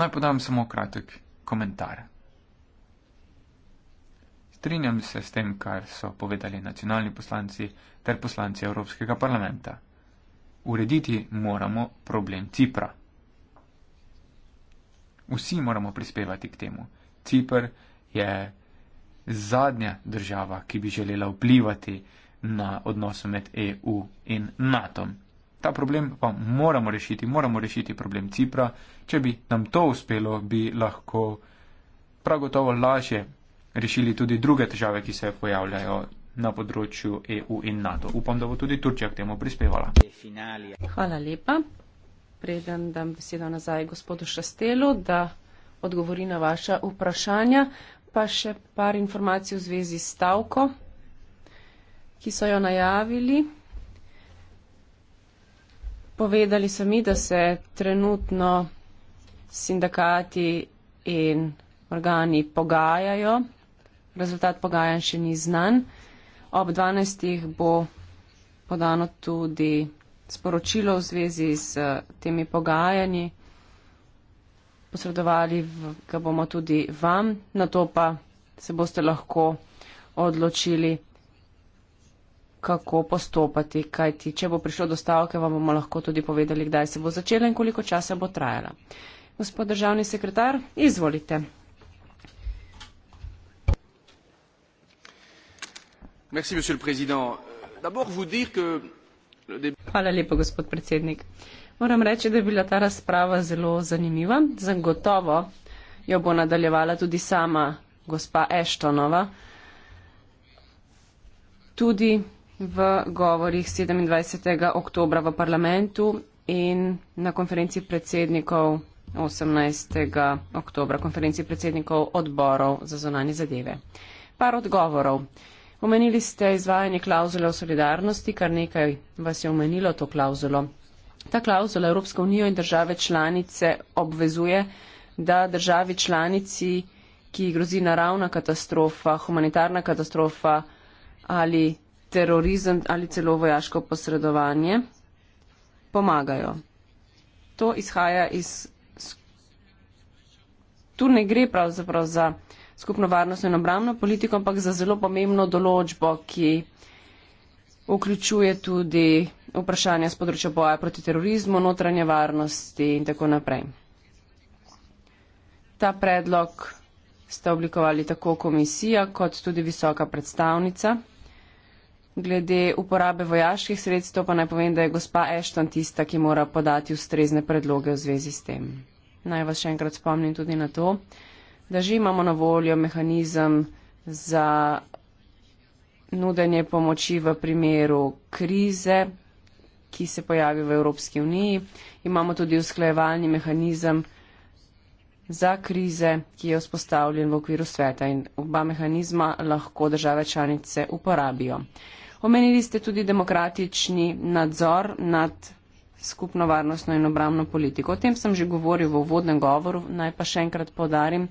Naj podam samo kratek komentar. Strinjam se s tem, kar so povedali nacionalni poslanci ter poslanci Evropskega parlamenta. Urediti moramo problem Cipra. Vsi moramo prispevati k temu. Cipr je zadnja država, ki bi želela vplivati na odnose med EU in NATO. Ta problem pa moramo rešiti, moramo rešiti problem Cipra. Če bi nam to uspelo, bi lahko prav gotovo lažje rešili tudi druge težave, ki se pojavljajo na področju EU in NATO. Upam, da bo tudi Turčija k temu prispevala. Hvala lepa. Preden dam besedo nazaj gospodu Šastelu, da odgovori na vaša vprašanja. Pa še par informacij v zvezi s stavko, ki so jo najavili. Povedali so mi, da se trenutno sindikati in organi pogajajo. Rezultat pogajanj še ni znan. Ob 12. bo podano tudi sporočilo v zvezi s temi pogajanji posredovali, ga bomo tudi vam, na to pa se boste lahko odločili, kako postopati, kajti če bo prišlo do stavke, vam bomo lahko tudi povedali, kdaj se bo začela in koliko časa bo trajala. Gospod državni sekretar, izvolite. Merci, monsieur le président. D'abord, vous dire que... Hvala lepa, gospod predsednik. Uh, Moram reči, da je bila ta razprava zelo zanimiva. Zagotovo jo bo nadaljevala tudi sama gospa Eštonova. Tudi v govorih 27. oktober v parlamentu in na konferenci predsednikov 18. oktober, konferenci predsednikov odborov za zonanje zadeve. Par odgovorov. Omenili ste izvajanje klauzule o solidarnosti, kar nekaj vas je omenilo to klauzulo. Ta klauzula Evropska unija in države članice obvezuje, da državi članici, ki grozi naravna katastrofa, humanitarna katastrofa ali terorizem ali celo vojaško posredovanje, pomagajo. To izhaja iz. Tu ne gre pravzaprav za skupno varnostno in obramno politiko, ampak za zelo pomembno določbo, ki vključuje tudi vprašanja z področja boja proti terorizmu, notranje varnosti in tako naprej. Ta predlog ste oblikovali tako komisija kot tudi visoka predstavnica. Glede uporabe vojaških sredstev pa naj povem, da je gospa Ešton tista, ki mora podati ustrezne predloge v zvezi s tem. Naj vas še enkrat spomnim tudi na to, da že imamo na voljo mehanizem za nudenje pomoči v primeru krize, ki se pojavi v Evropski uniji. Imamo tudi usklajevalni mehanizem za krize, ki je vzpostavljen v okviru sveta in oba mehanizma lahko države članice uporabijo. Omenili ste tudi demokratični nadzor nad skupno varnostno in obramno politiko. O tem sem že govoril v uvodnem govoru, naj pa še enkrat podarim,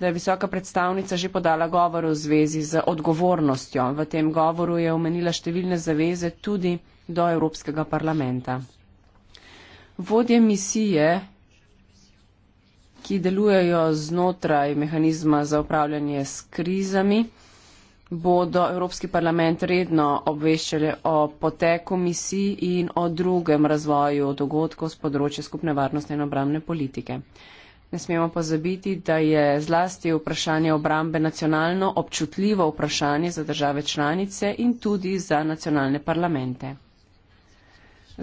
da je visoka predstavnica že podala govor v zvezi z odgovornostjo. V tem govoru je omenila številne zaveze tudi do Evropskega parlamenta. Vodje misije, ki delujejo znotraj mehanizma za upravljanje s krizami, bodo Evropski parlament redno obveščali o poteku misij in o drugem razvoju dogodkov z področja skupne varnostne in obramne politike. Ne smemo pozabiti, da je zlasti vprašanje obrambe nacionalno občutljivo vprašanje za države članice in tudi za nacionalne parlamente.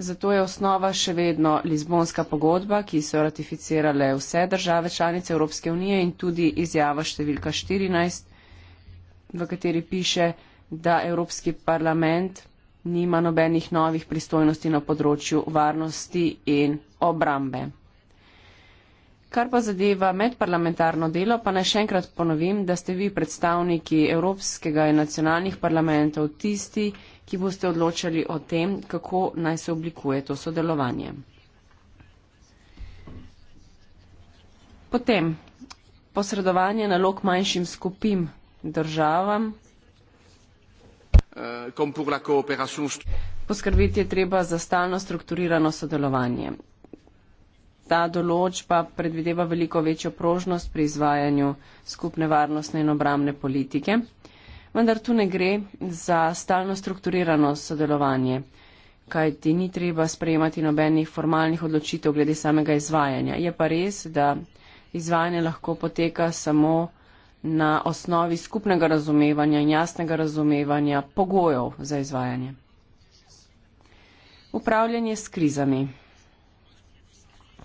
Zato je osnova še vedno Lizbonska pogodba, ki so jo ratificirale vse države članice Evropske unije in tudi izjava številka 14, v kateri piše, da Evropski parlament nima nobenih novih pristojnosti na področju varnosti in obrambe. Kar pa zadeva medparlamentarno delo, pa naj še enkrat ponovim, da ste vi predstavniki Evropskega in nacionalnih parlamentov tisti, ki boste odločali o tem, kako naj se oblikuje to sodelovanje. Potem posredovanje nalog manjšim skupim državam. Eh, Poskrbeti je treba za stalno strukturirano sodelovanje ta določba predvideva veliko večjo prožnost pri izvajanju skupne varnostne in obramne politike, vendar tu ne gre za stalno strukturirano sodelovanje, kajti ni treba sprejemati nobenih formalnih odločitev glede samega izvajanja. Je pa res, da izvajanje lahko poteka samo na osnovi skupnega razumevanja in jasnega razumevanja pogojev za izvajanje. Upravljanje s krizami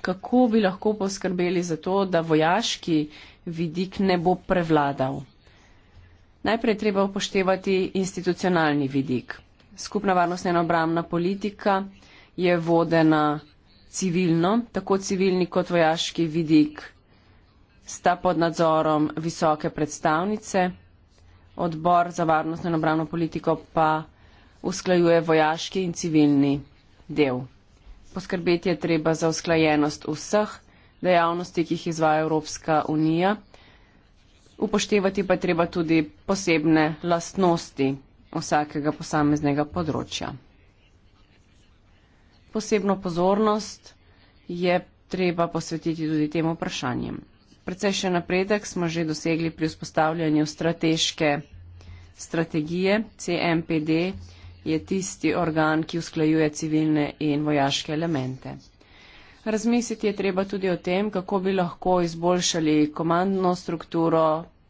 kako bi lahko poskrbeli za to, da vojaški vidik ne bo prevladal. Najprej treba upoštevati institucionalni vidik. Skupna varnostna in obramna politika je vodena civilno, tako civilni kot vojaški vidik sta pod nadzorom visoke predstavnice, odbor za varnostno in obramno politiko pa usklajuje vojaški in civilni del poskrbeti je treba za usklajenost vseh dejavnosti, ki jih izvaja Evropska unija. Upoštevati pa treba tudi posebne lastnosti vsakega posameznega področja. Posebno pozornost je treba posvetiti tudi tem vprašanjem. Predvsej še napredek smo že dosegli pri vzpostavljanju strateške strategije CMPD je tisti organ, ki usklajuje civilne in vojaške elemente. Razmisliti je treba tudi o tem, kako bi lahko izboljšali komandno strukturo,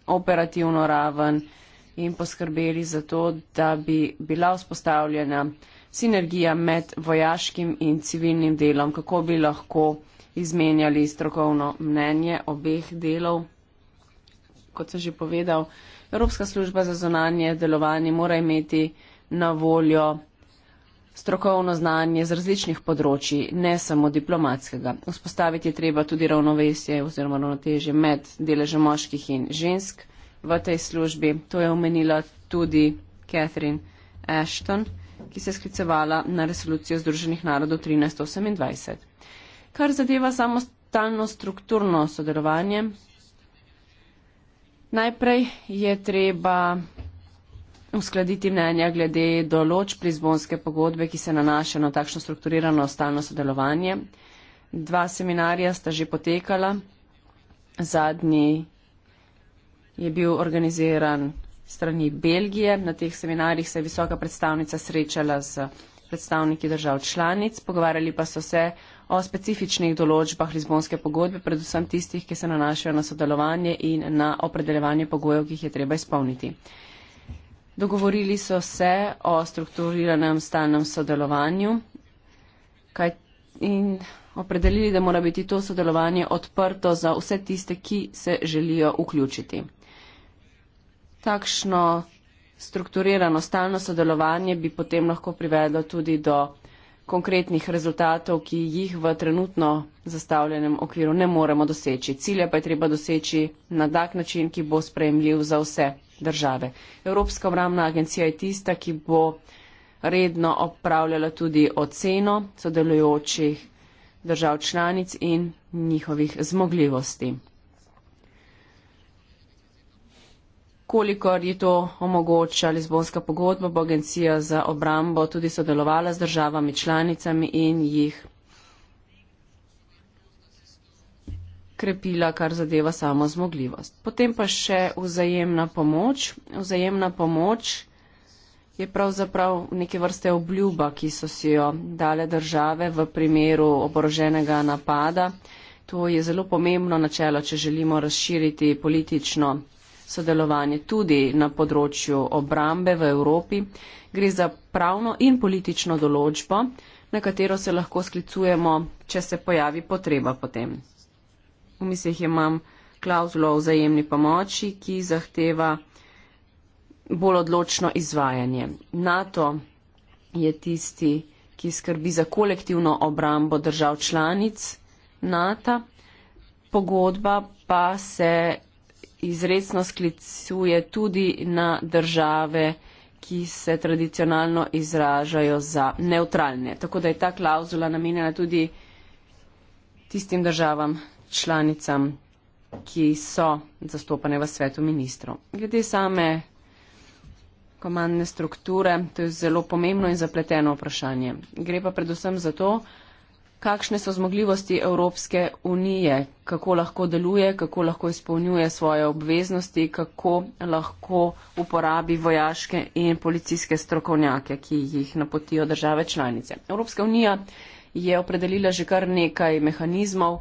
operativno raven in poskrbeli za to, da bi bila vzpostavljena sinergija med vojaškim in civilnim delom, kako bi lahko izmenjali strokovno mnenje obeh delov. Kot sem že povedal, Evropska služba za zonanje delovanje mora imeti na voljo strokovno znanje z različnih področji, ne samo diplomatskega. Vzpostaviti je treba tudi ravnovesje oziroma ravnotežje med deležem moških in žensk v tej službi. To je omenila tudi Catherine Ashton, ki se je sklicevala na resolucijo Združenih narodov 1328. Kar zadeva samostalno strukturno sodelovanje, najprej je treba uskladiti mnenja glede določ prizbonske pogodbe, ki se nanaša na takšno strukturirano stalno sodelovanje. Dva seminarja sta že potekala. Zadnji je bil organiziran strani Belgije. Na teh seminarjih se je visoka predstavnica srečala z predstavniki držav članic. Pogovarjali pa so se o specifičnih določbah Lizbonske pogodbe, predvsem tistih, ki se nanašajo na sodelovanje in na opredeljevanje pogojev, ki jih je treba izpolniti. Dogovorili so se o strukturiranem stalnem sodelovanju kaj, in opredelili, da mora biti to sodelovanje odprto za vse tiste, ki se želijo vključiti. Takšno strukturirano stalno sodelovanje bi potem lahko privedlo tudi do konkretnih rezultatov, ki jih v trenutno zastavljenem okviru ne moremo doseči. Cilje pa je treba doseči na tak način, ki bo sprejemljiv za vse države. Evropska obramna agencija je tista, ki bo redno opravljala tudi oceno sodelujočih držav članic in njihovih zmogljivosti. Kolikor je to omogoča Lizbonska pogodba, bo agencija za obrambo tudi sodelovala z državami članicami in jih krepila, kar zadeva samo zmogljivost. Potem pa še vzajemna pomoč. Vzajemna pomoč je pravzaprav neke vrste obljuba, ki so si jo dale države v primeru oboroženega napada. To je zelo pomembno načelo, če želimo razširiti politično sodelovanje tudi na področju obrambe v Evropi. Gre za pravno in politično določbo, na katero se lahko sklicujemo, če se pojavi potreba potem. V mislih imam klauzulo o vzajemni pomoči, ki zahteva bolj odločno izvajanje. NATO je tisti, ki skrbi za kolektivno obrambo držav članic NATO. Pogodba pa se izredno sklicuje tudi na države, ki se tradicionalno izražajo za neutralne. Tako da je ta klauzula namenjena tudi tistim državam članicam, ki so zastopane v svetu ministrov. Glede same komandne strukture, to je zelo pomembno in zapleteno vprašanje. Gre pa predvsem za to, kakšne so zmogljivosti Evropske unije, kako lahko deluje, kako lahko izpolnjuje svoje obveznosti, kako lahko uporabi vojaške in policijske strokovnjake, ki jih napotijo države članice. Evropska unija je opredelila že kar nekaj mehanizmov,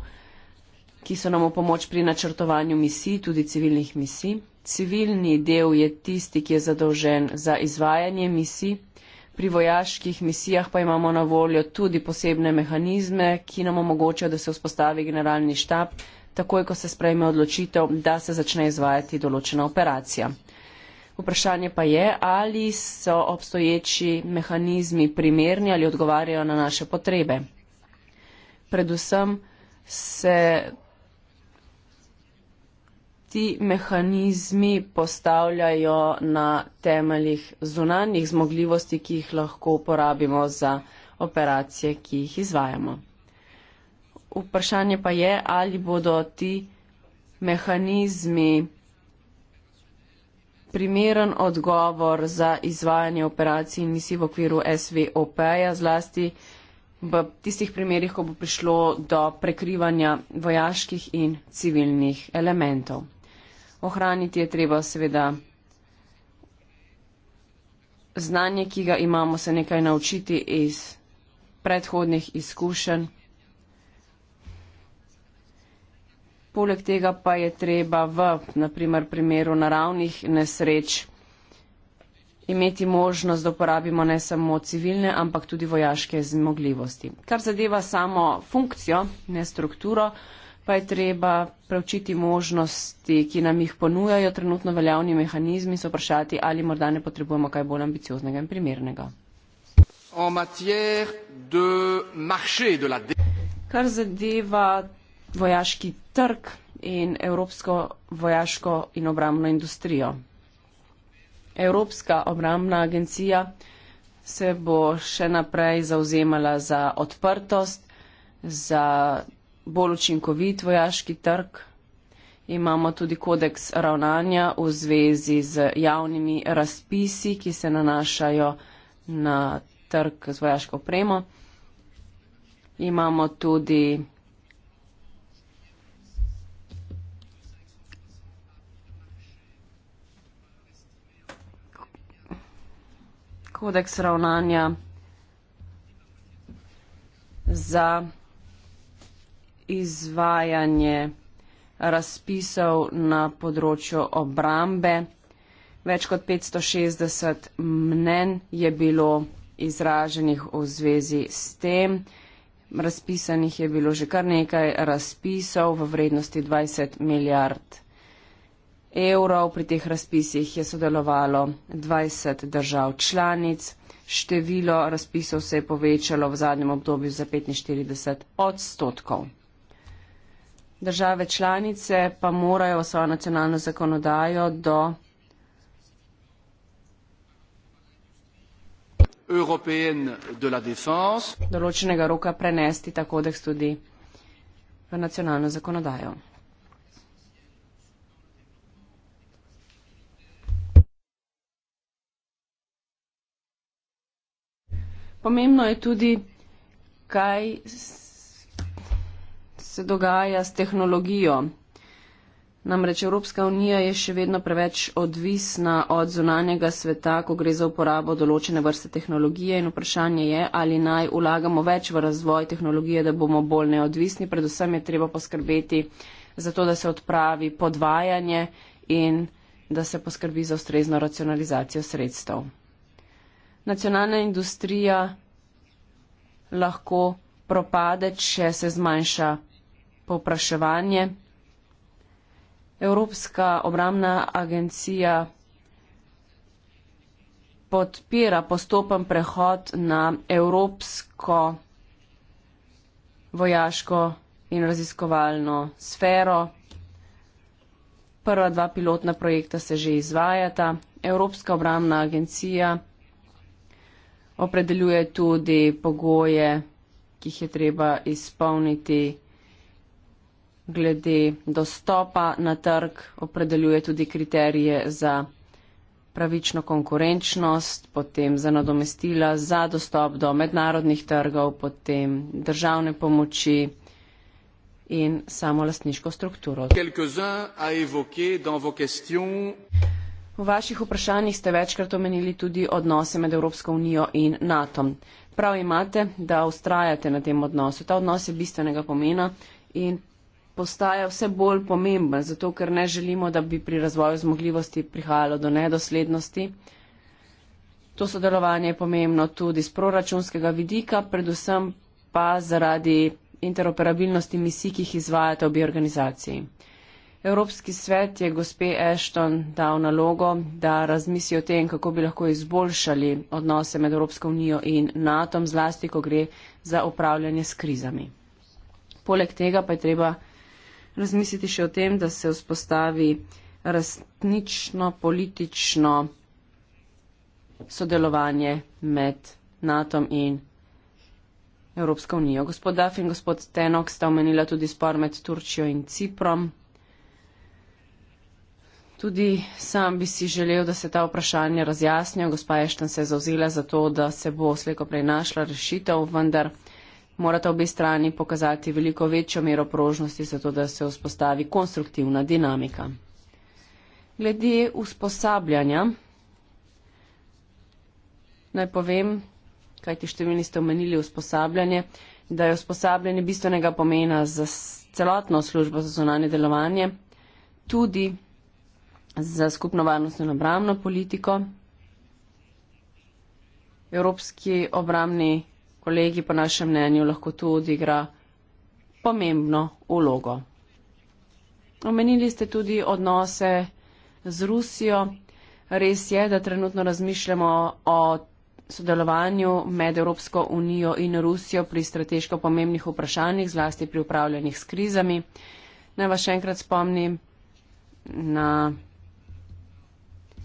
ki so nam v pomoč pri načrtovanju misij, tudi civilnih misij. Civilni del je tisti, ki je zadolžen za izvajanje misij. Pri vojaških misijah pa imamo na voljo tudi posebne mehanizme, ki nam omogočajo, da se vzpostavi generalni štab, takoj ko se sprejme odločitev, da se začne izvajati določena operacija. Vprašanje pa je, ali so obstoječi mehanizmi primerni ali odgovarjajo na naše potrebe. Predvsem se ti mehanizmi postavljajo na temeljih zunanjih zmogljivosti, ki jih lahko uporabimo za operacije, ki jih izvajamo. Vprašanje pa je, ali bodo ti mehanizmi primeren odgovor za izvajanje operacij in misij v okviru SVOP-ja zlasti v tistih primerjih, ko bo prišlo do prekrivanja vojaških in civilnih elementov ohraniti je treba seveda znanje, ki ga imamo, se nekaj naučiti iz predhodnih izkušenj. Poleg tega pa je treba v, naprimer, primeru naravnih nesreč imeti možnost, da uporabimo ne samo civilne, ampak tudi vojaške zmogljivosti. Kar zadeva samo funkcijo, ne strukturo, pa je treba preučiti možnosti, ki nam jih ponujajo trenutno veljavni mehanizmi, se vprašati, ali morda ne potrebujemo kaj bolj ambicioznega in primernega. Kar zadeva vojaški trg in evropsko vojaško in obramno industrijo. Evropska obramna agencija se bo še naprej zauzemala za odprtost, za bolj učinkovit vojaški trg. Imamo tudi kodeks ravnanja v zvezi z javnimi razpisi, ki se nanašajo na trg z vojaško opremo. Imamo tudi kodeks ravnanja za izvajanje razpisov na področju obrambe. Več kot 560 mnen je bilo izraženih v zvezi s tem. Razpisanih je bilo že kar nekaj razpisov v vrednosti 20 milijard evrov. Pri teh razpisih je sodelovalo 20 držav članic. Število razpisov se je povečalo v zadnjem obdobju za 45 odstotkov. Države članice pa morajo svojo nacionalno zakonodajo do določenega roka prenesti ta kodeks tudi v nacionalno zakonodajo. Pomembno je tudi, kaj se dogaja s tehnologijo. Namreč Evropska unija je še vedno preveč odvisna od zunanjega sveta, ko gre za uporabo določene vrste tehnologije in vprašanje je, ali naj ulagamo več v razvoj tehnologije, da bomo bolj neodvisni. Predvsem je treba poskrbeti za to, da se odpravi podvajanje in da se poskrbi za ustrezno racionalizacijo sredstev. Nacionalna industrija lahko propade, če se zmanjša povpraševanje. Evropska obramna agencija podpira postopen prehod na evropsko vojaško in raziskovalno sfero. Prva dva pilotna projekta se že izvajata. Evropska obramna agencija opredeljuje tudi pogoje, ki jih je treba izpolniti glede dostopa na trg, opredeljuje tudi kriterije za pravično konkurenčnost, potem za nadomestila za dostop do mednarodnih trgov, potem državne pomoči in samo lastniško strukturo. V vaših vprašanjih ste večkrat omenili tudi odnose med Evropsko unijo in NATO. Prav imate, da ustrajate na tem odnosu. Ta odnos je bistvenega pomena in postaja vse bolj pomemben, zato ker ne želimo, da bi pri razvoju zmogljivosti prihajalo do nedoslednosti. To sodelovanje je pomembno tudi z proračunskega vidika, predvsem pa zaradi interoperabilnosti misij, ki jih izvajate obi organizaciji. Evropski svet je gospe Ashton dal nalogo, da razmisli o tem, kako bi lahko izboljšali odnose med Evropsko unijo in NATO, zlasti, ko gre za upravljanje s krizami. Poleg tega pa je treba razmisliti še o tem, da se vzpostavi resnično politično sodelovanje med NATO in Evropsko unijo. Gospod Daf in gospod Tenok sta omenila tudi spor med Turčijo in Ciprom. Tudi sam bi si želel, da se ta vprašanja razjasnijo. Gospa Ešten se je zauzela za to, da se bo slejko prej našla rešitev, vendar morata obi strani pokazati veliko večjo mero prožnosti, zato da se vzpostavi konstruktivna dinamika. Glede usposabljanja, naj povem, kaj ti številni ste omenili usposabljanje, da je usposabljanje bistvenega pomena za celotno službo za zunanje delovanje, tudi za skupno varnostno in obramno politiko. Evropski obramni kolegi po našem mnenju lahko tu odigra pomembno ulogo. Omenili ste tudi odnose z Rusijo. Res je, da trenutno razmišljamo o sodelovanju med Evropsko unijo in Rusijo pri strateško pomembnih vprašanjih, zlasti pri upravljanjih s krizami. Naj vas še enkrat spomnim na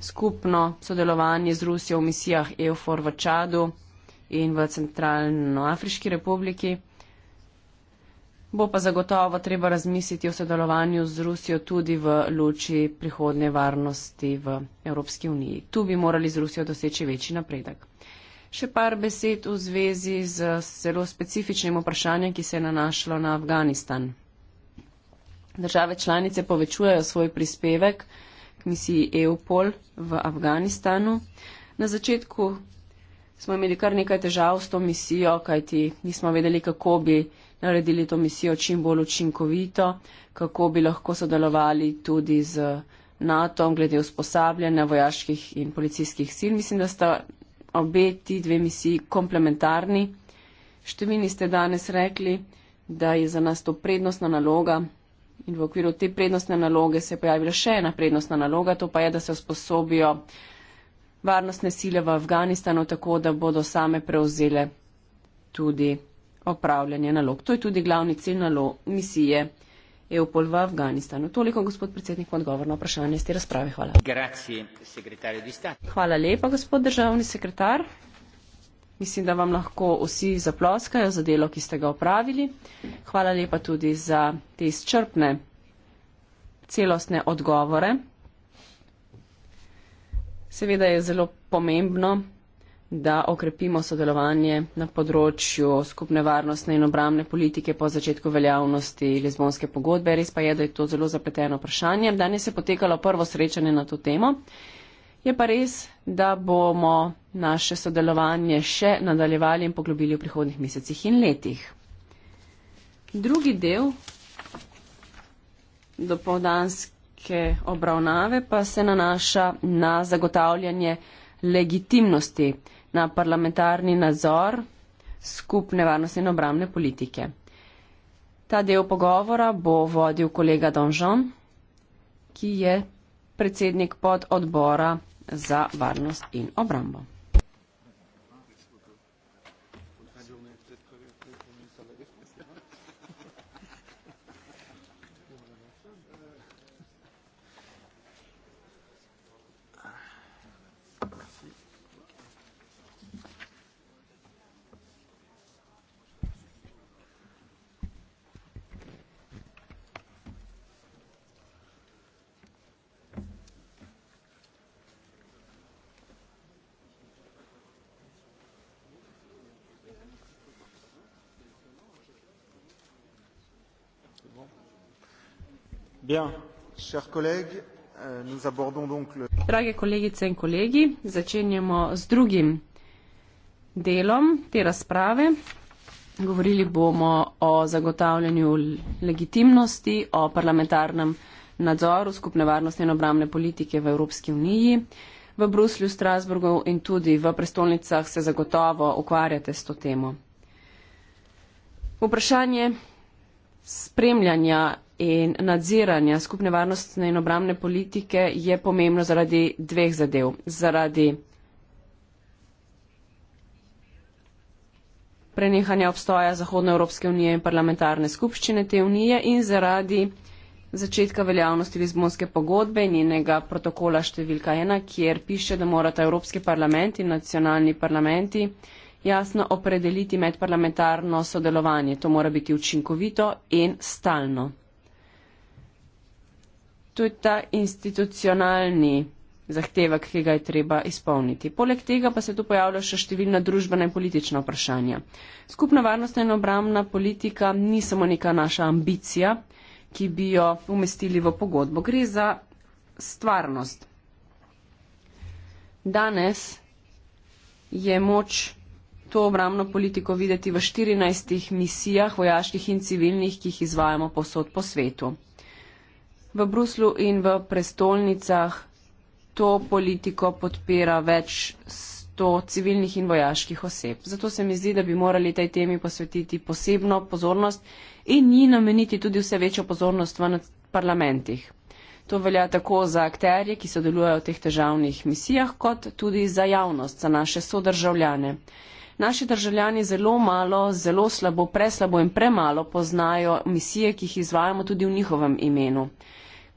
skupno sodelovanje z Rusijo v misijah EUFOR v Čadu in v Centralnoafriški republiki. Bo pa zagotovo treba razmisliti o sodelovanju z Rusijo tudi v luči prihodne varnosti v Evropski uniji. Tu bi morali z Rusijo doseči večji napredek. Še par besed v zvezi z zelo specifičnim vprašanjem, ki se je nanašalo na Afganistan. Države članice povečujejo svoj prispevek k misiji EUPOL v Afganistanu. Na začetku smo imeli kar nekaj težav s to misijo, kajti nismo vedeli, kako bi naredili to misijo čim bolj učinkovito, kako bi lahko sodelovali tudi z NATO glede usposabljanja vojaških in policijskih sil. Mislim, da sta obe ti dve misiji komplementarni. Številni ste danes rekli, da je za nas to prednostna naloga in v okviru te prednostne naloge se je pojavila še ena prednostna naloga, to pa je, da se usposobijo varnostne sile v Afganistanu tako, da bodo same prevzele tudi opravljanje nalog. To je tudi glavni cilj nalog misije EUPOL v Afganistanu. Toliko, gospod predsednik, odgovor na vprašanje iz te razprave. Hvala. Grazie, Hvala lepa, gospod državni sekretar. Mislim, da vam lahko vsi zaploskajo za delo, ki ste ga opravili. Hvala lepa tudi za te izčrpne celostne odgovore. Seveda je zelo pomembno, da okrepimo sodelovanje na področju skupne varnostne in obramne politike po začetku veljavnosti Lizbonske pogodbe. Res pa je, da je to zelo zapleteno vprašanje. Danes je potekalo prvo srečanje na to temo. Je pa res, da bomo naše sodelovanje še nadaljevali in poglobili v prihodnih mesecih in letih. Drugi del dopovdanske tematike obravnave pa se nanaša na zagotavljanje legitimnosti, na parlamentarni nadzor skupne varnostne in obramne politike. Ta del pogovora bo vodil kolega Donžon, ki je predsednik pod odbora za varnost in obrambo. Euh, drage kolegice in kolegi začenjamo z drugim delom te razprave govorili bomo o zagotavljanju legitimnosti o parlamentarnem nadzoru skupne varnostne in obrambne politike v evropski uniji v bruslju strasburgu in tudi v prestolnicah se zagotovo ukvarjate s to temo vprašanje spremljanja in nadziranja skupne varnostne in obramne politike je pomembno zaradi dveh zadev. Zaradi prenehanja obstoja Zahodnoevropske unije in parlamentarne skupščine te unije in zaradi začetka veljavnosti Lizbonske pogodbe in njenega protokola številka 1, kjer piše, da morata Evropski parlament in nacionalni parlamenti jasno opredeliti medparlamentarno sodelovanje. To mora biti učinkovito in stalno to je ta institucionalni zahtevek, ki ga je treba izpolniti. Poleg tega pa se tu pojavlja še številna družbena in politična vprašanja. Skupna varnostna in obramna politika ni samo neka naša ambicija, ki bi jo umestili v pogodbo. Gre za stvarnost. Danes je moč to obramno politiko videti v 14 misijah, vojaških in civilnih, ki jih izvajamo posod po svetu v Bruslu in v prestolnicah to politiko podpira več sto civilnih in vojaških oseb. Zato se mi zdi, da bi morali tej temi posvetiti posebno pozornost in ji nameniti tudi vse večjo pozornost v parlamentih. To velja tako za akterje, ki sodelujejo v teh težavnih misijah, kot tudi za javnost, za naše sodržavljane. Naši državljani zelo malo, zelo slabo, preslabo in premalo poznajo misije, ki jih izvajamo tudi v njihovem imenu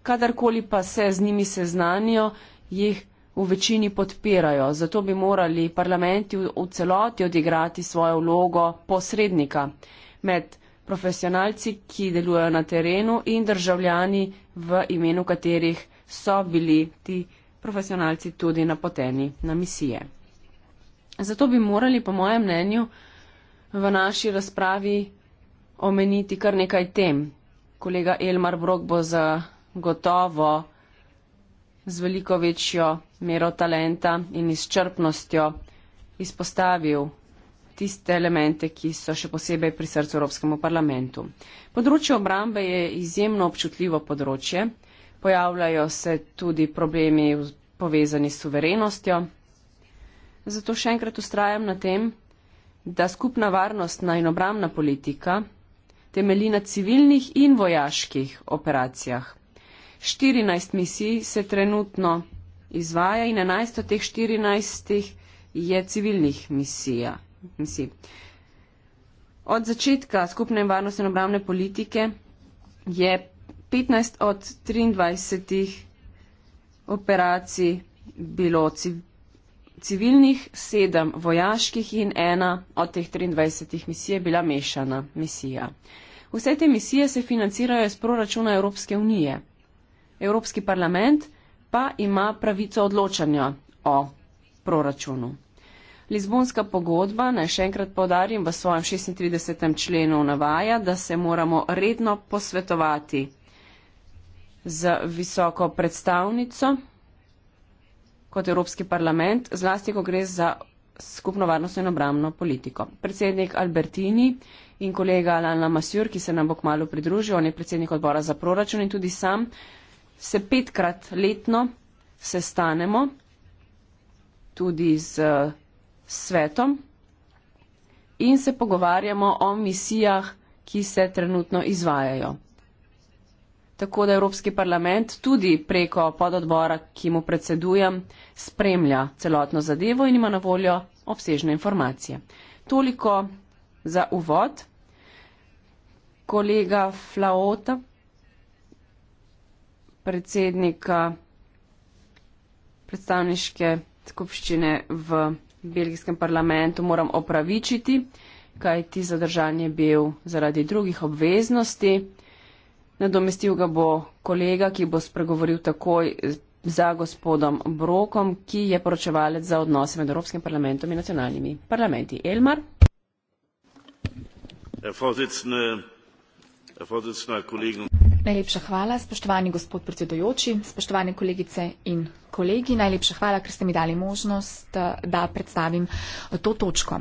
kadarkoli pa se z njimi seznanijo, jih v večini podpirajo. Zato bi morali parlamenti v celoti odigrati svojo vlogo posrednika med profesionalci, ki delujejo na terenu in državljani, v imenu katerih so bili ti profesionalci tudi napoteni na misije. Zato bi morali, po mojem mnenju, v naši razpravi omeniti kar nekaj tem. Kolega Elmar Brok bo za gotovo z veliko večjo mero talenta in izčrpnostjo izpostavil tiste elemente, ki so še posebej pri srcu Evropskemu parlamentu. Področje obrambe je izjemno občutljivo področje. Pojavljajo se tudi problemi povezani s suverenostjo. Zato še enkrat ustrajam na tem, da skupna varnostna in obrambna politika temelji na civilnih in vojaških operacijah. 14 misij se trenutno izvaja in 11 od teh 14 je civilnih misija, misij. Od začetka skupne varnostne in obravne politike je 15 od 23 operacij bilo civilnih, 7 vojaških in ena od teh 23 misij je bila mešana misija. Vse te misije se financirajo iz proračuna Evropske unije. Evropski parlament pa ima pravico odločanja o proračunu. Lizbonska pogodba, naj še enkrat podarim, v svojem 36. členu navaja, da se moramo redno posvetovati z visoko predstavnico kot Evropski parlament, zlasti ko gre za skupno varnostno in obramno politiko. Predsednik Albertini in kolega Alana Masjur, ki se nam bo kmalo pridružil, on je predsednik odbora za proračun in tudi sam se petkrat letno sestanemo tudi z eh, svetom in se pogovarjamo o misijah, ki se trenutno izvajajo. Tako da Evropski parlament tudi preko pododbora, ki mu predsedujem, spremlja celotno zadevo in ima na voljo obsežne informacije. Toliko za uvod. Kolega Flaota, predsednika predstavniške skupščine v belgijskem parlamentu moram opravičiti, kajti zadržan je bil zaradi drugih obveznosti. Nadomestil ga bo kolega, ki bo spregovoril takoj za gospodom Brokom, ki je poročevalec za odnose med Evropskim parlamentom in nacionalnimi parlamenti. Elmar. Herr Vorsitzende, Herr Vorsitzende, Kollegen. Najlepša hvala, spoštovani gospod predsedojoči, spoštovane kolegice in kolegi. Najlepša hvala, ker ste mi dali možnost, eh, da predstavim eh, to točko.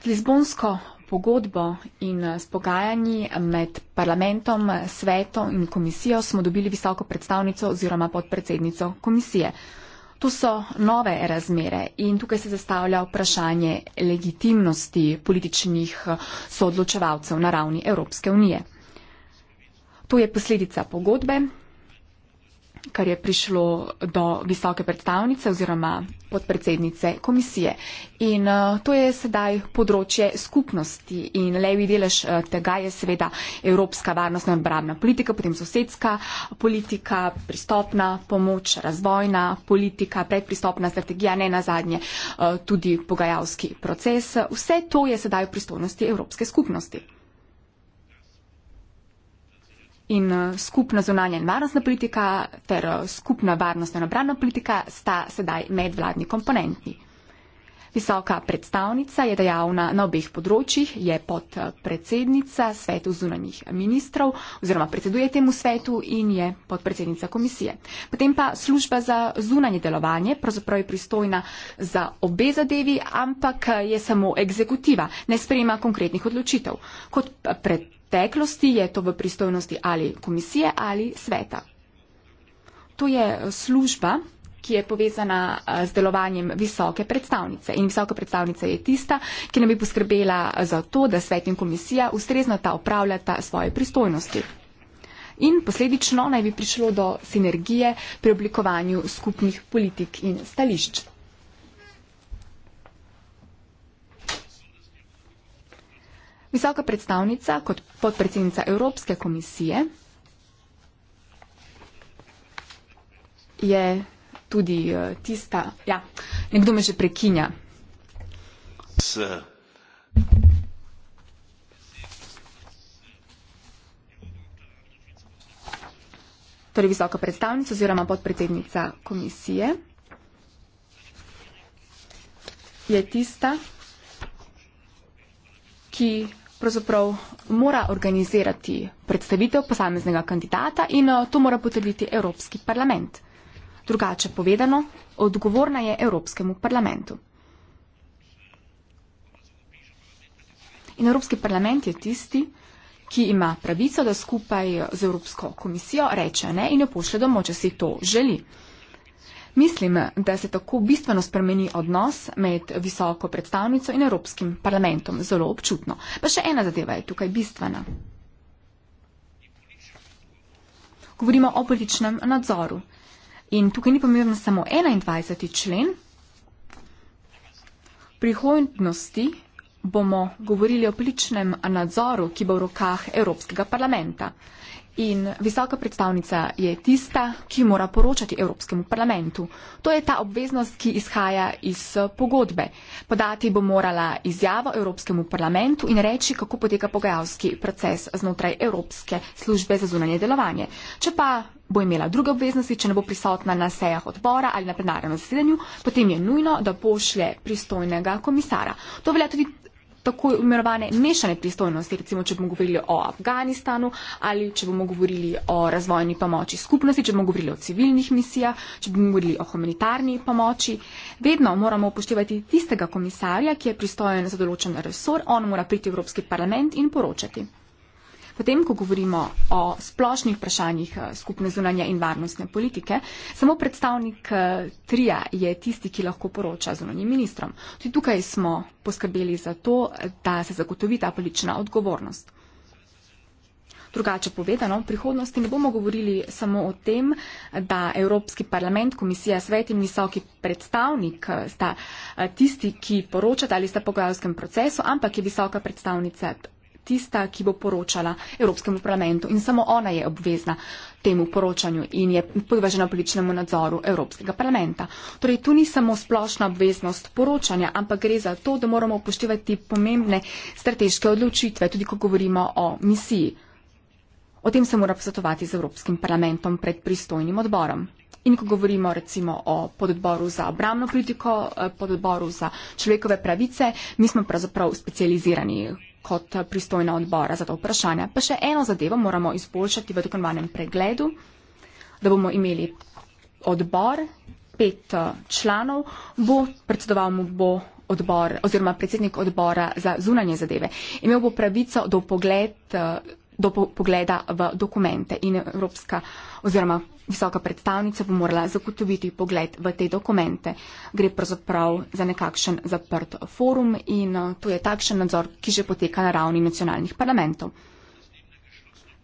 Z Lizbonsko pogodbo in eh, s pogajanji med parlamentom, svetom in komisijo smo dobili visoko predstavnico oziroma podpredsednico komisije. Tu so nove razmere in tukaj se zastavlja vprašanje legitimnosti političnih soodločevalcev na ravni Evropske unije. To je posledica pogodbe, kar je prišlo do visoke predstavnice oziroma podpredsednice komisije. In eh, to je sedaj področje skupnosti in levi delež eh, tega je seveda evropska varnostna in obrambna politika, potem sosedska politika, pristopna pomoč, razvojna politika, predpristopna strategija, ne nazadnje eh, tudi pogajalski proces. Vse to je sedaj v pristojnosti evropske skupnosti. In eh, skupna zunanja in varnostna politika ter eh, skupna varnostna in obrana politika sta sedaj medvladni komponenti. Visoka predstavnica je dejavna na obeh področjih, je podpredsednica svetu zunanjih ministrov oziroma predseduje temu svetu in je podpredsednica komisije. Potem pa služba za zunanje delovanje, pravzaprav je pristojna za obe zadevi, ampak eh, je samo egzekutiva, ne sprejema konkretnih odločitev preteklosti, je to v pristojnosti ali komisije ali sveta. To je eh, služba, ki je povezana eh, z delovanjem visoke predstavnice. In visoka predstavnica je tista, ki nam bi poskrbela eh, za to, da svet in komisija ustrezno ta upravljata svoje pristojnosti. In posledično naj bi prišlo do sinergije pri oblikovanju skupnih politik in stališč. Visoka predstavnica kot podpredsednica Evropske komisije je tudi eh, tista, ja, nekdo me že prekinja. S Torej, visoka predstavnica oziroma podpredsednica komisije je tista, ki pravzaprav mora organizirati predstavitev posameznega kandidata in eh, to mora potrditi Evropski parlament. Drugače povedano, odgovorna je Evropskemu parlamentu. In Evropski parlament je tisti, ki ima pravico, da skupaj z Evropsko komisijo reče ne in jo pošle domov, če si to želi. Mislim, da se tako bistveno spremeni odnos med visoko predstavnico in Evropskim parlamentom. Zelo občutno. Pa še ena zadeva je tukaj bistvena. Govorimo o političnem nadzoru. In tukaj ni pomemben samo 21. člen. V prihodnosti bomo govorili o političnem nadzoru, ki bo v rokah Evropskega parlamenta. In visoka predstavnica je tista, ki mora poročati Evropskemu parlamentu. To je ta obveznost, ki izhaja iz eh, pogodbe. Podati bo morala izjavo Evropskemu parlamentu in reči, kako poteka pogajalski proces znotraj Evropske službe za zunanje delovanje. Če pa bo imela druge obveznosti, če ne bo prisotna na sejah odbora ali na plenarnem zasedanju, potem je nujno, da pošlje pristojnega komisara. To velja tudi tako imenovane mešane pristojnosti, recimo, če bomo govorili o Afganistanu ali če bomo govorili o razvojni pomoči skupnosti, če bomo govorili o civilnih misijah, če bomo govorili o humanitarni pomoči, vedno moramo upoštevati tistega komisarja, ki je pristojen za določen resor, on mora priti v Evropski parlament in poročati potem, ko govorimo o splošnih vprašanjih eh, skupne zunanje in varnostne politike, samo predstavnik eh, trija je tisti, ki lahko poroča zunanjim ministrom. Tudi tukaj smo poskrbeli za to, da se zagotovi ta politična odgovornost. Drugače povedano, v prihodnosti ne bomo govorili samo o tem, da Evropski parlament, komisija, svet in visoki predstavnik eh, sta tisti, ki poročata ali sta pogajalskem procesu, ampak je visoka predstavnica tista, ki bo poročala Evropskemu parlamentu in samo ona je obvezna temu poročanju in je podvržena političnemu nadzoru Evropskega parlamenta. Torej, tu ni samo splošna obveznost poročanja, ampak gre za to, da moramo upoštevati pomembne strateške odločitve, tudi ko govorimo o misiji. O tem se mora posvetovati z Evropskim parlamentom pred pristojnim odborom. In ko govorimo recimo o pododboru za obramno politiko, eh, pododboru za človekove pravice, mi smo pravzaprav specializirani kot eh, pristojna odbora za to vprašanje. Pa še eno zadevo moramo izboljšati v dokonvanem pregledu, da bomo imeli odbor, pet eh, članov, bo predsedoval mu bo odbor oziroma predsednik odbora za zunanje zadeve. Imel bo pravico do, pogled, eh, do pogleda v dokumente in Evropska oziroma visoka predstavnica bo morala zagotoviti pogled v te dokumente. Gre pravzaprav za nekakšen zaprt forum in eh, to je takšen nadzor, ki že poteka na ravni nacionalnih parlamentov.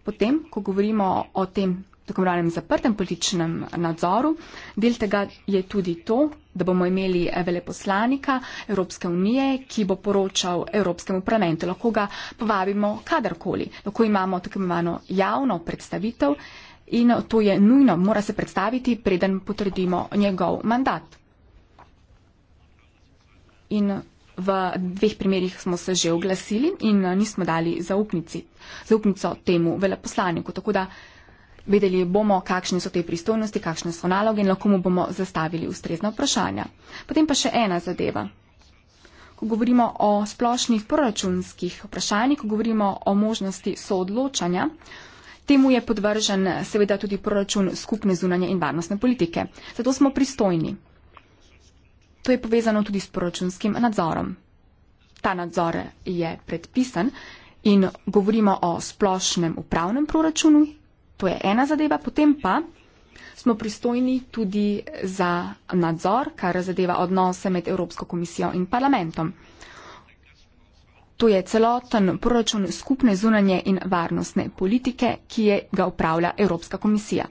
Potem, ko govorimo o tem tako imenovanem zaprtem političnem nadzoru, del tega je tudi to, da bomo imeli eh, veleposlanika Evropske unije, ki bo poročal Evropskemu parlamentu. Lahko ga povabimo kadarkoli, lahko imamo tako imenovano javno predstavitev in to je nujno, mora se predstaviti, preden potrdimo njegov mandat. In v dveh primerjih smo se že oglasili in eh, nismo dali zaupnici, zaupnico temu veleposlaniku, tako da vedeli bomo, kakšne so te pristojnosti, kakšne so naloge in lahko mu bomo zastavili ustrezna vprašanja. Potem pa še ena zadeva. Ko govorimo o splošnih proračunskih vprašanjih, ko govorimo o možnosti soodločanja, Temu je podvržen seveda tudi proračun skupne zunanje in varnostne politike. Zato smo pristojni. To je povezano tudi s proračunskim nadzorom. Ta nadzor je predpisan in govorimo o splošnem upravnem proračunu. To je ena zadeva. Potem pa smo pristojni tudi za nadzor, kar zadeva odnose med Evropsko komisijo in parlamentom. To je celoten proračun skupne zunanje in varnostne politike, ki je ga upravlja Evropska komisija.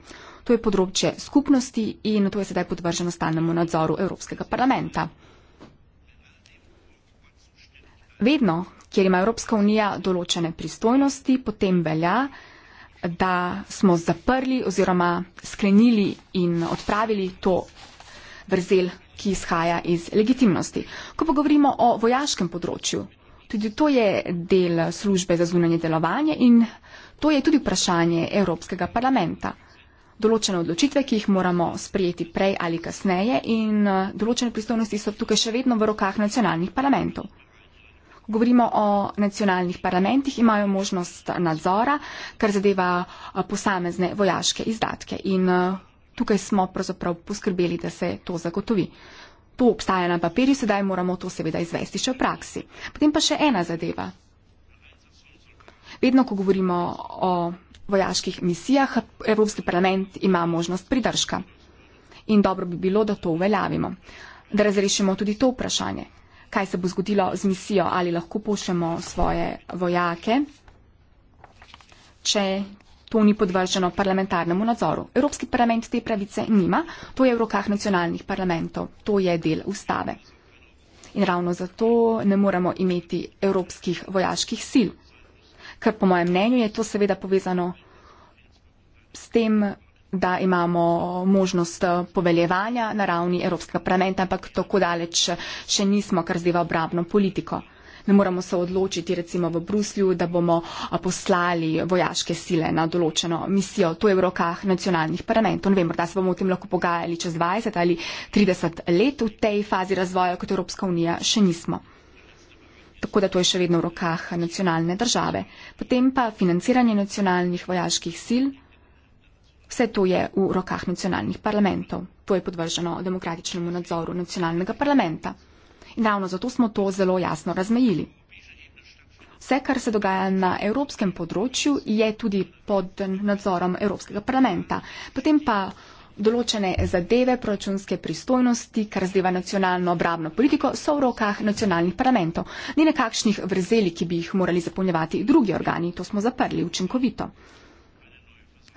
To je področje skupnosti in to je sedaj podvrženo stalnemu nadzoru Evropskega parlamenta. Vedno, kjer ima Evropska unija določene pristojnosti, potem velja, da smo zaprli oziroma sklenili in odpravili to vrzel, ki izhaja iz legitimnosti. Ko pa govorimo o vojaškem področju, Tudi to je del službe za zunanje delovanje in to je tudi vprašanje Evropskega parlamenta. Določene odločitve, ki jih moramo sprijeti prej ali kasneje in eh, določene pristojnosti so tukaj še vedno v rokah nacionalnih parlamentov. Govorimo o nacionalnih parlamentih, imajo možnost nadzora, kar zadeva eh, posamezne vojaške izdatke in eh, tukaj smo pravzaprav poskrbeli, da se to zagotovi to obstaja na papirju, sedaj moramo to seveda izvesti še v praksi. Potem pa še ena zadeva. Vedno, ko govorimo o vojaških misijah, Evropski parlament ima možnost pridržka. In dobro bi bilo, da to uveljavimo. Da razrešimo tudi to vprašanje. Kaj se bo zgodilo z misijo, ali lahko pošljemo svoje vojake, če To ni podvrženo parlamentarnemu nadzoru. Evropski parlament te pravice nima, to je v rokah nacionalnih parlamentov, to je del ustave. In ravno zato ne moremo imeti evropskih vojaških sil. Ker po mojem mnenju je to seveda povezano s tem, da imamo možnost eh, poveljevanja na ravni Evropskega parlamenta, ampak tako daleč še nismo, kar zdeva obrabno politiko ne moremo se odločiti recimo v Bruslju, da bomo poslali vojaške sile na določeno misijo. To je v rokah nacionalnih parlamentov. Ne vem, morda se bomo o tem lahko pogajali čez 20 ali 30 let v tej fazi razvoja, kot Evropska unija še nismo. Tako da to je še vedno v rokah nacionalne države. Potem pa financiranje nacionalnih vojaških sil. Vse to je v rokah nacionalnih parlamentov. To je podvrženo demokratičnemu nadzoru nacionalnega parlamenta. Ravno zato smo to zelo jasno razmejili. Vse, kar se dogaja na evropskem področju, je tudi pod nadzorom Evropskega parlamenta. Potem pa določene zadeve, proračunske pristojnosti, kar zdeva nacionalno obravno politiko, so v rokah nacionalnih parlamentov. Ni nekakšnih vrzeli, ki bi jih morali zapolnjevati drugi organi. To smo zaprli učinkovito.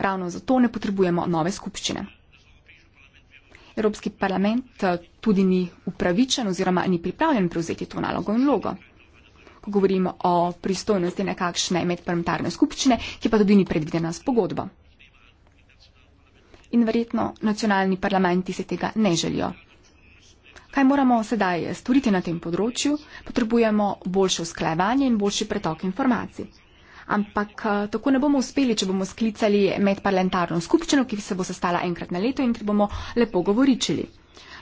Ravno zato ne potrebujemo nove skupščine. Evropski parlament eh, tudi ni upravičen oziroma ni pripravljen prevzeti to nalogo in logo. Ko govorimo o pristojnosti nekakšne medparlamentarne skupščine, ki pa tudi ni predvidena s pogodbo. In verjetno nacionalni parlamenti se tega ne želijo. Kaj moramo sedaj storiti na tem področju? Potrebujemo boljše usklajevanje in boljši pretok informacij ampak eh, tako ne bomo uspeli, če bomo sklicali medparlamentarno skupščino, ki se bo sestala enkrat na leto in ker bomo lepo govoričili.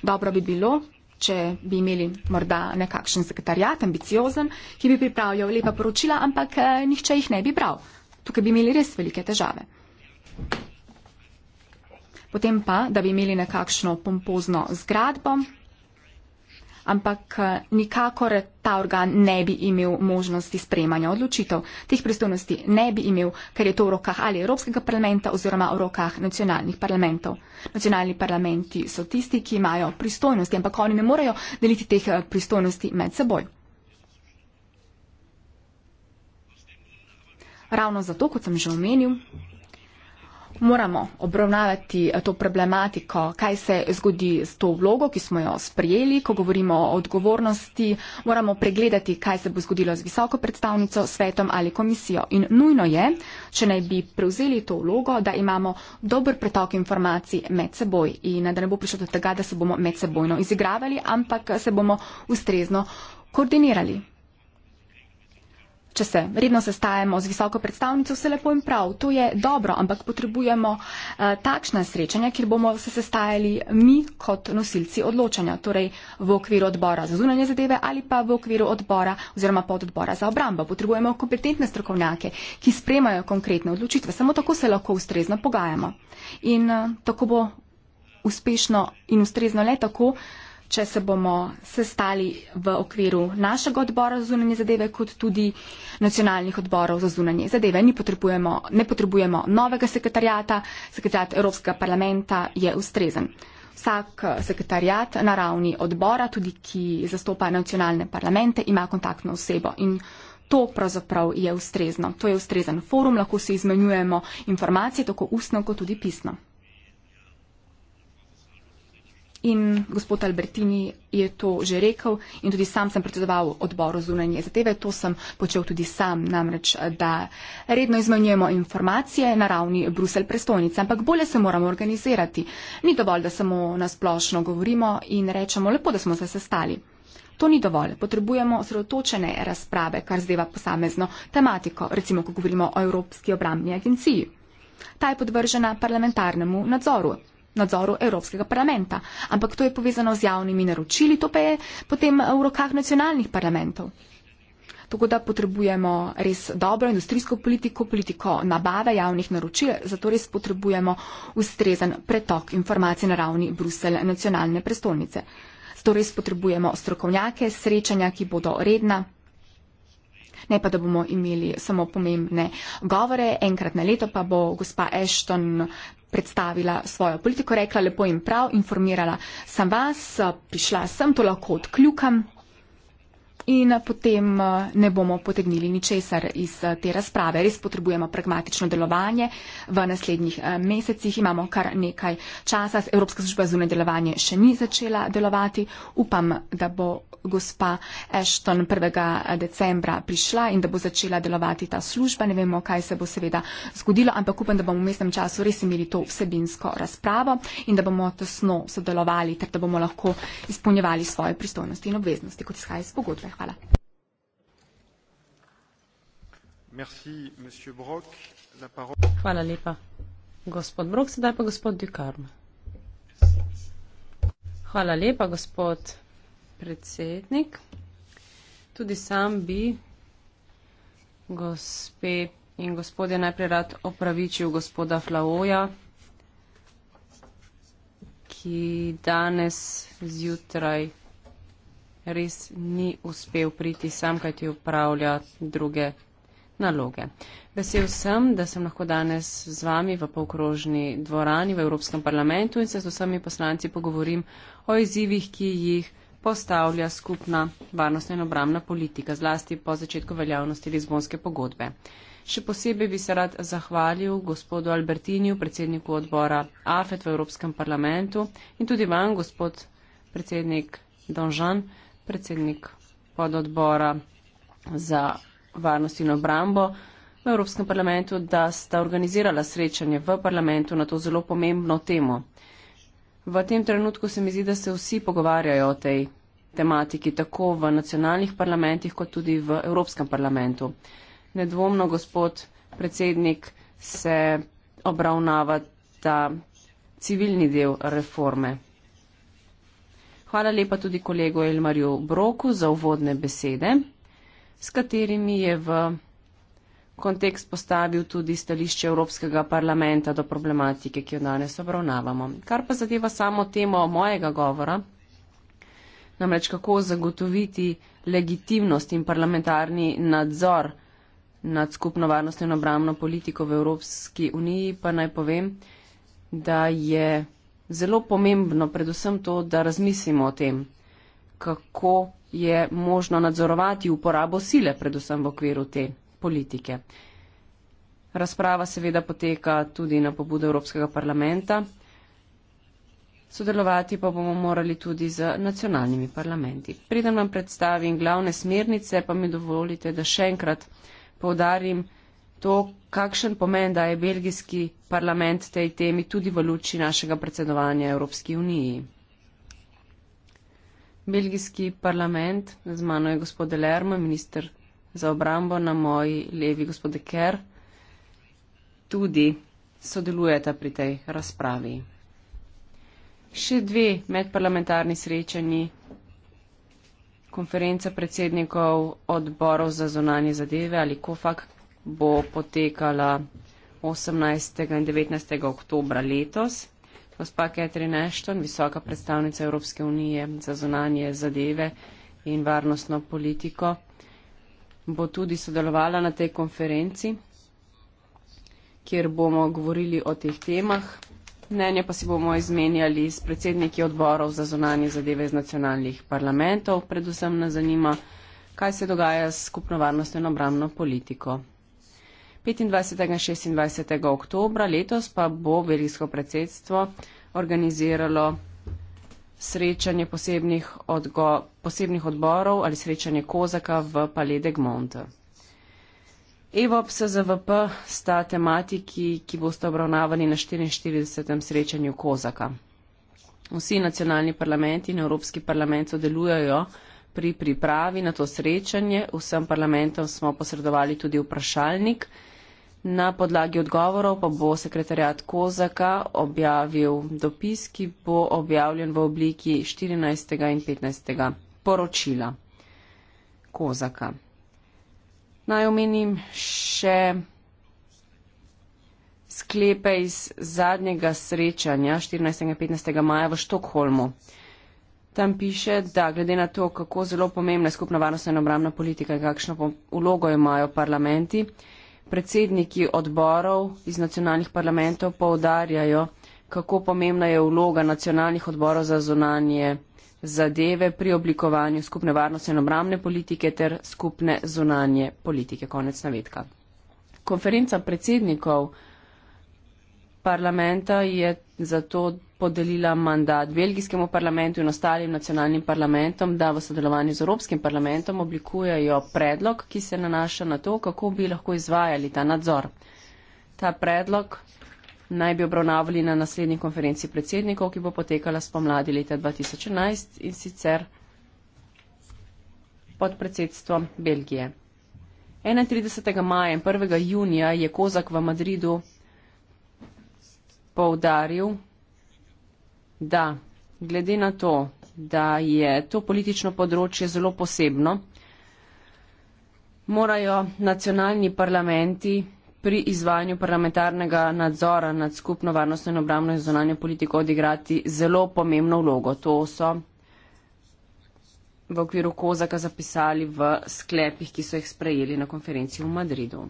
Dobro bi bilo, če bi imeli morda nekakšen sekretarjat, ambiciozen, ki bi pripravljal lepa poročila, ampak eh, nihče jih ne bi bral. Tukaj bi imeli res velike težave. Potem pa, da bi imeli nekakšno pompozno zgradbo, ampak eh, nikakor ta organ ne bi imel možnosti sprejmanja odločitev. Tih pristojnosti ne bi imel, ker je to v rokah ali Evropskega parlamenta oziroma v rokah nacionalnih parlamentov. Nacionalni parlamenti so tisti, ki imajo pristojnosti, ampak oni ne morejo deliti teh eh, pristojnosti med seboj. Ravno zato, kot sem že omenil, moramo obravnavati eh, to problematiko, kaj se zgodi s to vlogo, ki smo jo sprejeli, ko govorimo o odgovornosti, moramo pregledati, kaj se bo zgodilo z visoko predstavnico, svetom ali komisijo. In nujno je, če naj bi prevzeli to vlogo, da imamo dober pretok informacij med seboj in eh, da ne bo prišlo do tega, da se bomo med sebojno izigravali, ampak eh, se bomo ustrezno koordinirali. Če se redno sestajamo z visoko predstavnico, se lepo in prav, to je dobro, ampak potrebujemo uh, takšna srečanja, kjer bomo se sestajali mi kot nosilci odločanja, torej v okviru odbora za zunanje zadeve ali pa v okviru odbora oziroma pod odbora za obrambo. Potrebujemo kompetentne strokovnjake, ki spremajo konkretne odločitve. Samo tako se lahko ustrezno pogajamo. In uh, tako bo uspešno in ustrezno le tako, uh, če se bomo sestali v okviru našega odbora za zunanje zadeve, kot tudi nacionalnih odborov za zunanje zadeve. Potrebujemo, ne potrebujemo novega sekretarjata, sekretarjat Evropskega parlamenta je ustrezen. Vsak eh, sekretarjat na ravni odbora, tudi ki zastopa nacionalne parlamente, ima kontaktno osebo in to pravzaprav je ustrezno. To je ustrezen forum, lahko se izmenjujemo informacije tako ustno kot tudi pisno in gospod Albertini je to že rekel in tudi sam sem predsedoval odboru zunanje zadeve. To sem počel tudi sam, namreč, da redno izmenjujemo informacije na ravni Bruselj prestolnice, ampak bolje se moramo organizirati. Ni dovolj, da samo nasplošno govorimo in rečemo, lepo, da smo se sestali. To ni dovolj. Potrebujemo osredotočene razprave, kar zdeva posamezno tematiko, recimo, ko govorimo o Evropski obramni agenciji. Ta je podvržena parlamentarnemu nadzoru nadzoru Evropskega parlamenta. Ampak to je povezano z javnimi naročili, to pa je potem eh, v rokah nacionalnih parlamentov. Tako da potrebujemo res dobro industrijsko politiko, politiko nabave javnih naročil, zato res potrebujemo ustrezen pretok informacij na ravni Bruselj nacionalne prestolnice. Zato res potrebujemo strokovnjake, srečanja, ki bodo redna, ne pa, da bomo imeli samo pomembne govore. Enkrat na leto pa bo gospa Ashton predstavila svojo politiko, rekla lepo in prav, informirala sem vas, prišla sem, to lahko odkljukam in potem eh, ne bomo potegnili ničesar iz eh, te razprave. Res potrebujemo pragmatično delovanje v naslednjih eh, mesecih, imamo kar nekaj časa, Evropska služba zunaj delovanje še ni začela delovati, upam, da bo gospa Ashton 1. Eh, decembra prišla in da bo začela delovati ta služba. Ne vemo, kaj se bo seveda zgodilo, ampak upam, da bomo v mestnem času res imeli to vsebinsko razpravo in da bomo tesno sodelovali ter da bomo lahko izpolnjevali svoje pristojnosti in obveznosti, kot izhaja iz pogodbe. Hvala. Merci, Brock. La parole... Hvala lepa. Gospod Brok, sedaj pa gospod Dukarm. Hvala lepa, gospod predsednik. Tudi sam bi gospe in gospodje najprej rad opravičil gospoda Flaoja, ki danes zjutraj res ni uspel priti sam, kaj ti upravlja druge naloge. Vesel sem, da sem lahko danes z vami v polkrožni dvorani v Evropskem parlamentu in se z vsemi poslanci pogovorim o izzivih, ki jih postavlja skupna varnostna in obramna politika, zlasti po začetku veljavnosti Lizbonske pogodbe. Še posebej bi se rad zahvalil gospodu Albertiniju, predsedniku odbora AFET v Evropskem parlamentu in tudi vam, gospod predsednik Donžan, predsednik pododbora za varnost in obrambo v Evropskem parlamentu, da sta organizirala srečanje v parlamentu na to zelo pomembno temo. V tem trenutku se mi zdi, da se vsi pogovarjajo o tej tematiki, tako v nacionalnih parlamentih, kot tudi v Evropskem parlamentu. Nedvomno, gospod predsednik, se obravnava ta civilni del reforme. Hvala lepa tudi kolegu Elmarju Broku za uvodne besede, s katerimi je v kontekst postavil tudi stališče Evropskega parlamenta do problematike, ki jo danes obravnavamo. Kar pa zadeva samo temo mojega govora, namreč kako zagotoviti legitimnost in parlamentarni nadzor nad skupno varnostno in obramno politiko v Evropski uniji, pa naj povem, da je zelo pomembno predvsem to, da razmislimo o tem, kako je možno nadzorovati uporabo sile, predvsem v okviru te politike. Razprava seveda poteka tudi na pobudo Evropskega parlamenta. Sodelovati pa bomo morali tudi z nacionalnimi parlamenti. Preden vam predstavim glavne smernice, pa mi dovolite, da še enkrat povdarim to, kakšen pomen daje belgijski parlament tej temi tudi v luči našega predsedovanja Evropski uniji. Belgijski parlament, z mano je gospod Lermo, minister za obrambo na moji levi, gospod Deker, tudi sodelujeta pri tej razpravi. Še dve medparlamentarni srečanji, konferenca predsednikov odborov za zonanje zadeve ali COFAC bo potekala 18. in 19. oktobra letos. Gospa Catherine Ashton, visoka predstavnica Evropske unije za zonanje zadeve in varnostno politiko bo tudi sodelovala na tej konferenci, kjer bomo govorili o teh temah. Mnenje pa si bomo izmenjali s predsedniki odborov za zunanje zadeve iz nacionalnih parlamentov. Predvsem nas zanima, kaj se dogaja s skupno varnostno in obramno politiko. 25. in 26. oktobra letos pa bo belgijsko predsedstvo organiziralo srečanje posebnih, odgo, posebnih odborov ali srečanje Kozaka v Paledeg Monte. EVOPS ZVP sta tematiki, ki boste obravnavani na 44. srečanju Kozaka. Vsi nacionalni parlamenti in Evropski parlament sodelujajo pri pripravi na to srečanje. Vsem parlamentom smo posredovali tudi vprašalnik. Na podlagi odgovorov pa bo sekretarjat Kozaka objavil dopis, ki bo objavljen v obliki 14. in 15. poročila Kozaka. Naj omenim še sklepe iz zadnjega srečanja 14. in 15. maja v Štokholmu. Tam piše, da glede na to, kako zelo pomembna je skupna varnostna in obramna politika in kakšno vlogo imajo parlamenti, predsedniki odborov iz nacionalnih parlamentov poudarjajo, kako pomembna je vloga nacionalnih odborov za zunanje zadeve pri oblikovanju skupne varnostne in obramne politike ter skupne zunanje politike. Konec navedka. Konferenca predsednikov parlamenta je zato podelila mandat belgijskemu parlamentu in ostalim nacionalnim parlamentom, da v sodelovanju z Evropskim parlamentom oblikujejo predlog, ki se nanaša na to, kako bi lahko izvajali ta nadzor. Ta predlog naj bi obravnavali na naslednji konferenci predsednikov, ki bo potekala spomladi leta 2011 in sicer pod predsedstvom Belgije. 31. maja in 1. junija je Kozak v Madridu poudaril, da glede na to, da je to politično področje zelo posebno, morajo nacionalni parlamenti pri izvajanju parlamentarnega nadzora nad skupno varnostno in obramno in zonanje politiko odigrati zelo pomembno vlogo. To so v okviru Kozaka zapisali v sklepih, ki so jih sprejeli na konferenci v Madridu.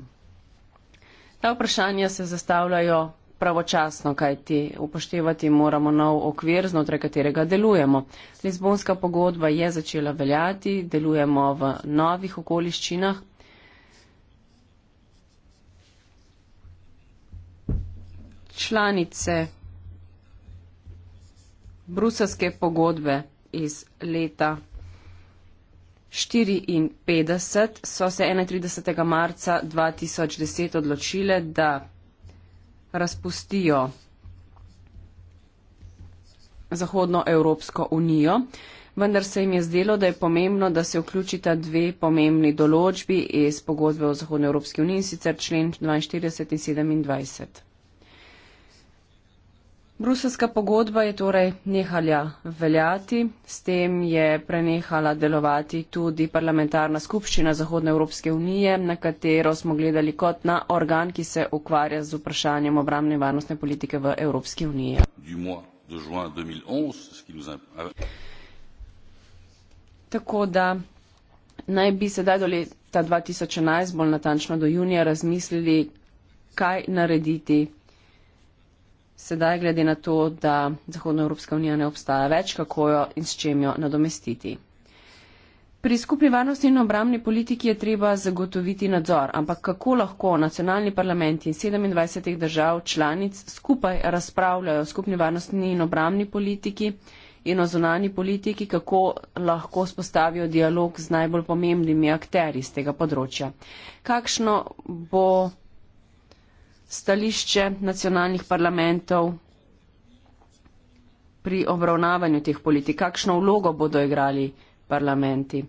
Ta vprašanja se zastavljajo pravočasno, kajti upoštevati moramo nov okvir, znotraj katerega delujemo. Lizbonska pogodba je začela veljati, delujemo v novih okoliščinah. Članice Bruselske pogodbe iz leta 1954 so se 31. marca 2010 odločile, da razpustijo Zahodnoevropsko unijo, vendar se jim je zdelo, da je pomembno, da se vključita dve pomembni določbi iz pogodbe o Zahodnoevropski uniji, sicer člen 42 in 27. Bruselska pogodba je torej nehala veljati, s tem je prenehala delovati tudi parlamentarna skupščina Zahodne Evropske unije, na katero smo gledali kot na organ, ki se ukvarja z vprašanjem obramne in varnostne politike v Evropski uniji. Tako da naj bi sedaj do leta 2011, bolj natančno do junija, razmislili, kaj narediti sedaj glede na to, da Zahodnoevropska unija ne obstaja več, kako jo in s čem jo nadomestiti. Pri skupni varnosti in obramni politiki je treba zagotoviti nadzor, ampak kako lahko nacionalni parlament in 27 držav članic skupaj razpravljajo o skupni varnostni in obramni politiki in o zonani politiki, kako lahko spostavijo dialog z najbolj pomembnimi akteri z tega področja. Kakšno bo stališče nacionalnih parlamentov pri obravnavanju teh politik, kakšno vlogo bodo igrali parlamenti.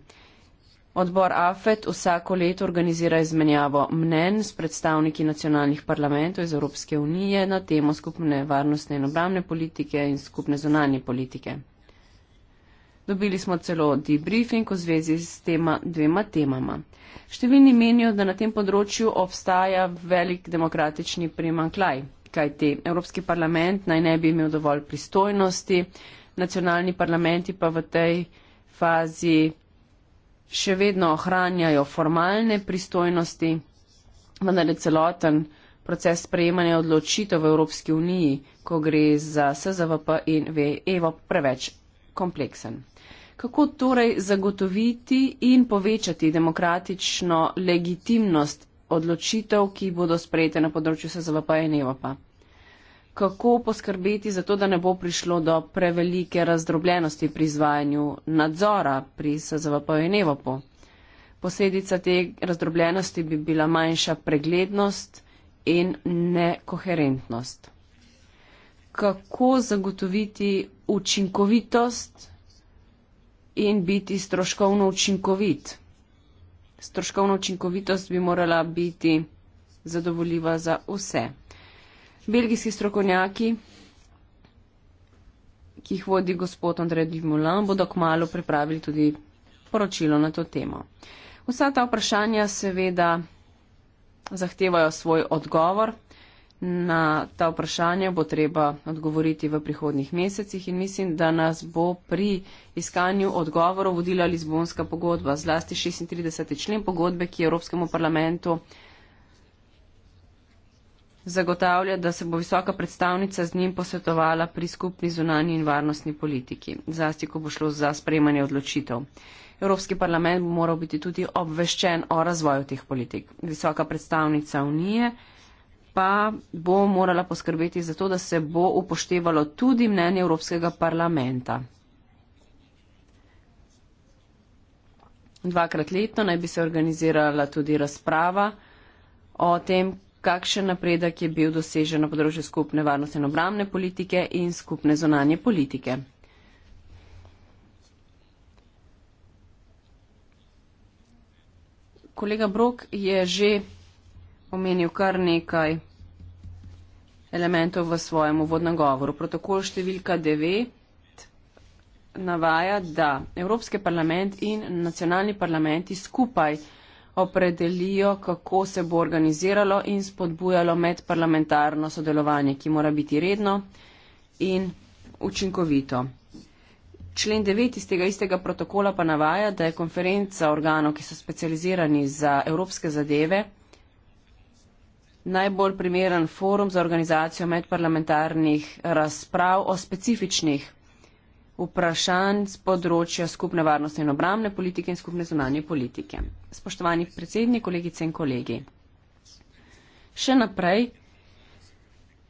Odbor AFET vsako leto organizira izmenjavo mnen s predstavniki nacionalnih parlamentov iz Evropske unije na temo skupne varnostne in obramne politike in skupne zonalne politike. Dobili smo celo debriefing v zvezi s tema dvema temama. Številni menijo, da na tem področju obstaja velik demokratični primanklaj, kajti Evropski parlament naj ne bi imel dovolj pristojnosti, nacionalni parlamenti pa v tej fazi še vedno ohranjajo formalne pristojnosti, vendar je celoten proces sprejemanja odločitev v Evropski uniji, ko gre za SZVP in VEVO, preveč kompleksen. Kako torej zagotoviti in povečati demokratično legitimnost odločitev, ki bodo sprejete na področju SZVP in EVP? Kako poskrbeti za to, da ne bo prišlo do prevelike razdrobljenosti pri izvajanju nadzora pri SZVP in EVP? Posledica te razdrobljenosti bi bila manjša preglednost in nekoherentnost. Kako zagotoviti učinkovitost? in biti stroškovno učinkovit. Stroškovna učinkovitost bi morala biti zadovoljiva za vse. Belgijski strokovnjaki, ki jih vodi gospod Andrej Dimulan, bodo kmalo pripravili tudi poročilo na to temo. Vsa ta vprašanja seveda zahtevajo svoj odgovor. Na ta vprašanja bo treba odgovoriti v prihodnih mesecih in mislim, da nas bo pri iskanju odgovorov vodila Lizbonska pogodba, zlasti 36. člen pogodbe, ki Evropskemu parlamentu zagotavlja, da se bo visoka predstavnica z njim posvetovala pri skupni zunanji in varnostni politiki, zlasti ko bo šlo za sprejmanje odločitev. Evropski parlament bo moral biti tudi obveščen o razvoju teh politik. Visoka predstavnica Unije pa bo morala poskrbeti za to, da se bo upoštevalo tudi mnenje Evropskega parlamenta. Dvakrat letno naj bi se organizirala tudi razprava o tem, kakšen napredek je bil dosežen na področju skupne varnostne in obramne politike in skupne zonanje politike. Kolega Brok je že omenil kar nekaj elementov v svojem uvodnem govoru. Protokol številka 9 navaja, da Evropski parlament in nacionalni parlamenti skupaj opredelijo, kako se bo organiziralo in spodbujalo medparlamentarno sodelovanje, ki mora biti redno in učinkovito. Člen 9 iz tega istega protokola pa navaja, da je konferenca organov, ki so specializirani za evropske zadeve, najbolj primeren forum za organizacijo medparlamentarnih razprav o specifičnih vprašanj z področja skupne varnostne in obramne politike in skupne zunanje politike. Spoštovani predsednik, kolegice in kolegi, še naprej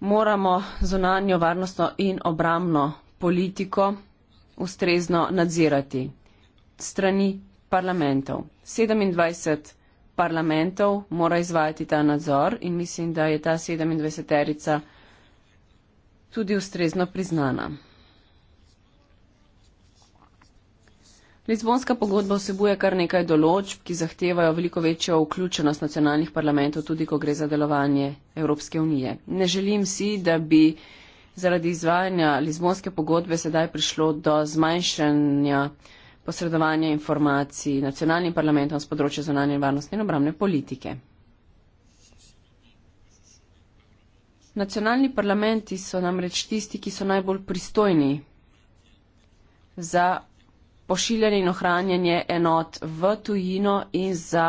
moramo zunanjo varnostno in obramno politiko ustrezno nadzirati strani parlamentov. 27 parlamentov mora izvajati ta nadzor in mislim, da je ta 27-terica tudi ustrezno priznana. Lizbonska pogodba vsebuje kar nekaj določb, ki zahtevajo veliko večjo vključenost nacionalnih parlamentov, tudi ko gre za delovanje Evropske unije. Ne želim si, da bi zaradi izvajanja Lizbonske pogodbe sedaj prišlo do zmanjšanja posredovanja informacij nacionalnim parlamentom z področja zunanje varnosti in obramne politike. Nacionalni parlamenti so namreč tisti, ki so najbolj pristojni za pošiljanje in ohranjanje enot v tujino in za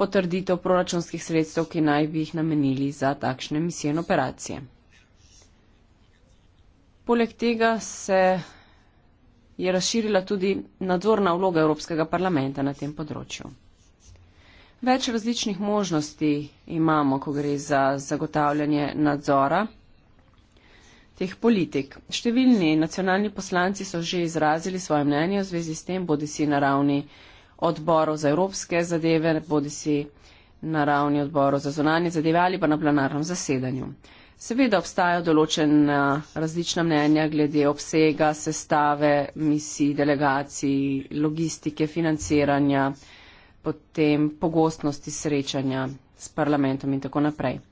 potrditev proračunskih sredstev, ki naj bi jih namenili za takšne misije in operacije. Poleg tega se je razširila tudi nadzorna vloga Evropskega parlamenta na tem področju. Več različnih možnosti imamo, ko gre za zagotavljanje nadzora teh politik. Številni nacionalni poslanci so že izrazili svoje mnenje v zvezi s tem, bodi si na ravni odborov za evropske zadeve, bodi si na ravni odborov za zunanje zadeve ali pa na plenarnem zasedanju. Seveda obstajajo določena različna mnenja glede obsega, sestave misij, delegacij, logistike, financiranja, potem pogostnosti srečanja s parlamentom in tako naprej.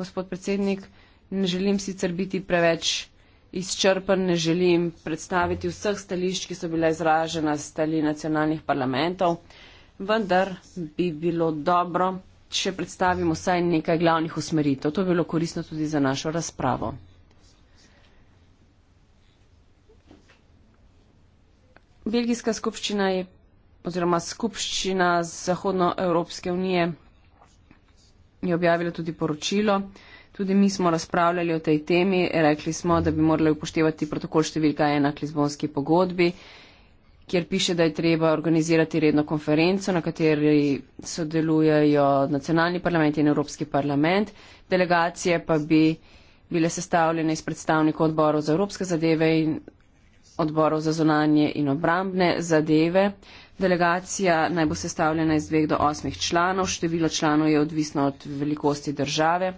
Gospod predsednik, ne želim sicer biti preveč izčrpen, ne želim predstaviti vseh stališč, ki so bila izražena stali nacionalnih parlamentov, vendar bi bilo dobro še predstavimo saj nekaj glavnih usmeritev. To je bilo koristno tudi za našo razpravo. Belgijska skupščina je oziroma skupščina Zahodnoevropske unije je objavila tudi poročilo. Tudi mi smo razpravljali o tej temi, rekli smo, da bi morali upoštevati protokol številka ena k Lizbonski pogodbi. Uh, kjer piše, da je treba organizirati redno konferenco, na kateri sodelujejo nacionalni parlament in Evropski parlament. Delegacije pa bi bile sestavljene iz predstavnikov odborov za evropske zadeve in odborov za zonanje in obrambne zadeve. Delegacija naj bo sestavljena iz dveh do osmih članov. Število članov je odvisno od velikosti države.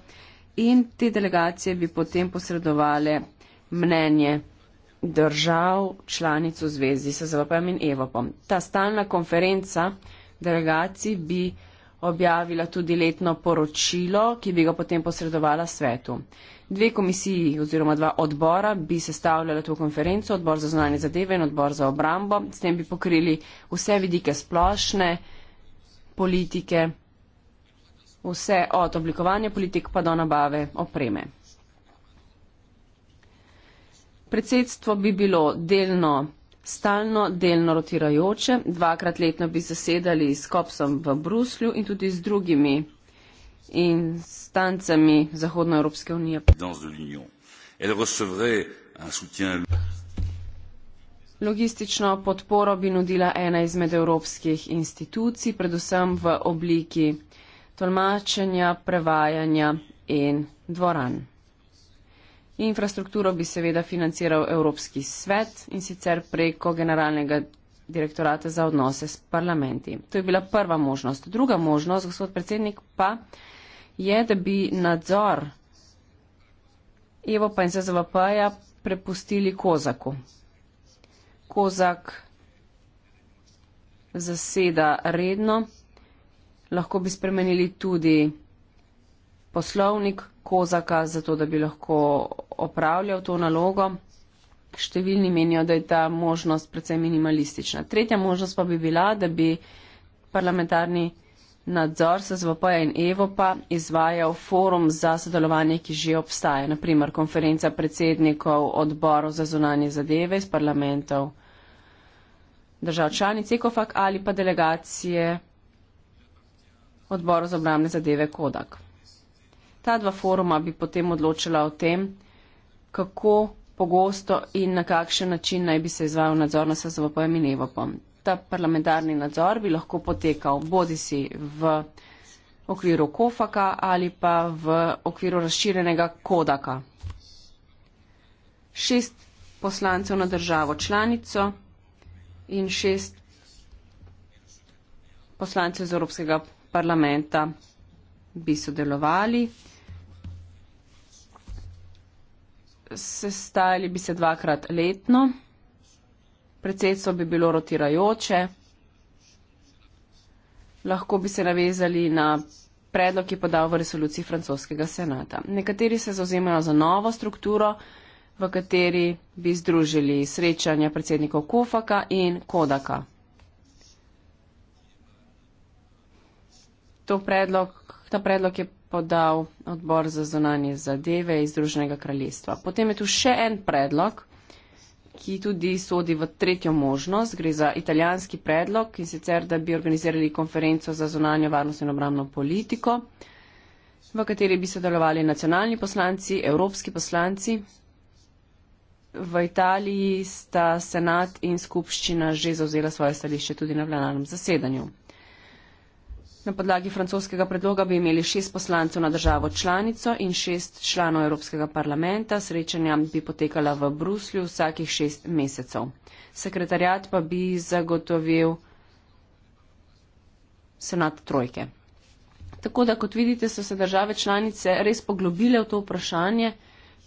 In te delegacije bi potem posredovale mnenje držav članic v zvezi s ZVPM in Evopom. Ta stalna konferenca delegacij bi objavila tudi letno poročilo, ki bi ga potem posredovala svetu. Dve komisiji oziroma dva odbora bi sestavljala to konferenco, odbor za znanje zadeve in odbor za obrambo. S tem bi pokrili vse vidike splošne politike, vse od oblikovanja politik pa do nabave opreme. Predsedstvo bi bilo delno stalno, delno rotirajoče, dvakrat letno bi zasedali s Kopsom v Bruslju in tudi z drugimi instancami Zahodnoevropske unije. Logistično podporo bi nudila ena izmed evropskih institucij, predvsem v obliki tolmačenja, prevajanja in dvoran. Infrastrukturo bi seveda financiral Evropski svet in sicer preko generalnega direktorata za odnose s parlamenti. To je bila prva možnost. Druga možnost, gospod predsednik, pa je, da bi nadzor Evo pa in ZZVP-ja prepustili Kozaku. Kozak zaseda redno, lahko bi spremenili tudi poslovnik Kozaka, zato da bi lahko opravljal to nalogo. Številni menijo, da je ta možnost predvsem minimalistična. Tretja možnost pa bi bila, da bi parlamentarni nadzor SVP in Evopa izvajal forum za sodelovanje, ki že obstaja. Naprimer, konferenca predsednikov odborov za zunanje zadeve iz parlamentov držav članic Ekofak ali pa delegacije odborov za obramne zadeve Kodak ta dva foruma bi potem odločila o tem, kako pogosto in na kakšen način naj bi se izvajal nadzor na SZVP-jem in EVOP-om. Ta parlamentarni nadzor bi lahko potekal bodi si v okviru KOFAKA ali pa v okviru razširjenega KODAKA. Šest poslancev na državo članico in šest poslancev iz Evropskega parlamenta bi sodelovali. sestajali bi se dvakrat letno, predsedstvo bi bilo rotirajoče, lahko bi se navezali na predlog, ki je podal v resoluciji francoskega senata. Nekateri se zauzemajo za novo strukturo, v kateri bi združili srečanja predsednikov Kofaka in Kodaka. To predlog, ta predlog je podal odbor za zunanje zadeve iz Združenega kraljestva. Potem je tu še en predlog, ki tudi sodi v tretjo možnost. Gre za italijanski predlog in sicer, da bi organizirali konferenco za zunanje varnost in obramno politiko, v kateri bi sodelovali nacionalni poslanci, evropski poslanci. V Italiji sta senat in skupščina že zauzela svoje stališče tudi na plenarnem zasedanju. Na podlagi francoskega predloga bi imeli šest poslancev na državo članico in šest članov Evropskega parlamenta. Srečanja bi potekala v Bruslju vsakih šest mesecev. Sekretarjat pa bi zagotovil senat trojke. Tako da, kot vidite, so se države članice res poglobile v to vprašanje.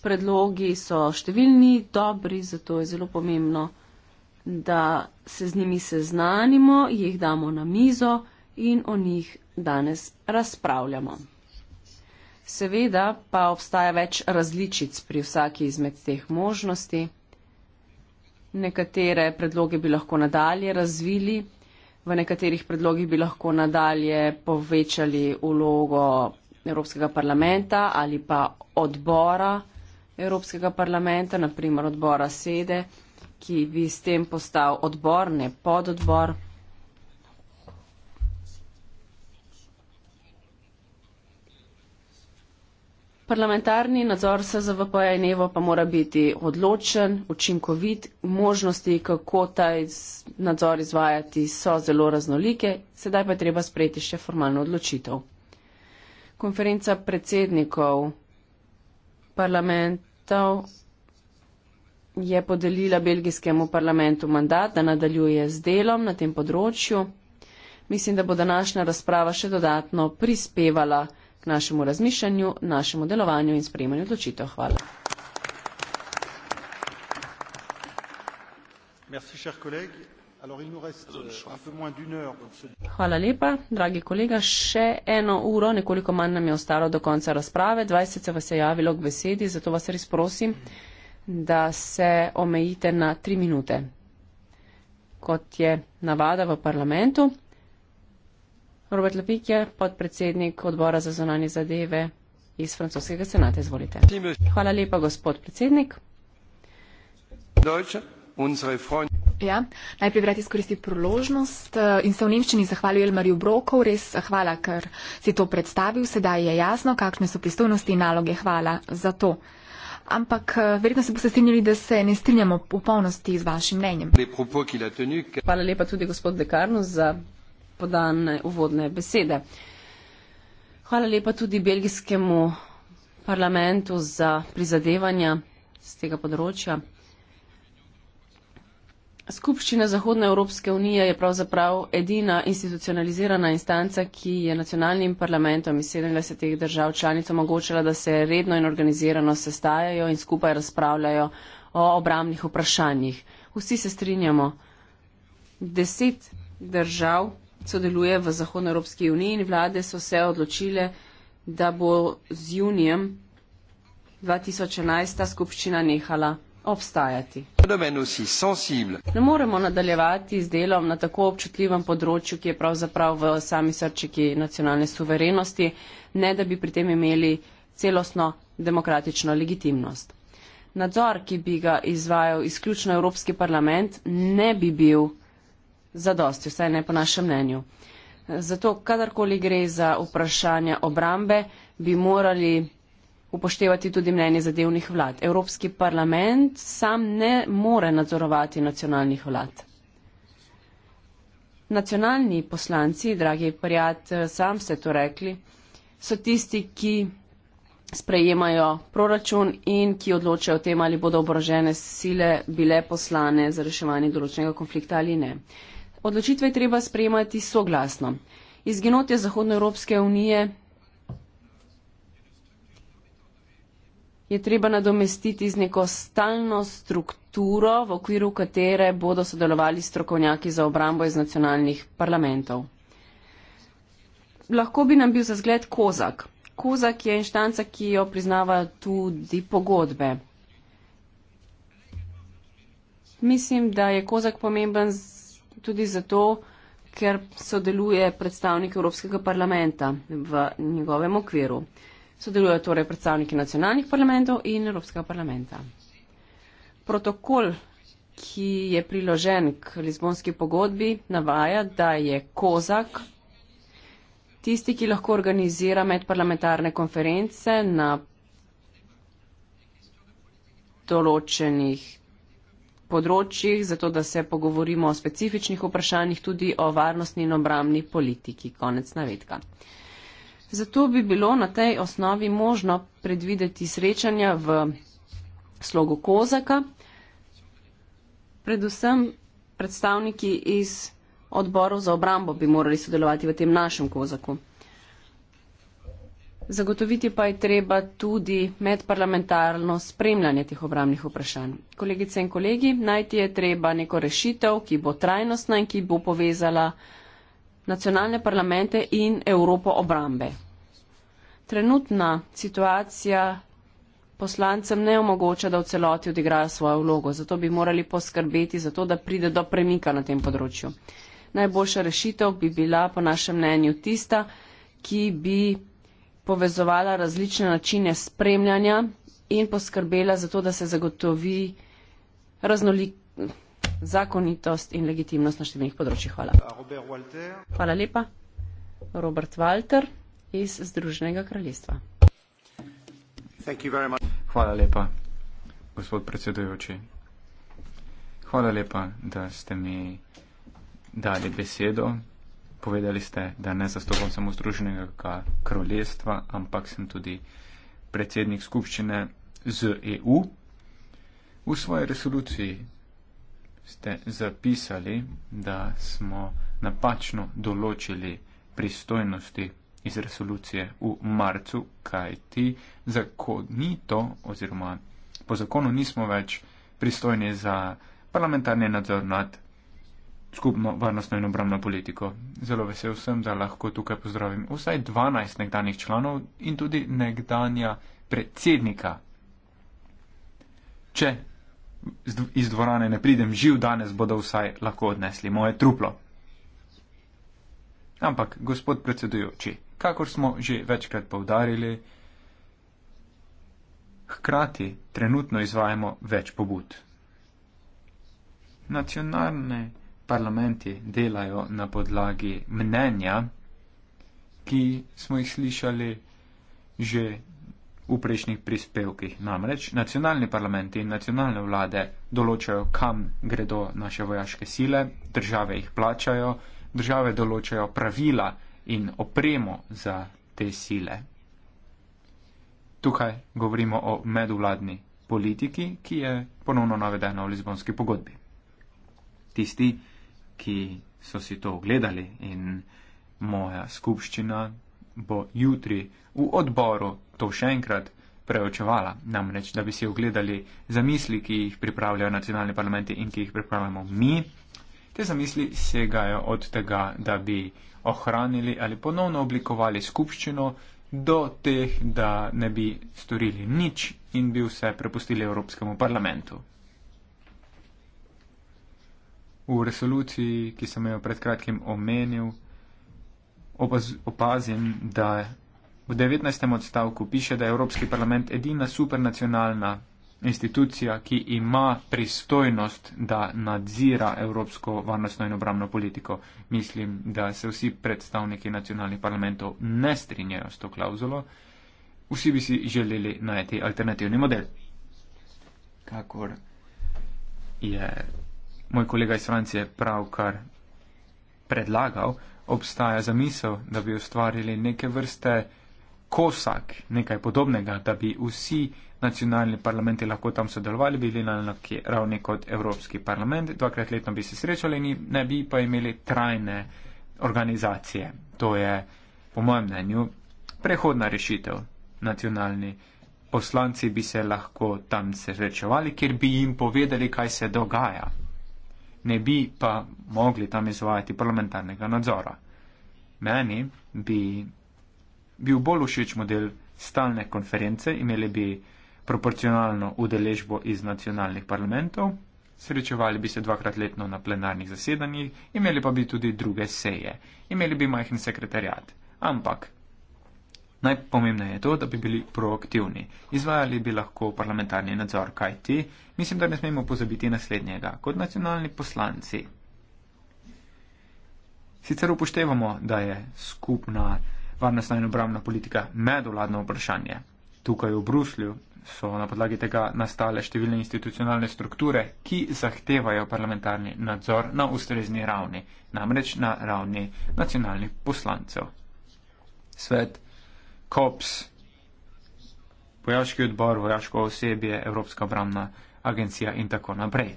Predlogi so številni, dobri, zato je zelo pomembno, da se z njimi seznanimo, jih damo na mizo in o njih danes razpravljamo. Seveda pa obstaja več različic pri vsaki izmed teh možnosti. Nekatere predloge bi lahko nadalje razvili, v nekaterih predlogih bi lahko nadalje povečali ulogo Evropskega parlamenta ali pa odbora Evropskega parlamenta, naprimer odbora sede, ki bi s tem postal odbor, ne pododbor. Parlamentarni nadzor SZVP in Evo pa mora biti odločen, učinkovit, možnosti, kako ta nadzor izvajati, so zelo raznolike, sedaj pa je treba sprejeti še formalno odločitev. Konferenca predsednikov parlamentov je podelila belgijskemu parlamentu mandat, da nadaljuje z delom na tem področju. Mislim, da bo današnja razprava še dodatno prispevala k našemu razmišljanju, našemu delovanju in sprejemanju odločitev. Hvala. Euh, Hvala lepa, dragi kolega. Še eno uro, nekoliko manj nam je ostalo do konca razprave. 20 se vas je javilo k besedi, zato vas res prosim, da se omejite na tri minute, kot je navada v parlamentu. Robert Lepik je podpredsednik odbora za zonanje zadeve iz francoskega senata. Izvolite. Hvala lepa, gospod predsednik. Ja, najprej rad izkoristi proložnost eh, in se v Nemščini zahvalil Elmarju Brokov. Res eh, hvala, ker si to predstavil. Sedaj je jasno, kakšne so pristojnosti in naloge. Hvala za to. Ampak eh, verjetno se boste strinjali, da se ne strinjamo v polnosti z vašim mnenjem. Hvala lepa tudi gospod Dekarno za podane uvodne besede. Hvala lepa tudi belgijskemu parlamentu za prizadevanja z tega področja. Skupščina Zahodne Evropske unije je pravzaprav edina institucionalizirana instanca, ki je nacionalnim parlamentom iz 70 držav članic omogočila, da se redno in organizirano sestajajo in skupaj razpravljajo o obramnih vprašanjih. Vsi se strinjamo. Deset držav sodeluje v Zahodnoevropski uniji in vlade so se odločile, da bo z junijem 2011 ta skupščina nehala obstajati. Ne moremo nadaljevati z delom na tako občutljivem področju, ki je pravzaprav v sami srčiki nacionalne suverenosti, ne da bi pri tem imeli celostno demokratično legitimnost. Nadzor, ki bi ga izvajal izključno Evropski parlament, ne bi bil zadosti, vsaj ne po našem mnenju. Zato, kadarkoli gre za vprašanje obrambe, bi morali upoštevati tudi mnenje zadevnih vlad. Evropski parlament sam ne more nadzorovati nacionalnih vlad. Nacionalni poslanci, dragi prijat, sam ste to rekli, so tisti, ki sprejemajo proračun in ki odločajo o tem, ali bodo oborožene sile bile poslane za reševanje določenega konflikta ali ne. Odločitve je treba sprejemati soglasno. Izginotje Zahodnoevropske unije je treba nadomestiti z neko stalno strukturo, v okviru katere bodo sodelovali strokovnjaki za obrambo iz nacionalnih parlamentov. Lahko bi nam bil za zgled Kozak. Kozak je inštanca, ki jo priznava tudi pogodbe. Mislim, da je Kozak pomemben tudi zato, ker sodeluje predstavnik Evropskega parlamenta v njegovem okviru. Sodelujejo torej predstavniki nacionalnih parlamentov in Evropskega parlamenta. Protokol, ki je priložen k Lizbonski pogodbi, navaja, da je Kozak tisti, ki lahko organizira medparlamentarne konference na določenih področjih, zato da se pogovorimo o specifičnih vprašanjih tudi o varnostni in obramni politiki. Konec navedka. Zato bi bilo na tej osnovi možno predvideti srečanja v slogu Kozaka, predvsem predstavniki iz odborov za obrambo bi morali sodelovati v tem našem Kozaku. Zagotoviti pa je treba tudi medparlamentarno spremljanje teh obramnih vprašanj. Kolegice in kolegi, najti je treba neko rešitev, ki bo trajnostna in ki bo povezala nacionalne parlamente in Evropo obrambe. Trenutna situacija poslancem ne omogoča, da v celoti odigrajo svojo vlogo, zato bi morali poskrbeti za to, da pride do premika na tem področju. Najboljša rešitev bi bila po našem mnenju tista, ki bi povezovala različne načine spremljanja in poskrbela za to, da se zagotovi raznolik zakonitost in legitimnost na številnih področjih. Hvala. Hvala lepa. Robert Walter iz Združenega kraljestva. Hvala lepa, gospod predsedujoči. Hvala lepa, da ste mi dali besedo povedali ste, da ne zastopam samo združenega kraljestva, ampak sem tudi predsednik skupščine z EU. V svoji resoluciji ste zapisali, da smo napačno določili pristojnosti iz resolucije v marcu, kajti zakonito oziroma po zakonu nismo več pristojni za parlamentarni nadzor nad skupno varnostno in obramno politiko. Zelo vesel sem, da lahko tukaj pozdravim vsaj 12 nekdanjih članov in tudi nekdanja predsednika. Če iz dvorane ne pridem živ, danes bodo vsaj lahko odnesli moje truplo. Ampak, gospod predsedujoči, kakor smo že večkrat povdarili, hkrati trenutno izvajamo več pobud. Nacionalne parlamenti delajo na podlagi mnenja, ki smo jih slišali že v prejšnjih prispevkih. Namreč nacionalni parlamenti in nacionalne vlade določajo, kam gredo naše vojaške sile, države jih plačajo, države določajo pravila in opremo za te sile. Tukaj govorimo o medvladni politiki, ki je ponovno navedena v Lizbonski pogodbi. Tisti, ki so si to ogledali in moja skupščina bo jutri v odboru to še enkrat preočevala, namreč, da bi si ogledali zamisli, ki jih pripravljajo nacionalni parlamenti in ki jih pripravljamo mi. Te zamisli segajo od tega, da bi ohranili ali ponovno oblikovali skupščino do teh, da ne bi storili nič in bi vse prepustili Evropskemu parlamentu v resoluciji, ki sem jo pred kratkim omenil, opaz, opazim, da v 19. odstavku piše, da je Evropski parlament edina supernacionalna institucija, ki ima pristojnost, da nadzira evropsko varnostno in obramno politiko. Mislim, da se vsi predstavniki nacionalnih parlamentov ne strinjajo s to klauzulo. Vsi bi si želeli najti alternativni model. Kakor je moj kolega iz Francije pravkar predlagal, obstaja zamisel, da bi ustvarili neke vrste kosak, nekaj podobnega, da bi vsi nacionalni parlamenti lahko tam sodelovali, bili na enaki ravni kot Evropski parlament, dvakrat letno bi se srečali in ne bi pa imeli trajne organizacije. To je, po mojem mnenju, prehodna rešitev. Nacionalni poslanci bi se lahko tam srečevali, ker bi jim povedali, kaj se dogaja ne bi pa mogli tam izvajati parlamentarnega nadzora. Meni bi bil bolj všeč model stalne konference, imeli bi proporcionalno udeležbo iz nacionalnih parlamentov, srečevali bi se dvakrat letno na plenarnih zasedanjih, imeli pa bi tudi druge seje, imeli bi majhen sekretarjat. Ampak Najpomembneje je to, da bi bili proaktivni. Izvajali bi lahko parlamentarni nadzor, kaj ti? Mislim, da ne smemo pozabiti naslednjega, kot nacionalni poslanci. Sicer upoštevamo, da je skupna varnostna in obramna politika medoladno vprašanje. Tukaj v Bruslju so na podlagi tega nastale številne institucionalne strukture, ki zahtevajo parlamentarni nadzor na ustrezni ravni, namreč na ravni nacionalnih poslancev. Svet KOPS, vojaški odbor, vojaško osebje, Evropska obramna agencija in tako naprej.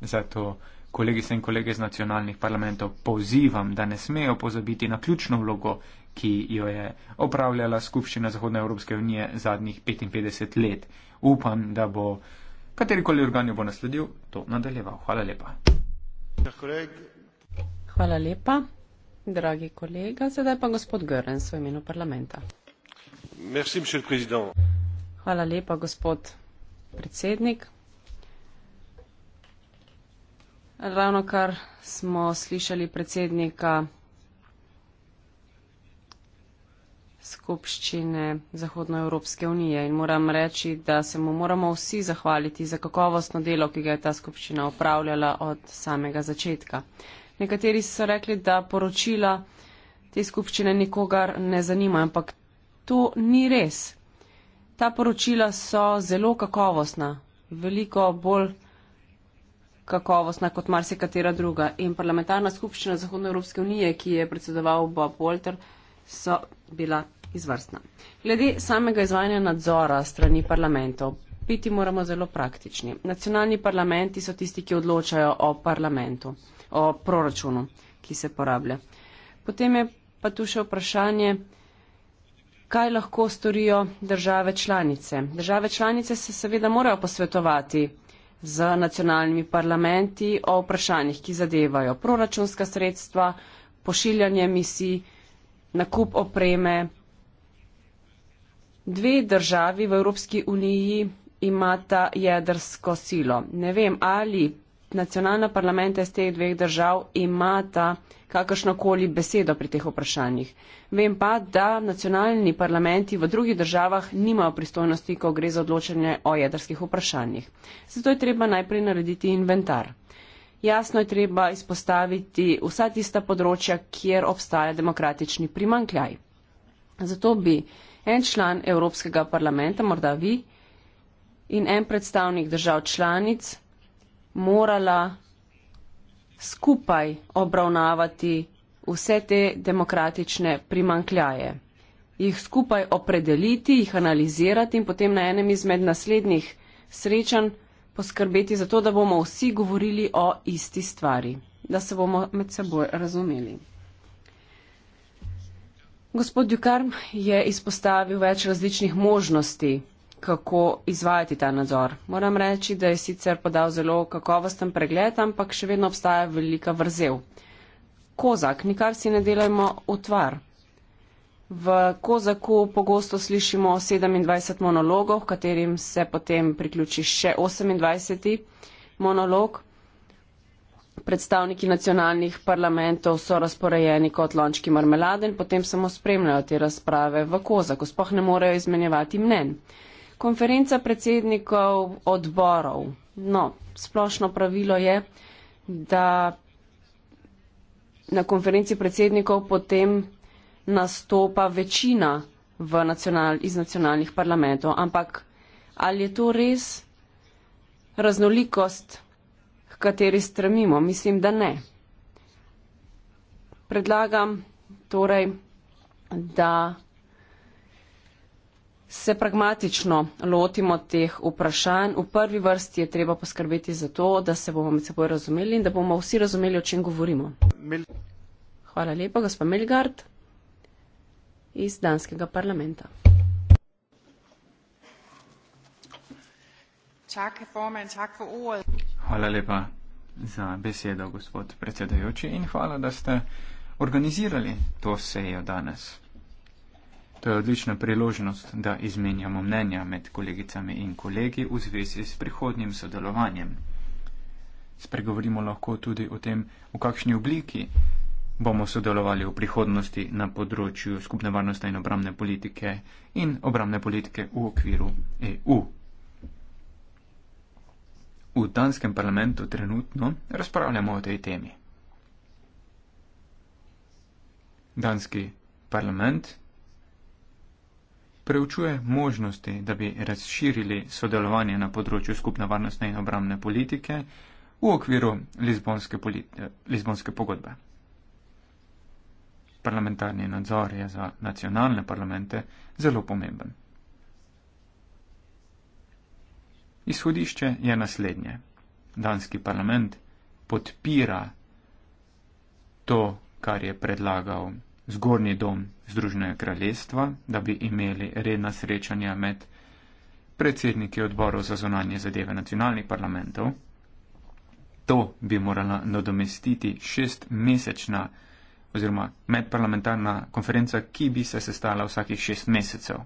Zato kolegice in kolege iz nacionalnih parlamentov pozivam, da ne smejo pozabiti na ključno vlogo, ki jo je opravljala Skupščina Zahodne Evropske unije zadnjih 55 let. Upam, da bo katerikoli organ jo bo nasledil, to nadaljeval. Hvala lepa. Hvala lepa, dragi kolega. Sedaj pa gospod Grnens v imenu parlamenta. Hvala lepa, gospod predsednik. Ravnokar smo slišali predsednika skupščine Zahodnoevropske unije in moram reči, da se mu moramo vsi zahvaliti za kakovostno delo, ki ga je ta skupščina opravljala od samega začetka. Nekateri so rekli, da poročila te skupščine nikogar ne zanimajo, ampak To ni res. Ta poročila so zelo kakovostna, veliko bolj kakovostna kot marsikatera druga. In parlamentarna skupščina Zahodne Evropske unije, ki je predsedoval Bob Walter, so bila izvrstna. Glede samega izvajanja nadzora strani parlamentov, biti moramo zelo praktični. Nacionalni parlamenti so tisti, ki odločajo o parlamentu, o proračunu, ki se porablja. Potem je pa tu še vprašanje, kaj lahko storijo države članice. Države članice se seveda morajo posvetovati z nacionalnimi parlamenti o vprašanjih, ki zadevajo proračunska sredstva, pošiljanje misij, nakup opreme. Dve državi v Evropski uniji imata jedrsko silo. Ne vem, ali nacionalna parlamenta iz teh dveh držav imata kakršnakoli besedo pri teh vprašanjih. Vem pa, da nacionalni parlamenti v drugih državah nimajo pristojnosti, ko gre za odločanje o jedrskih vprašanjih. Zato je treba najprej narediti inventar. Jasno je treba izpostaviti vsa tista področja, kjer obstaja demokratični primankljaj. Zato bi en član Evropskega parlamenta, morda vi, in en predstavnik držav članic morala skupaj obravnavati vse te demokratične primankljaje, jih skupaj opredeliti, jih analizirati in potem na enem izmed naslednjih srečanj poskrbeti za to, da bomo vsi govorili o isti stvari, da se bomo med seboj razumeli. Gospod Dukarm je izpostavil več različnih možnosti kako izvajati ta nadzor. Moram reči, da je sicer podal zelo kakovosten pregled, ampak še vedno obstaja velika vrzel. Kozak, nikar si ne delajmo otvar. V Kozaku pogosto slišimo 27 monologov, katerim se potem priključi še 28 monolog. Predstavniki nacionalnih parlamentov so razporejeni kot lončki marmelade in potem samo spremljajo te razprave v Kozaku. Spoh ne morejo izmenjevati mnen konferenca predsednikov odborov. No, splošno pravilo je, da na konferenci predsednikov potem nastopa večina nacional, iz nacionalnih parlamentov. Ampak ali je to res raznolikost, k kateri stremimo? Mislim, da ne. Predlagam torej, da se pragmatično lotimo teh vprašanj. V prvi vrsti je treba poskrbeti za to, da se bomo med seboj razumeli in da bomo vsi razumeli, o čem govorimo. Mil Hvala lepa, gospod Melgard iz Danskega parlamenta. Čake, formen, čak Hvala lepa za besedo, gospod predsedajoči, in hvala, da ste organizirali to sejo danes. To je odlična priložnost, da izmenjamo mnenja med kolegicami in kolegi v zvezi s prihodnjim sodelovanjem. Spregovorimo lahko tudi o tem, v kakšni obliki bomo sodelovali v prihodnosti na področju skupne varnostne in obramne politike in obramne politike v okviru EU. V danskem parlamentu trenutno razpravljamo o tej temi. Danski parlament preučuje možnosti, da bi razširili sodelovanje na področju skupne varnostne in obramne politike v okviru Lizbonske, politi Lizbonske pogodbe. Parlamentarni nadzor je za nacionalne parlamente zelo pomemben. Izhodišče je naslednje. Danski parlament podpira to, kar je predlagal zgornji dom Združenega kraljestva, da bi imeli redna srečanja med predsedniki odborov za zonanje zadeve nacionalnih parlamentov. To bi morala nadomestiti šestmesečna oziroma medparlamentarna konferenca, ki bi se sestala vsakih šest mesecev.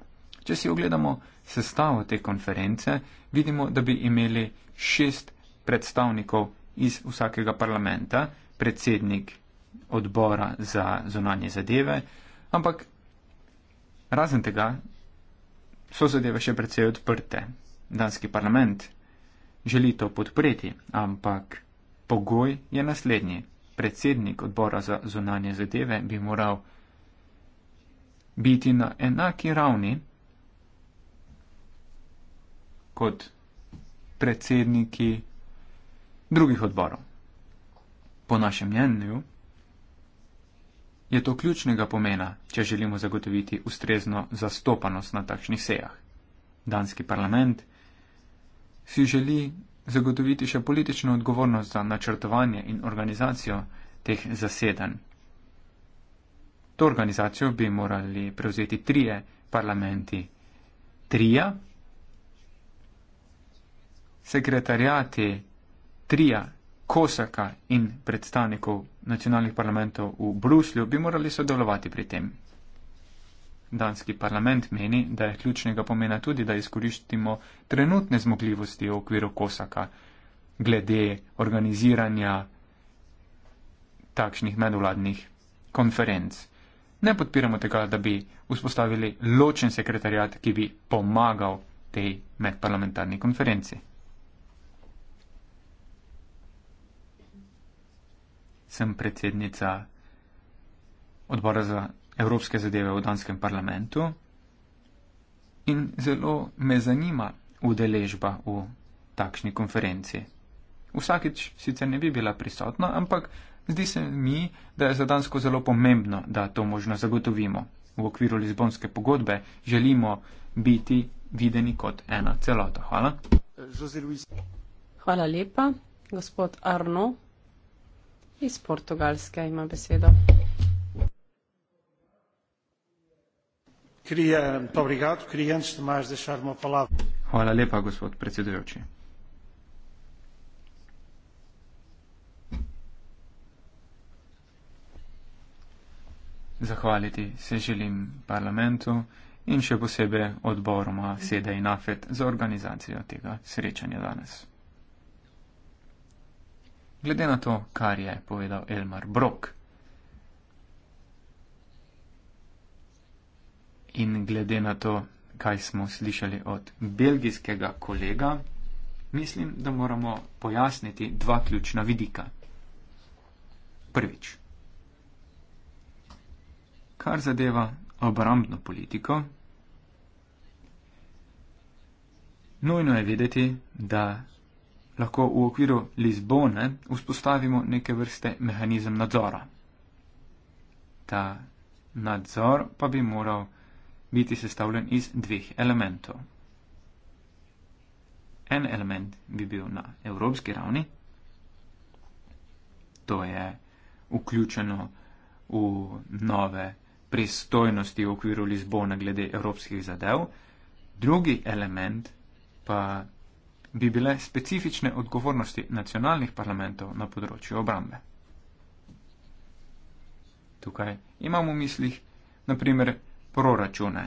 Če si ogledamo sestavo te konference, vidimo, da bi imeli šest predstavnikov iz vsakega parlamenta, predsednik odbora za zonanje zadeve, ampak razen tega so zadeve še precej odprte. Danski parlament želi to podpreti, ampak pogoj je naslednji. Predsednik odbora za zonanje zadeve bi moral biti na enaki ravni kot predsedniki drugih odborov. Po našem mnenju, je to ključnega pomena, če želimo zagotoviti ustrezno zastopanost na takšnih sejah. Danski parlament si želi zagotoviti še politično odgovornost za načrtovanje in organizacijo teh zasedanj. To organizacijo bi morali prevzeti trije parlamenti. Trija, sekretarjati trija, kosaka in predstavnikov nacionalnih parlamentov v Bruslju bi morali sodelovati pri tem. Danski parlament meni, da je ključnega pomena tudi, da izkoristimo trenutne zmogljivosti v okviru Kosaka glede organiziranja takšnih medvladnih konferenc. Ne podpiramo tega, da bi vzpostavili ločen sekretarjat, ki bi pomagal tej medparlamentarni konferenci. sem predsednica odbora za evropske zadeve v danskem parlamentu in zelo me zanima udeležba v takšni konferenci. Vsakič sicer ne bi bila prisotna, ampak zdi se mi, da je za Dansko zelo pomembno, da to možno zagotovimo. V okviru Lizbonske pogodbe želimo biti videni kot ena celota. Hvala. Hvala lepa, gospod Arno iz Portugalske ima besedo. Hvala lepa, gospod predsedujoči. Zahvaliti se želim parlamentu in še posebej odboroma Sede in Afet za organizacijo tega srečanja danes glede na to, kar je povedal Elmar Brok. In glede na to, kaj smo slišali od belgijskega kolega, mislim, da moramo pojasniti dva ključna vidika. Prvič. Kar zadeva obrambno politiko, nujno je vedeti, da lahko v okviru Lizbone vzpostavimo neke vrste mehanizem nadzora. Ta nadzor pa bi moral biti sestavljen iz dveh elementov. En element bi bil na evropski ravni, to je vključeno v nove pristojnosti v okviru Lizbona glede evropskih zadev, drugi element pa bi bile specifične odgovornosti nacionalnih parlamentov na področju obrambe. Tukaj imamo v mislih naprimer proračune,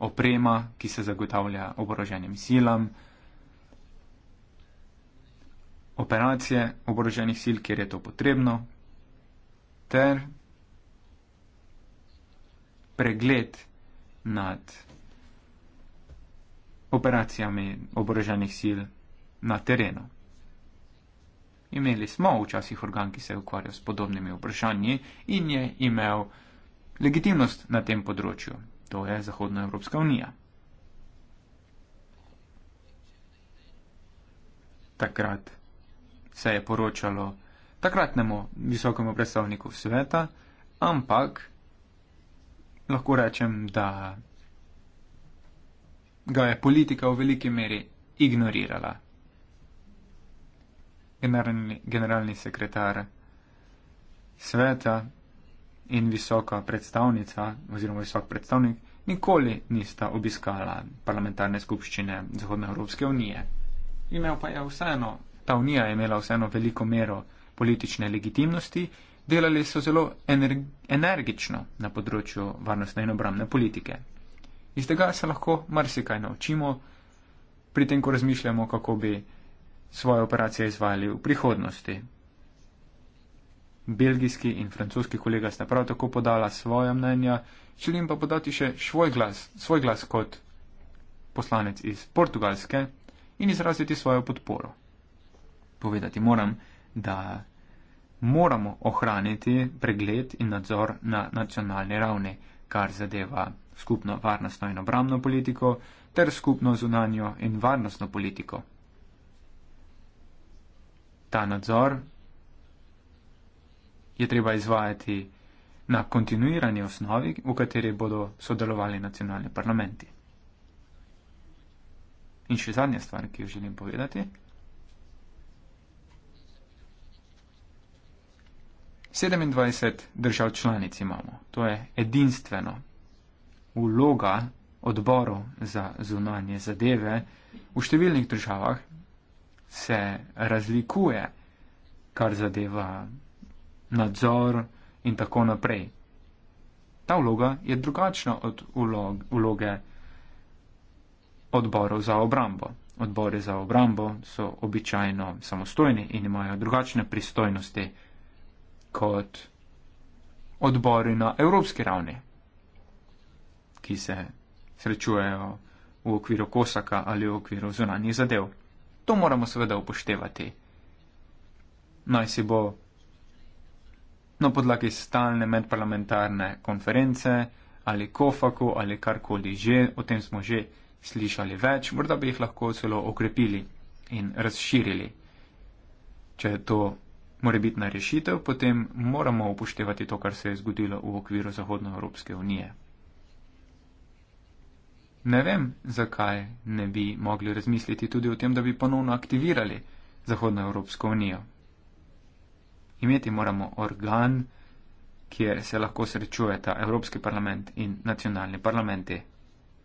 oprema, ki se zagotavlja oboroženim silam, operacije oboroženih sil, kjer je to potrebno, ter pregled nad operacijami oboroženih sil na terenu. Imeli smo včasih organ, ki se je ukvarjal s podobnimi vprašanji in je imel legitimnost na tem področju, to je Zahodna Evropska unija. Takrat se je poročalo takratnemu visokemu predstavniku sveta, ampak lahko rečem, da ga je politika v veliki meri ignorirala generalni, generalni sekretar sveta in visoka predstavnica oziroma visok predstavnik nikoli nista obiskala parlamentarne skupščine Zahodnoevropske unije. Imel pa je vseeno, ta unija je imela vseeno veliko mero politične legitimnosti, delali so zelo ener, energično na področju varnostne in obramne politike. Iz tega se lahko marsikaj naučimo, pri tem, ko razmišljamo, kako bi svoje operacije izvajali v prihodnosti. Belgijski in francoski kolega sta prav tako podala svoja mnenja, želim pa podati še svoj glas, svoj glas kot poslanec iz Portugalske in izraziti svojo podporo. Povedati moram, da moramo ohraniti pregled in nadzor na nacionalni ravni, kar zadeva skupno varnostno in obramno politiko ter skupno zunanjo in varnostno politiko ta nadzor je treba izvajati na kontinuirani osnovi, v kateri bodo sodelovali nacionalni parlamenti. In še zadnja stvar, ki jo želim povedati. 27 držav članic imamo, to je edinstveno. Vloga odborov za zunanje zadeve v številnih državah se razlikuje, kar zadeva nadzor in tako naprej. Ta vloga je drugačna od ulog, vloge odborov za obrambo. Odbore za obrambo so običajno samostojni in imajo drugačne pristojnosti kot odbori na evropski ravni, ki se srečujejo v okviru Kosaka ali v okviru zunanjih zadev. To moramo seveda upoštevati. Naj si bo na podlagi stalne medparlamentarne konference ali kofaku ali karkoli že, o tem smo že slišali več, morda bi jih lahko celo okrepili in razširili. Če je to morebitna rešitev, potem moramo upoštevati to, kar se je zgodilo v okviru Zahodnoevropske unije. Ne vem, zakaj ne bi mogli razmisliti tudi o tem, da bi ponovno aktivirali Zahodno Evropsko unijo. Imeti moramo organ, kjer se lahko srečujeta Evropski parlament in nacionalni parlamenti,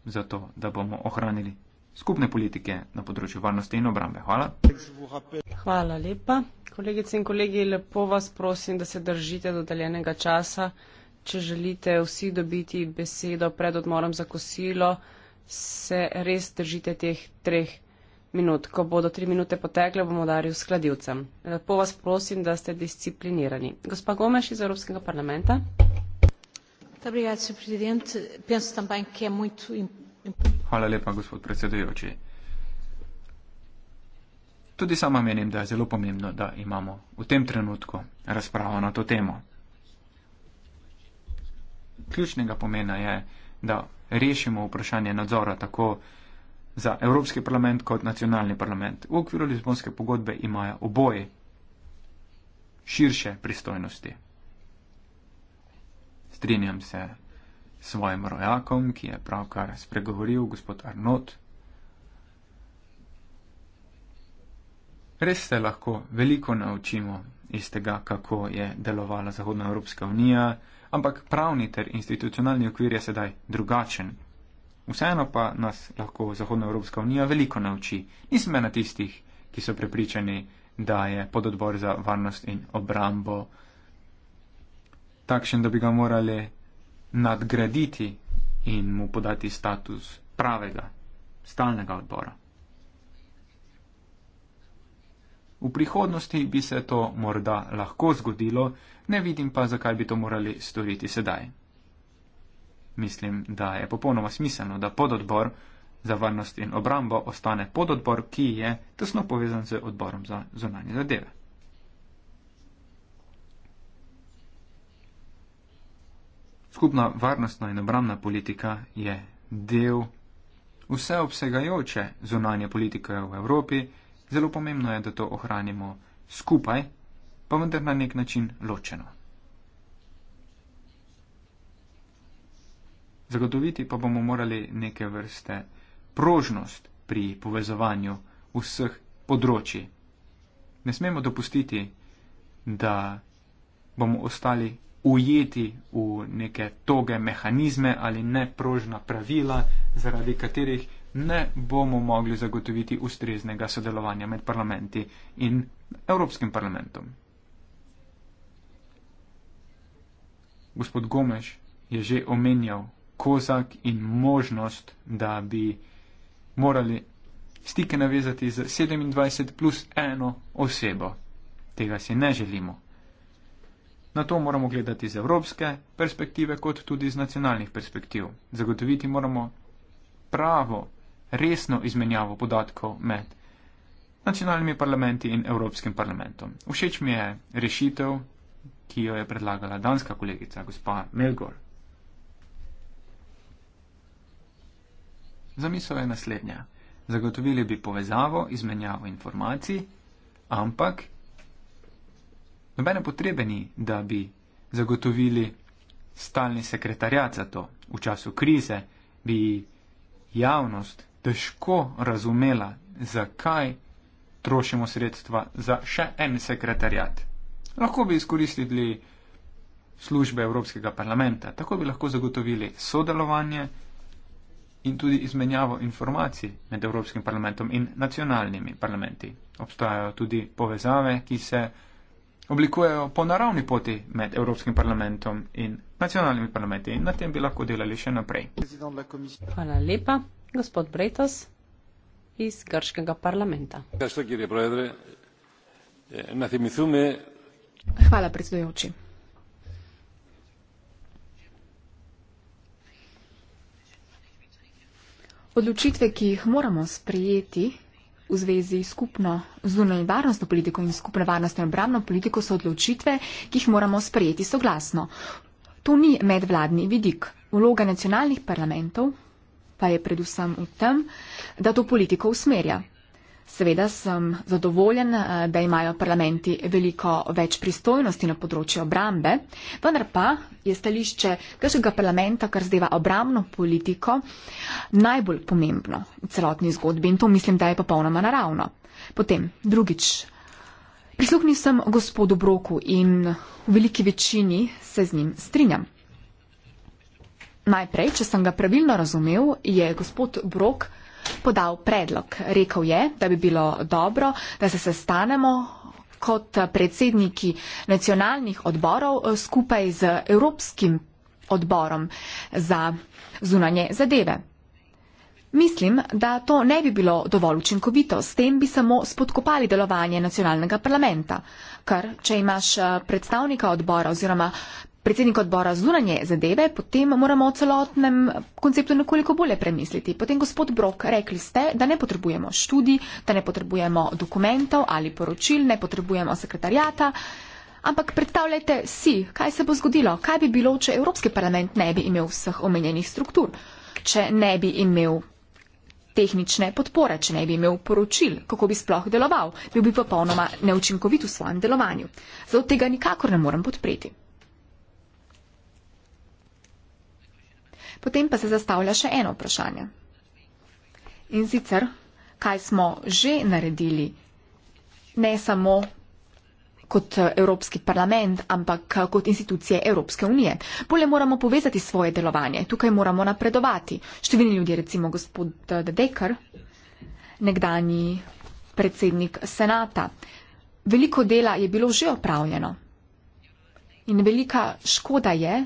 zato da bomo ohranili skupne politike na področju varnosti in obrambe. Hvala. Hvala lepa. Kolegice in kolegi, lepo vas prosim, da se držite dodaljenega časa. Če želite vsi dobiti besedo pred odmorom za kosilo, se res držite teh treh minut. Ko bodo tri minute potekle, bomo dali uskladilcem. Lepo vas prosim, da ste disciplinirani. Gospa Gomeš iz Evropskega parlamenta. Hvala lepa, gospod predsedujoči. Tudi sama menim, da je zelo pomembno, da imamo v tem trenutku razpravo na to temo. Ključnega pomena je, da rešimo vprašanje nadzora tako za Evropski parlament kot nacionalni parlament. V okviru Lizbonske pogodbe imajo oboje širše pristojnosti. Strinjam se s svojim rojakom, ki je pravkar spregovoril, gospod Arnot. Res se lahko veliko naučimo iz tega, kako je delovala Zahodnoevropska unija ampak pravni ter institucionalni okvir je sedaj drugačen. Vseeno pa nas lahko Zahodnoevropska unija veliko nauči. Nisem ena tistih, ki so prepričani, da je pododbor za varnost in obrambo takšen, da bi ga morali nadgraditi in mu podati status pravega, stalnega odbora. V prihodnosti bi se to morda lahko zgodilo, ne vidim pa, zakaj bi to morali storiti sedaj. Mislim, da je popolnoma smiselno, da pododbor za varnost in obrambo ostane pododbor, ki je tesno povezan z odborom za zunanje zadeve. Skupna varnostna in obramna politika je del vseobsegajoče zunanje politike v Evropi, Zelo pomembno je, da to ohranimo skupaj, pa vendar na nek način ločeno. Zagotoviti pa bomo morali neke vrste prožnost pri povezovanju vseh področji. Ne smemo dopustiti, da bomo ostali ujeti v neke toge mehanizme ali neprožna pravila, zaradi katerih ne bomo mogli zagotoviti ustreznega sodelovanja med parlamenti in Evropskim parlamentom. Gospod Gomeš je že omenjal kozak in možnost, da bi morali stike navezati z 27 plus eno osebo. Tega si ne želimo. Na to moramo gledati z evropske perspektive, kot tudi z nacionalnih perspektiv. Zagotoviti moramo pravo resno izmenjavo podatkov med nacionalnimi parlamenti in Evropskim parlamentom. Všeč mi je rešitev, ki jo je predlagala danska kolegica, gospa Melgor. Zamisel je naslednja. Zagotovili bi povezavo, izmenjavo informacij, ampak nobene potrebe ni, da bi zagotovili stalni sekretarjat za to. V času krize bi javnost težko razumela, zakaj trošimo sredstva za še en sekretarjat. Lahko bi izkoristili službe Evropskega parlamenta, tako bi lahko zagotovili sodelovanje in tudi izmenjavo informacij med Evropskim parlamentom in nacionalnimi parlamenti. Obstajajo tudi povezave, ki se oblikujejo po naravni poti med Evropskim parlamentom in nacionalnimi parlamenti in na tem bi lahko delali še naprej. Hvala lepa gospod bretos iz grškega parlamenta hvala predsedujoči odločitve ki jih moramo sprejeti v zvezi s skupno zunanjo varnostno politiko in skupno varnostno in obrambno politiko so odločitve, ki jih moramo sprejeti soglasno. To ni medvladni vidik. Vloga nacionalnih parlamentov pa je predvsem v tem, da to politiko usmerja. Seveda sem zadovoljen, eh, da imajo parlamenti veliko več pristojnosti na področju obrambe, vendar pa je stališče kažkega parlamenta, kar zdeva obramno politiko, najbolj pomembno v celotni zgodbi in to mislim, da je popolnoma naravno. Potem, drugič, prisluhnil sem gospodu Broku in v veliki večini se z njim strinjam. Najprej, če sem ga pravilno razumel, je gospod Brok podal predlog. Rekel je, da bi bilo dobro, da se sestanemo kot predsedniki nacionalnih odborov eh, skupaj z Evropskim odborom za zunanje zadeve. Mislim, da to ne bi bilo dovolj učinkovito, s tem bi samo spodkopali delovanje nacionalnega parlamenta, ker če imaš eh, predstavnika odbora oziroma predsednik odbora zunanje zadeve, potem moramo o celotnem konceptu nekoliko bolje premisliti. Potem, gospod Brok, rekli ste, da ne potrebujemo študij, da ne potrebujemo dokumentov ali poročil, ne potrebujemo sekretarjata. Ampak predstavljajte si, kaj se bo zgodilo, kaj bi bilo, če Evropski parlament ne bi imel vseh omenjenih struktur, če ne bi imel tehnične podpore, če ne bi imel poročil, kako bi sploh deloval, bil bi popolnoma neučinkovit v svojem delovanju. Zato tega nikakor ne morem podpreti. Potem pa se zastavlja še eno vprašanje. In sicer, kaj smo že naredili, ne samo kot Evropski parlament, ampak kot institucije Evropske unije. Bolje moramo povezati svoje delovanje, tukaj moramo napredovati. Številni ljudje, recimo gospod Dedeker, nekdani predsednik senata, veliko dela je bilo že opravljeno. In velika škoda je,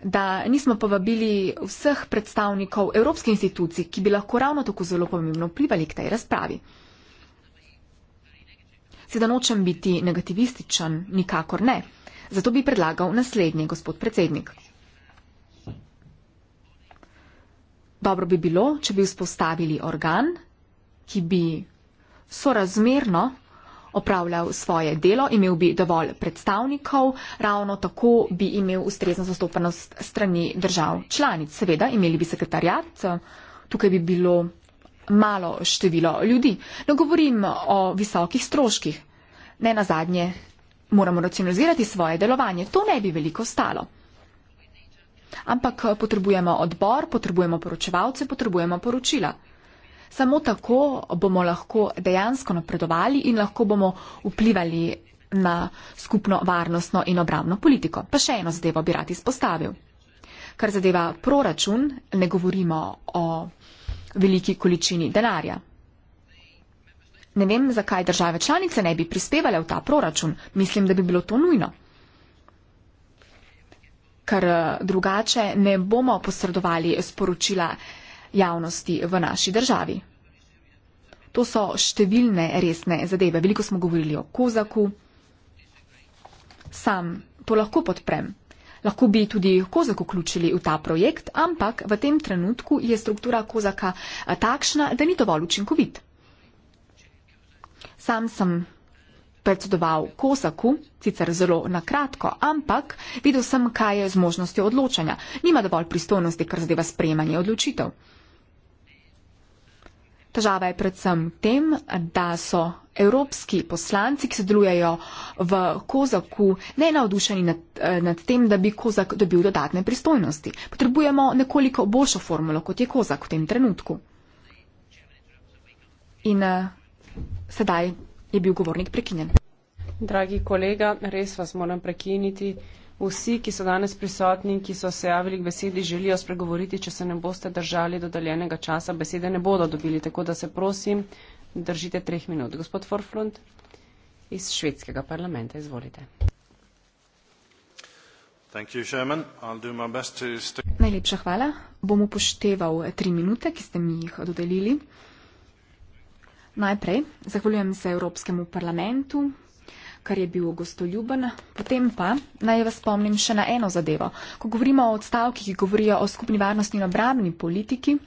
da nismo povabili vseh predstavnikov evropskih institucij, ki bi lahko ravno tako zelo pomembno vplivali k tej razpravi. Seda nočem biti negativističen, nikakor ne. Zato bi predlagal naslednji, gospod predsednik. Dobro bi bilo, če bi vzpostavili organ, ki bi sorazmerno opravljal svoje delo, imel bi dovolj predstavnikov, ravno tako bi imel ustrezno zastopanost strani držav članic. Seveda, imeli bi sekretarjat, tukaj bi bilo malo število ljudi. Ne no, govorim o visokih stroških. Ne na zadnje, moramo racionalizirati svoje delovanje. To ne bi veliko stalo. Ampak potrebujemo odbor, potrebujemo poročevalce, potrebujemo poročila. Samo tako bomo lahko dejansko napredovali in lahko bomo vplivali na skupno varnostno in obravno politiko. Pa še eno zadevo bi rad izpostavil. Kar zadeva proračun, ne govorimo o veliki količini denarja. Ne vem, zakaj države članice ne bi prispevale v ta proračun. Mislim, da bi bilo to nujno. Ker eh, drugače ne bomo posredovali sporočila javnosti v naši državi. To so številne resne zadeve. Veliko smo govorili o Kozaku. Sam to lahko podprem. Lahko bi tudi Kozak vključili v ta projekt, ampak v tem trenutku je struktura Kozaka eh, takšna, da ni dovolj učinkovit. Sam sem predsedoval Kozaku, sicer zelo na kratko, ampak videl sem, kaj je z možnostjo odločanja. Nima dovolj pristojnosti, kar zadeva sprejemanje odločitev. Težava je predvsem tem, da so evropski poslanci, ki sodelujejo v Kozaku, ne navdušeni nad, eh, nad tem, da bi Kozak dobil dodatne pristojnosti. Potrebujemo nekoliko boljšo formulo, kot je Kozak v tem trenutku. In uh, sedaj je bil govornik prekinjen. Dragi kolega, res vas moram prekiniti. Vsi, ki so danes prisotni, ki so se javili k besedi, želijo spregovoriti, če se ne boste držali dodaljenega časa, besede ne bodo dobili. Tako da se prosim, držite treh minut. Gospod Forflund iz švedskega parlamenta, izvolite. You, Najlepša hvala. Bom upošteval eh, tri minute, ki ste mi jih dodelili. Najprej zahvaljujem se Evropskemu parlamentu, ker je bil gostoljuben. Potem pa naj vas spomnim še na eno zadevo. Ko govorimo o odstavki, ki govorijo o skupni varnostni in obramni politiki,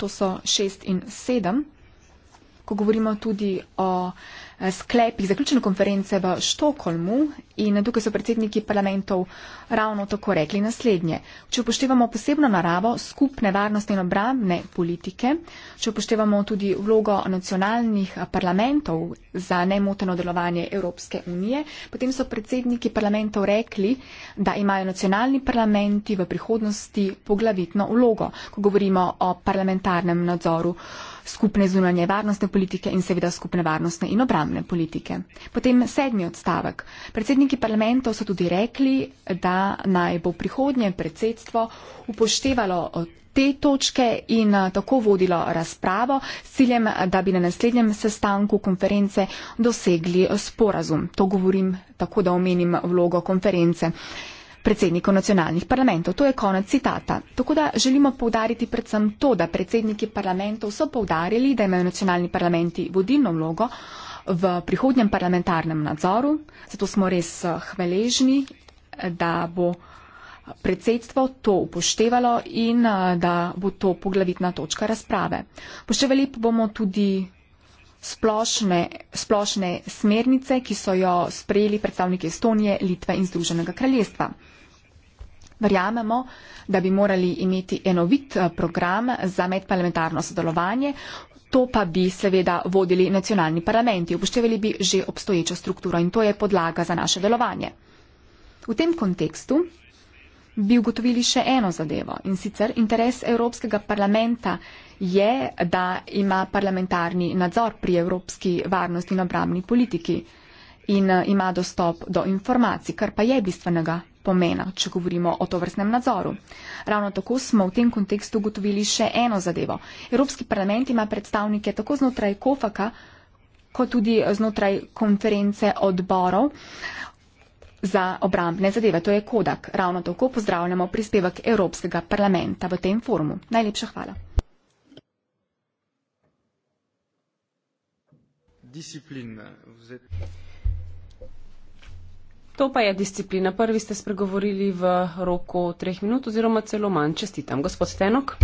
to so šest in sedem ko govorimo tudi o eh, sklepih zaključene konference v Štokolmu in tukaj so predsedniki parlamentov ravno tako rekli naslednje. Če upoštevamo posebno naravo skupne varnostne in obrambne politike, če upoštevamo tudi vlogo nacionalnih parlamentov za nemoteno delovanje Evropske unije, potem so predsedniki parlamentov rekli, da imajo nacionalni parlamenti v prihodnosti poglavitno vlogo, ko govorimo o parlamentarnem nadzoru skupne zunanje varnostne politike in seveda skupne varnostne in obramne politike. Potem sedmi odstavek. Predsedniki parlamentov so tudi rekli, da naj bo prihodnje predsedstvo upoštevalo eh, te točke in eh, tako vodilo razpravo s ciljem, eh, da bi na naslednjem sestanku konference dosegli sporazum. To govorim tako, da omenim vlogo konference predsednikov nacionalnih parlamentov. To je konec citata. Tako da želimo povdariti predvsem to, da predsedniki parlamentov so povdarjali, da imajo nacionalni parlamenti vodilno vlogo v prihodnjem parlamentarnem nadzoru. Zato smo res eh, hvaležni, eh, da bo predsedstvo to upoštevalo in eh, da bo to poglavitna točka razprave. Poštevali bomo tudi splošne, splošne smernice, ki so jo sprejeli predstavniki Estonije, Litve in Združenega kraljestva. Verjamemo, da bi morali imeti enovit eh, program za medparlamentarno sodelovanje, to pa bi seveda vodili nacionalni parlamenti, upoštevali bi že obstoječo strukturo in to je podlaga za naše delovanje. V tem kontekstu bi ugotovili še eno zadevo in sicer interes Evropskega parlamenta je, da ima parlamentarni nadzor pri evropski varnosti in obramni politiki in eh, ima dostop do informacij, kar pa je bistvenega pomena, če govorimo o tovrstnem nadzoru. Ravno tako smo v tem kontekstu ugotovili še eno zadevo. Evropski parlament ima predstavnike tako znotraj Kofaka, kot tudi znotraj konference odborov za obrambne zadeve. To je Kodak. Ravno tako pozdravljamo prispevek Evropskega parlamenta v tem forumu. Najlepša hvala. Disciplina. To pa je disciplina. Prvi ste spregovorili v roku treh minut oziroma celo manj. Čestitam, gospod Stenok.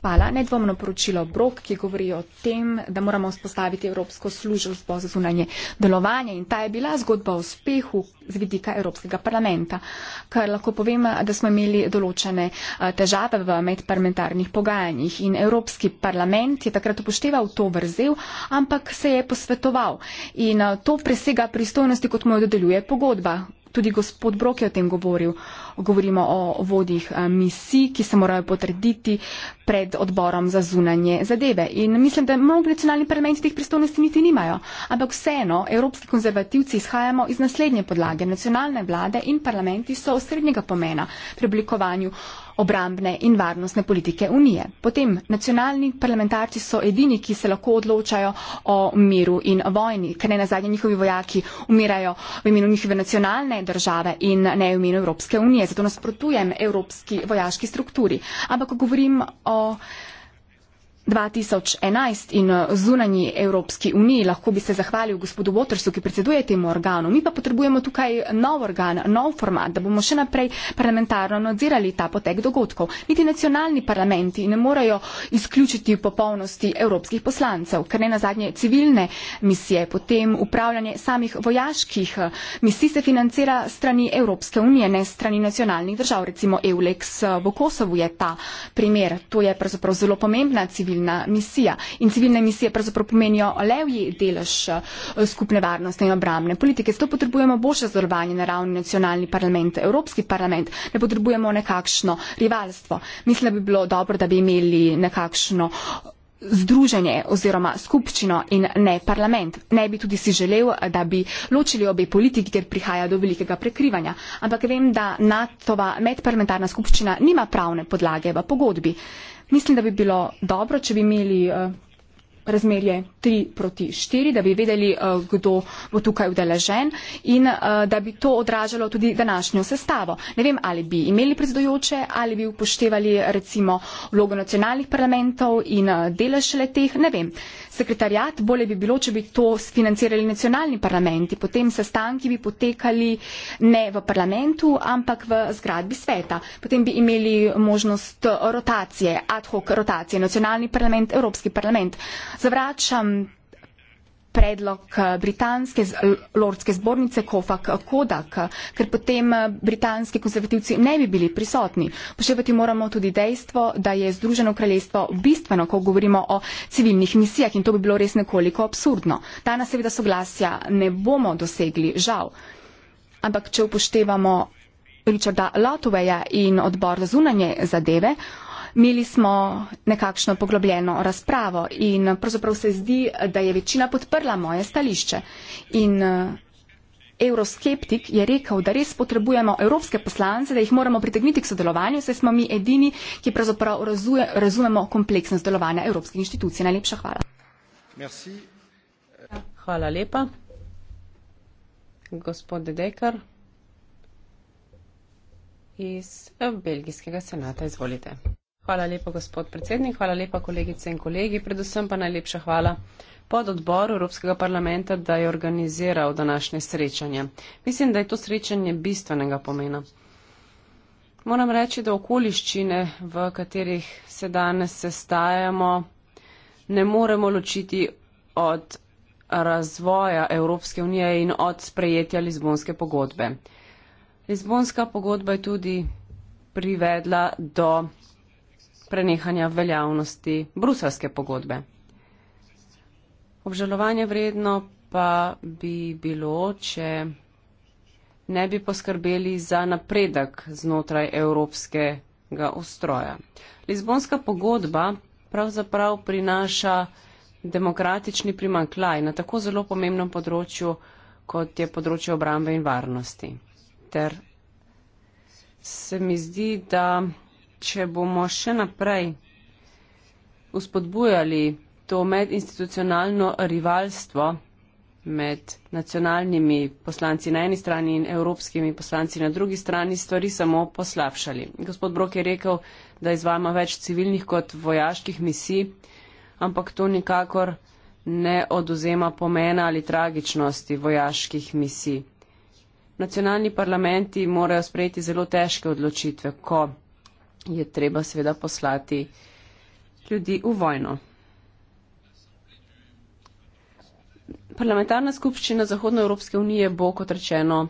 Hvala. Nedvomno poročilo Brok, ki govori o tem, da moramo vzpostaviti Evropsko službo za zunanje delovanje in ta je bila zgodba o uspehu z vidika Evropskega parlamenta. Kar lahko povem, da smo imeli določene težave v medparlamentarnih pogajanjih in Evropski parlament je takrat upošteval to vrzel, ampak se je posvetoval in to presega pristojnosti, kot mu jo dodeljuje pogodba zgodba. Tudi gospod Brok je o tem govoril. Govorimo o vodih eh, misij, ki se morajo potrditi pred odborom za zunanje zadeve. In mislim, da mnogi nacionalni parlamenti teh pristojnosti niti nimajo. Ampak vseeno, evropski konzervativci izhajamo iz naslednje podlage. Nacionalne vlade in parlamenti so osrednjega pomena pri oblikovanju obrambne in varnostne politike Unije. Potem nacionalni parlamentarci so edini, ki se lahko odločajo o miru in vojni, ker ne nazadnje njihovi vojaki umirajo v imenu njihove nacionalne države in ne v imenu Evropske unije. Zato nasprotujem evropski vojaški strukturi. Ampak ko govorim o 2011 in eh, zunanji Evropski uniji. Lahko bi se zahvalil gospodu Watersu, ki predseduje temu organu. Mi pa potrebujemo tukaj nov organ, nov format, da bomo še naprej parlamentarno nadzirali ta potek dogodkov. Niti nacionalni parlamenti ne morejo izključiti popolnosti evropskih poslancev, ker ne na zadnje civilne misije, potem upravljanje samih vojaških eh, misij se financira strani Evropske unije, ne strani nacionalnih držav. Recimo Eulex eh, v Kosovu je ta primer. To je pravzaprav zelo pomembna civilna civilna misija. In civilne misije pravzaprav pomenijo levji delež eh, skupne varnostne in obramne politike. Zato potrebujemo boljše zdorovanje na ravni nacionalni parlament, Evropski parlament. Ne potrebujemo nekakšno rivalstvo. Mislim, da bi bilo dobro, da bi imeli nekakšno eh, združenje oziroma skupščino in ne parlament. Ne bi tudi si želel, eh, da bi ločili obe politiki, ker prihaja do velikega prekrivanja. Ampak vem, da NATO-va medparlamentarna skupščina nima pravne podlage v pogodbi. Mislim, da bi bilo dobro, če bi imeli eh, razmerje 3 proti 4, da bi vedeli, eh, kdo bo tukaj udeležen in eh, da bi to odražalo tudi današnjo sestavo. Ne vem, ali bi imeli predsedujoče, ali bi upoštevali recimo vlogo nacionalnih parlamentov in delež le teh, ne vem sekretarjat, bolje bi bilo, če bi to financirali nacionalni parlamenti. Potem sestanki bi potekali ne v parlamentu, ampak v zgradbi sveta. Potem bi imeli možnost rotacije, ad hoc rotacije, nacionalni parlament, Evropski parlament. Zavračam predlog eh, britanske lordske zbornice Kofak eh, Kodak, eh, ker potem britanski konservativci ne bi bili prisotni. Poševati moramo tudi dejstvo, da je Združeno kraljestvo bistveno, ko govorimo o civilnih misijah in to bi bilo res nekoliko absurdno. Danes seveda soglasja ne bomo dosegli, žal. Ampak če upoštevamo Richarda Lotoveja in odbor za zunanje zadeve, imeli smo nekakšno poglobljeno razpravo in pravzaprav se zdi, da je večina podprla moje stališče. In Euroskeptik eh, je rekel, da res potrebujemo evropske poslance, da jih moramo pritegniti k sodelovanju, saj smo mi edini, ki pravzaprav razuje, razumemo kompleksnost delovanja evropskih inštitucij. Najlepša hvala. Merci. Hvala lepa. Gospod Dekar iz eh, belgijskega senata, izvolite. Hvala lepa, gospod predsednik, hvala lepa, kolegice in kolegi, predvsem pa najlepša hvala pod odbor Evropskega parlamenta, da je organiziral današnje srečanje. Mislim, da je to srečanje bistvenega pomena. Moram reči, da okoliščine, v katerih se danes sestajamo, ne moremo ločiti od razvoja Evropske unije in od sprejetja Lizbonske pogodbe. Lizbonska pogodba je tudi privedla do prenehanja veljavnosti bruselske pogodbe. Obžalovanje vredno pa bi bilo, če ne bi poskrbeli za napredek znotraj evropskega ustroja. Lizbonska pogodba pravzaprav prinaša demokratični primanklaj na tako zelo pomembnem področju, kot je področje obrambe in varnosti. Ter se mi zdi, da če bomo še naprej uspodbujali to medinstitucionalno rivalstvo med nacionalnimi poslanci na eni strani in evropskimi poslanci na drugi strani, stvari samo poslabšali. Gospod Brok je rekel, da izvajamo več civilnih kot vojaških misij, ampak to nikakor ne oduzema pomena ali tragičnosti vojaških misij. Nacionalni parlamenti morajo sprejeti zelo težke odločitve, ko je treba seveda poslati ljudi v vojno. Parlamentarna skupščina Zahodnoevropske unije bo, kot rečeno,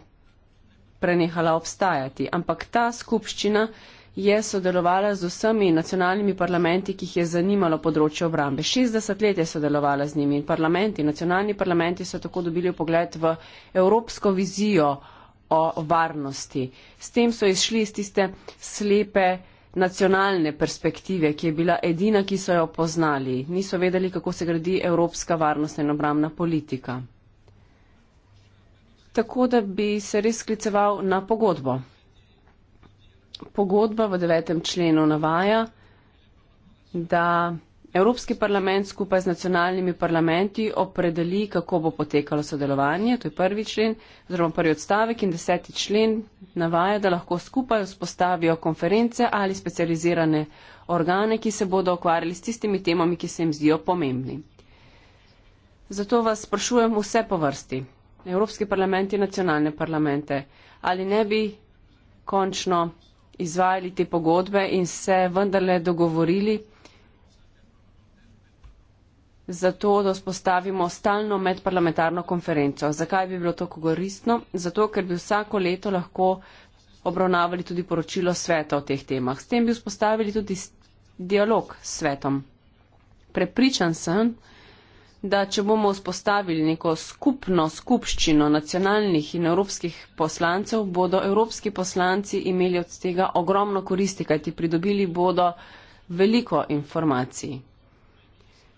prenehala obstajati, ampak ta skupščina je sodelovala z vsemi nacionalnimi parlamenti, ki jih je zanimalo področje obrambe. 60 let je sodelovala z njimi in parlamenti, nacionalni parlamenti so tako dobili pogled v evropsko vizijo o varnosti. S tem so izšli iz tiste slepe nacionalne perspektive, ki je bila edina, ki so jo poznali. Niso vedeli, kako se gradi evropska varnostna in obramna politika. Tako da bi se res skliceval na pogodbo. Pogodba v devetem členu navaja, da Evropski parlament skupaj z nacionalnimi parlamenti opredeli, kako bo potekalo sodelovanje, to je prvi člen, oziroma prvi odstavek in deseti člen navaja, da lahko skupaj vzpostavijo konference ali specializirane organe, ki se bodo okvarjali s tistimi temami, ki se jim zdijo pomembni. Zato vas sprašujem vse po vrsti, Evropski parlament in nacionalne parlamente, ali ne bi končno izvajali te pogodbe in se vendarle dogovorili, zato da vzpostavimo stalno medparlamentarno konferenco. Zakaj bi bilo to koristno? Zato, ker bi vsako leto lahko obravnavali tudi poročilo sveta o teh temah. S tem bi vzpostavili tudi dialog s svetom. Prepričan sem, da če bomo vzpostavili neko skupno skupščino nacionalnih in evropskih poslancev, bodo evropski poslanci imeli od tega ogromno koristi, kajti pridobili bodo veliko informacij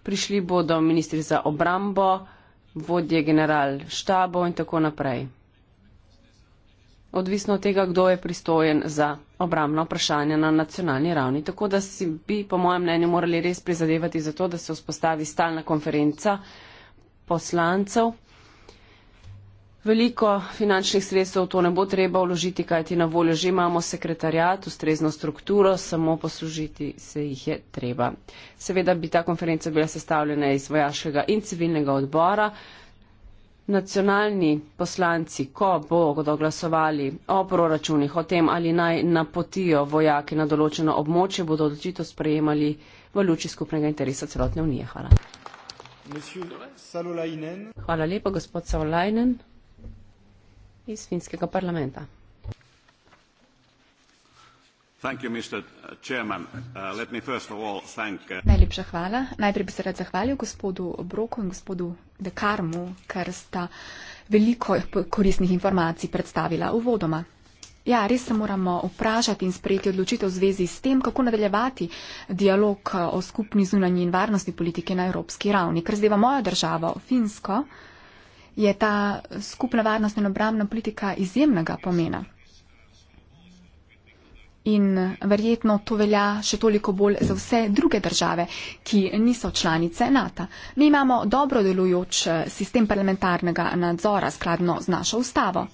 prišli bodo ministri za obrambo, vodje general štabo in tako naprej. Odvisno od tega, kdo je pristojen za obrambno vprašanje na nacionalni ravni. Tako da si bi, po mojem mnenju, morali res prizadevati za to, da se vzpostavi stalna konferenca poslancev, Veliko finančnih sredstev v to ne bo treba vložiti, kajti na voljo že imamo sekretarjat, ustrezno strukturo, samo poslužiti se jih je treba. Seveda bi ta konferenca bila sestavljena iz vojaškega in civilnega odbora. Nacionalni poslanci, ko bodo glasovali o proračunih, o tem, ali naj napotijo vojake na določeno območje, bodo odločitev sprejemali v luči skupnega interesa celotne unije. Hvala. Hvala lepa, gospod Salolajnen iz finskega parlamenta. Uh, uh, uh, Najlepša hvala. Najprej bi se rad zahvalil gospodu Broku in gospodu Dekarmu, ker sta veliko koristnih informacij predstavila uvodoma. Ja, res se moramo vprašati in sprejeti odločitev v zvezi s tem, kako nadaljevati dialog o skupni zunanji in varnostni politiki na evropski ravni, ker zdaj v mojo državo, Finsko, je ta skupna varnostna in obramna politika izjemnega pomena. In verjetno to velja še toliko bolj za vse druge države, ki niso članice NATO. Mi imamo dobro delujoč eh, sistem parlamentarnega nadzora skladno z našo ustavo.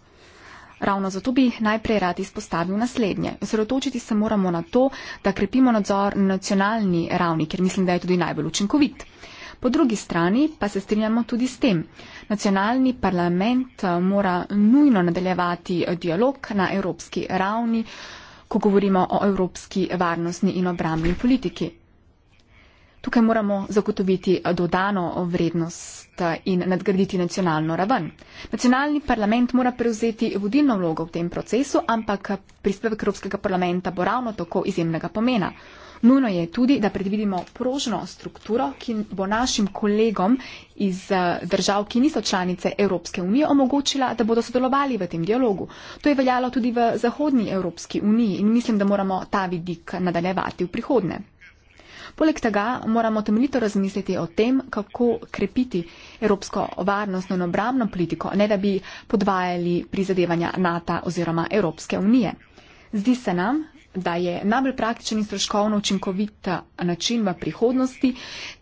Ravno zato bi najprej rad izpostavil naslednje. Osredotočiti se moramo na to, da krepimo nadzor na nacionalni ravni, ker mislim, da je tudi najbolj učinkovit. Po drugi strani pa se strinjamo tudi s tem. Nacionalni parlament eh, mora nujno nadaljevati eh, dialog na evropski ravni, ko govorimo o evropski varnostni in obramni politiki. Tukaj moramo zagotoviti eh, dodano vrednost in nadgraditi nacionalno raven. Nacionalni parlament mora prevzeti vodilno vlogo v tem procesu, ampak prispevek Evropskega parlamenta bo ravno tako izjemnega pomena. Nuno je tudi, da predvidimo prožno strukturo, ki bo našim kolegom iz eh, držav, ki niso članice Evropske unije, omogočila, da bodo sodelovali v tem dialogu. To je veljalo tudi v Zahodnji Evropski uniji in mislim, da moramo ta vidik nadaljevati v prihodne. Poleg tega moramo temeljito razmisliti o tem, kako krepiti evropsko varnostno in obramno politiko, ne da bi podvajali prizadevanja NATO oziroma Evropske unije. Zdi se nam, da je najbolj praktičen in stroškovno učinkovit eh, način v prihodnosti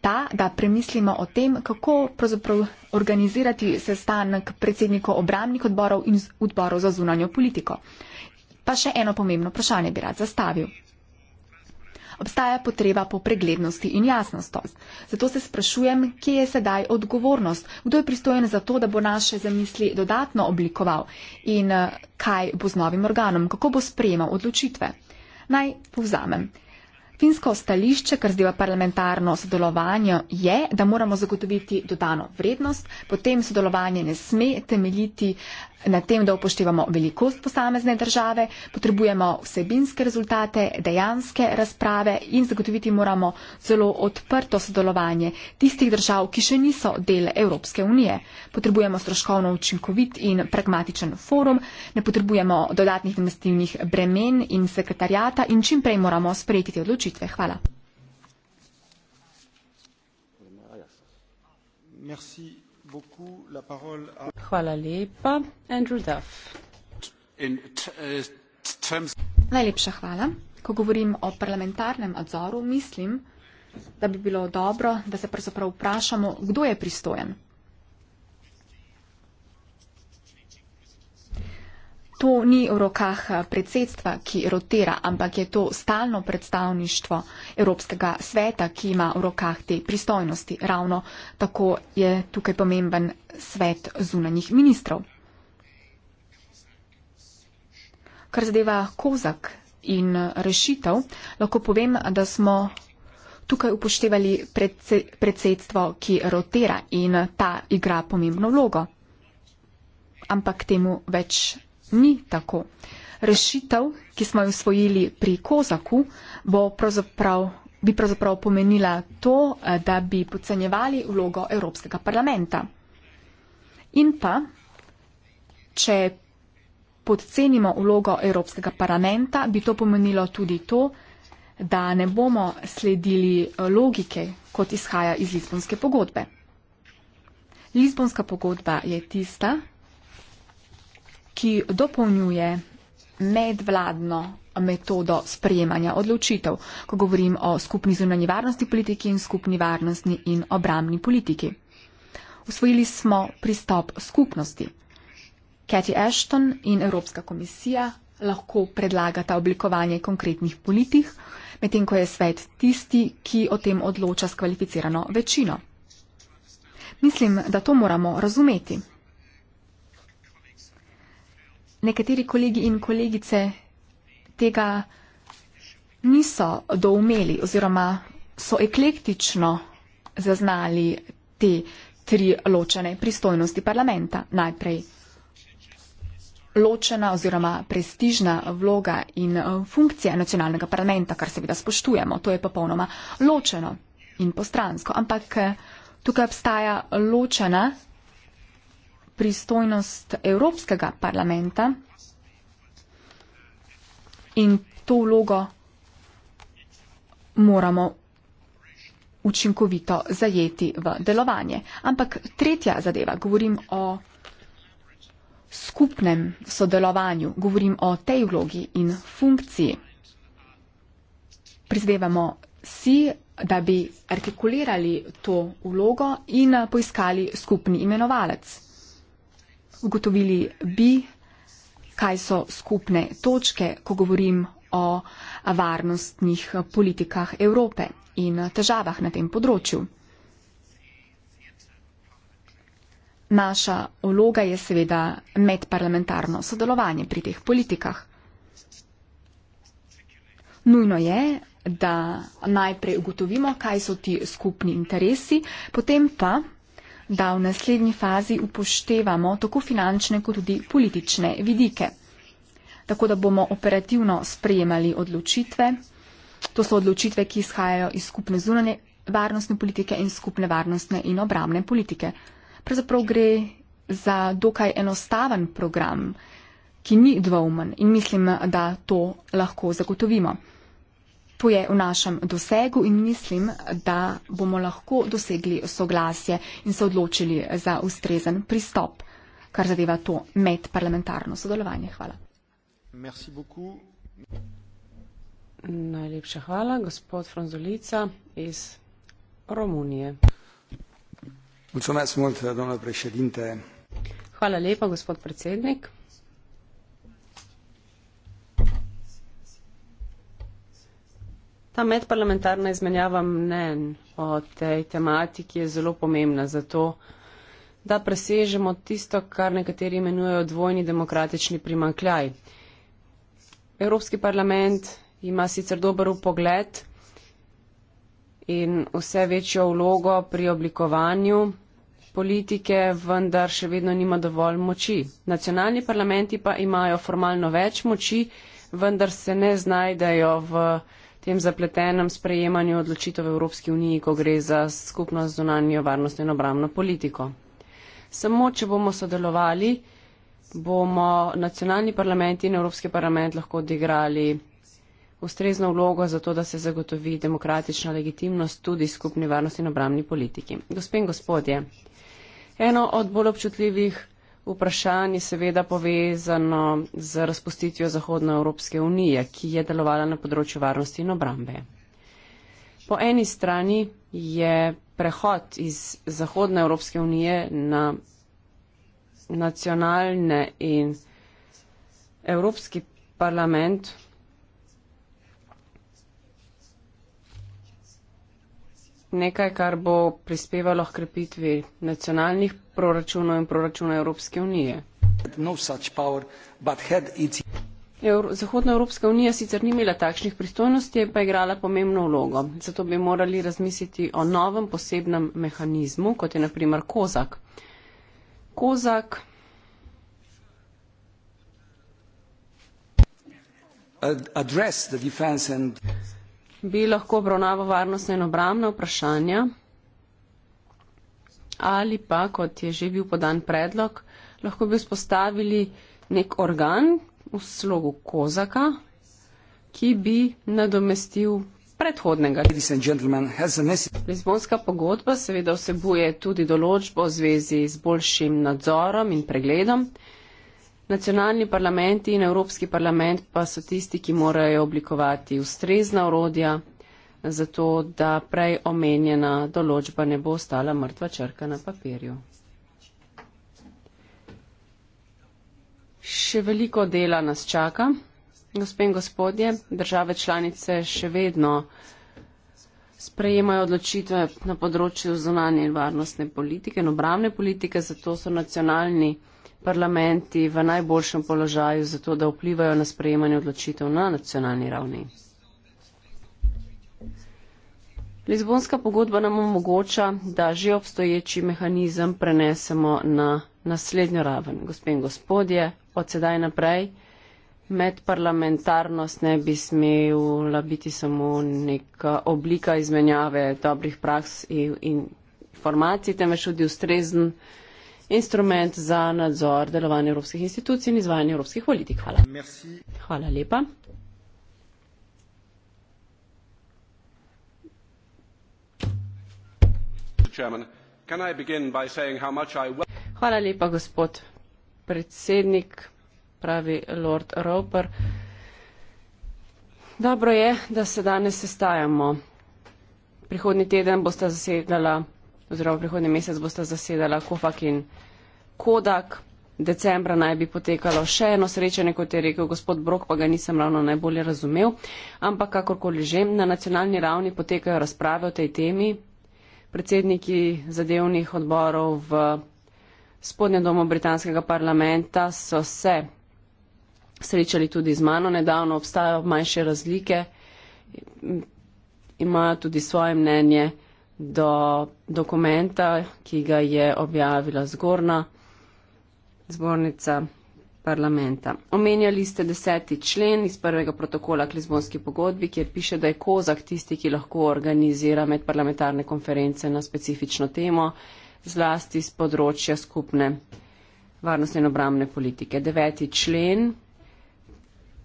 ta, da premislimo o tem, kako pravzaprav organizirati sestanek predsednikov obramnih odborov in odborov za zunanjo politiko. Pa še eno pomembno vprašanje bi rad zastavil. Obstaja potreba po preglednosti in jasnosti. Zato se sprašujem, kje je sedaj odgovornost, kdo je pristojen za to, da bo naše zamisli dodatno oblikoval in eh, kaj bo z novim organom, kako bo sprejemal odločitve. Naj povzamem. Finsko stališče, kar zdiva parlamentarno sodelovanje, je, da moramo zagotoviti dodano vrednost, potem sodelovanje ne sme temeljiti Na tem, da upoštevamo velikost posamezne države, potrebujemo vsebinske rezultate, dejanske razprave in zagotoviti moramo zelo odprto sodelovanje tistih držav, ki še niso del Evropske unije. Potrebujemo stroškovno učinkovit in pragmatičen forum, ne potrebujemo dodatnih domestivnih bremen in sekretarjata in čim prej moramo sprejeti te odločitve. Hvala. Merci. Hvala lepa. Andrew Duff. E, Najlepša hvala. Ko govorim o parlamentarnem nadzoru, mislim, da bi bilo dobro, da se pravzaprav vprašamo, kdo je pristojen. to ni v rokah eh, predsedstva, ki rotira, ampak je to stalno predstavništvo Evropskega sveta, ki ima v rokah te pristojnosti. Ravno tako je tukaj pomemben svet zunanjih ministrov. Kar zadeva kozak in eh, rešitev, lahko povem, da smo. Tukaj upoštevali predsedstvo, ki rotira in ta igra pomembno vlogo. Ampak temu več ni tako. Rešitev, ki smo jo usvojili pri Kozaku, pravzaprav, bi pravzaprav pomenila to, eh, da bi podcenjevali vlogo Evropskega parlamenta. In pa, če podcenimo vlogo Evropskega parlamenta, bi to pomenilo tudi to, da ne bomo sledili eh, logike, kot izhaja iz Lizbonske pogodbe. Lizbonska pogodba je tista, ki dopolnjuje medvladno metodo sprejemanja odločitev, ko govorim o skupni zunanji varnosti politiki in skupni varnostni in obramni politiki. Usvojili smo pristop skupnosti. Cathy Ashton in Evropska komisija lahko predlagata oblikovanje konkretnih politik, medtem ko je svet tisti, ki o tem odloča s kvalificirano večino. Mislim, da to moramo razumeti nekateri kolegi in kolegice tega niso doumeli oziroma so eklektično zaznali te tri ločene pristojnosti parlamenta. Najprej ločena oziroma prestižna vloga in eh, funkcija nacionalnega parlamenta, kar seveda spoštujemo, to je popolnoma ločeno in postransko, ampak eh, tukaj obstaja ločena pristojnost Evropskega parlamenta in to vlogo moramo učinkovito zajeti v delovanje. Ampak tretja zadeva, govorim o skupnem sodelovanju, govorim o tej vlogi in funkciji. Prizdevamo si, da bi artikulirali to vlogo in poiskali skupni imenovalec ugotovili bi, kaj so skupne točke, ko govorim o varnostnih politikah Evrope in težavah na tem področju. Naša vloga je seveda medparlamentarno sodelovanje pri teh politikah. Nujno je, da najprej ugotovimo, kaj so ti skupni interesi, potem pa da v naslednji fazi upoštevamo tako finančne kot tudi politične vidike. Tako da bomo operativno sprejemali odločitve. To so odločitve, ki izhajajo iz skupne zunanje varnostne politike in skupne varnostne in obramne politike. Pravzaprav gre za dokaj enostaven program, ki ni dvoumen in mislim, da to lahko zagotovimo. To je v našem dosegu in mislim, da bomo lahko dosegli soglasje in se odločili za ustrezen pristop, kar zadeva to medparlamentarno sodelovanje. Hvala. Najlepša hvala, gospod Franzolica iz Romunije. Hvala lepa, gospod predsednik. Ta medparlamentarna izmenjava mnen o tej tematiki je zelo pomembna zato, da presežemo tisto, kar nekateri imenujejo dvojni demokratični primankljaj. Evropski parlament ima sicer dober upogled in vse večjo vlogo pri oblikovanju politike, vendar še vedno nima dovolj moči. Nacionalni parlamenti pa imajo formalno več moči, vendar se ne znajdejo v tem zapletenem sprejemanju odločitev v Evropski uniji, ko gre za skupnost zunanjo varnostno in obramno politiko. Samo, če bomo sodelovali, bomo nacionalni parlament in Evropski parlament lahko odigrali ustrezno vlogo za to, da se zagotovi demokratična legitimnost tudi skupni varnostni in obramni politiki. Gospen gospodje, eno od bolj občutljivih vprašanje seveda povezano z razpustitvijo Zahodnoevropske unije, ki je delovala na področju varnosti in obrambe. Po eni strani je prehod iz Zahodnoevropske unije na nacionalne in Evropski parlament nekaj, kar bo prispevalo k krepitvi nacionalnih proračunu in proračunu Evropske unije. No power, its... Euro Zahodna Evropska unija sicer ni imela takšnih pristojnosti, pa je igrala pomembno vlogo. Zato bi morali razmisliti o novem posebnem mehanizmu, kot je naprimer Kozak. Kozak. Address the defense and... bi lahko obravnaval varnostne in obramne vprašanja ali pa, kot je že bil podan predlog, lahko bi vzpostavili nek organ v slogu kozaka, ki bi nadomestil predhodnega. Lizbonska pogodba seveda vsebuje tudi določbo v zvezi z boljšim nadzorom in pregledom. Nacionalni parlamenti in Evropski parlament pa so tisti, ki morajo oblikovati ustrezna urodja zato da prej omenjena določba ne bo ostala mrtva črka na papirju. Še veliko dela nas čaka, gospe in gospodje. Države članice še vedno sprejemajo odločitve na področju zunanje in varnostne politike in obramne politike, zato so nacionalni parlamenti v najboljšem položaju, zato da vplivajo na sprejemanje odločitev na nacionalni ravni. Lizbonska pogodba nam omogoča, da že obstoječi mehanizem prenesemo na naslednjo raven. Gospe in gospodje, od sedaj naprej medparlamentarnost ne bi smela biti samo neka oblika izmenjave dobrih praks in, in informacij, temveč tudi ustrezen instrument za nadzor delovanja evropskih institucij in izvajanja evropskih politik. Hvala. Merci. Hvala lepa. Hvala lepa, gospod predsednik, pravi Lord Roper. Dobro je, da se danes sestajamo. Prihodni teden boste zasedala, oziroma prihodni mesec boste zasedala Kofak in Kodak. Decembra naj bi potekalo še eno srečanje, kot je rekel gospod Brok, pa ga nisem ravno najbolje razumel. Ampak kakorkoli že, na nacionalni ravni potekajo razprave o tej temi, predsedniki zadevnih odborov v spodnjem domu britanskega parlamenta so se srečali tudi z mano nedavno, obstajajo manjše razlike, imajo tudi svoje mnenje do dokumenta, ki ga je objavila zgornja zbornica parlamenta. Omenjali ste deseti člen iz prvega protokola k Lizbonski pogodbi, kjer piše, da je Kozak tisti, ki lahko organizira medparlamentarne konference na specifično temo, zlasti z področja skupne varnostne in obramne politike. Deveti člen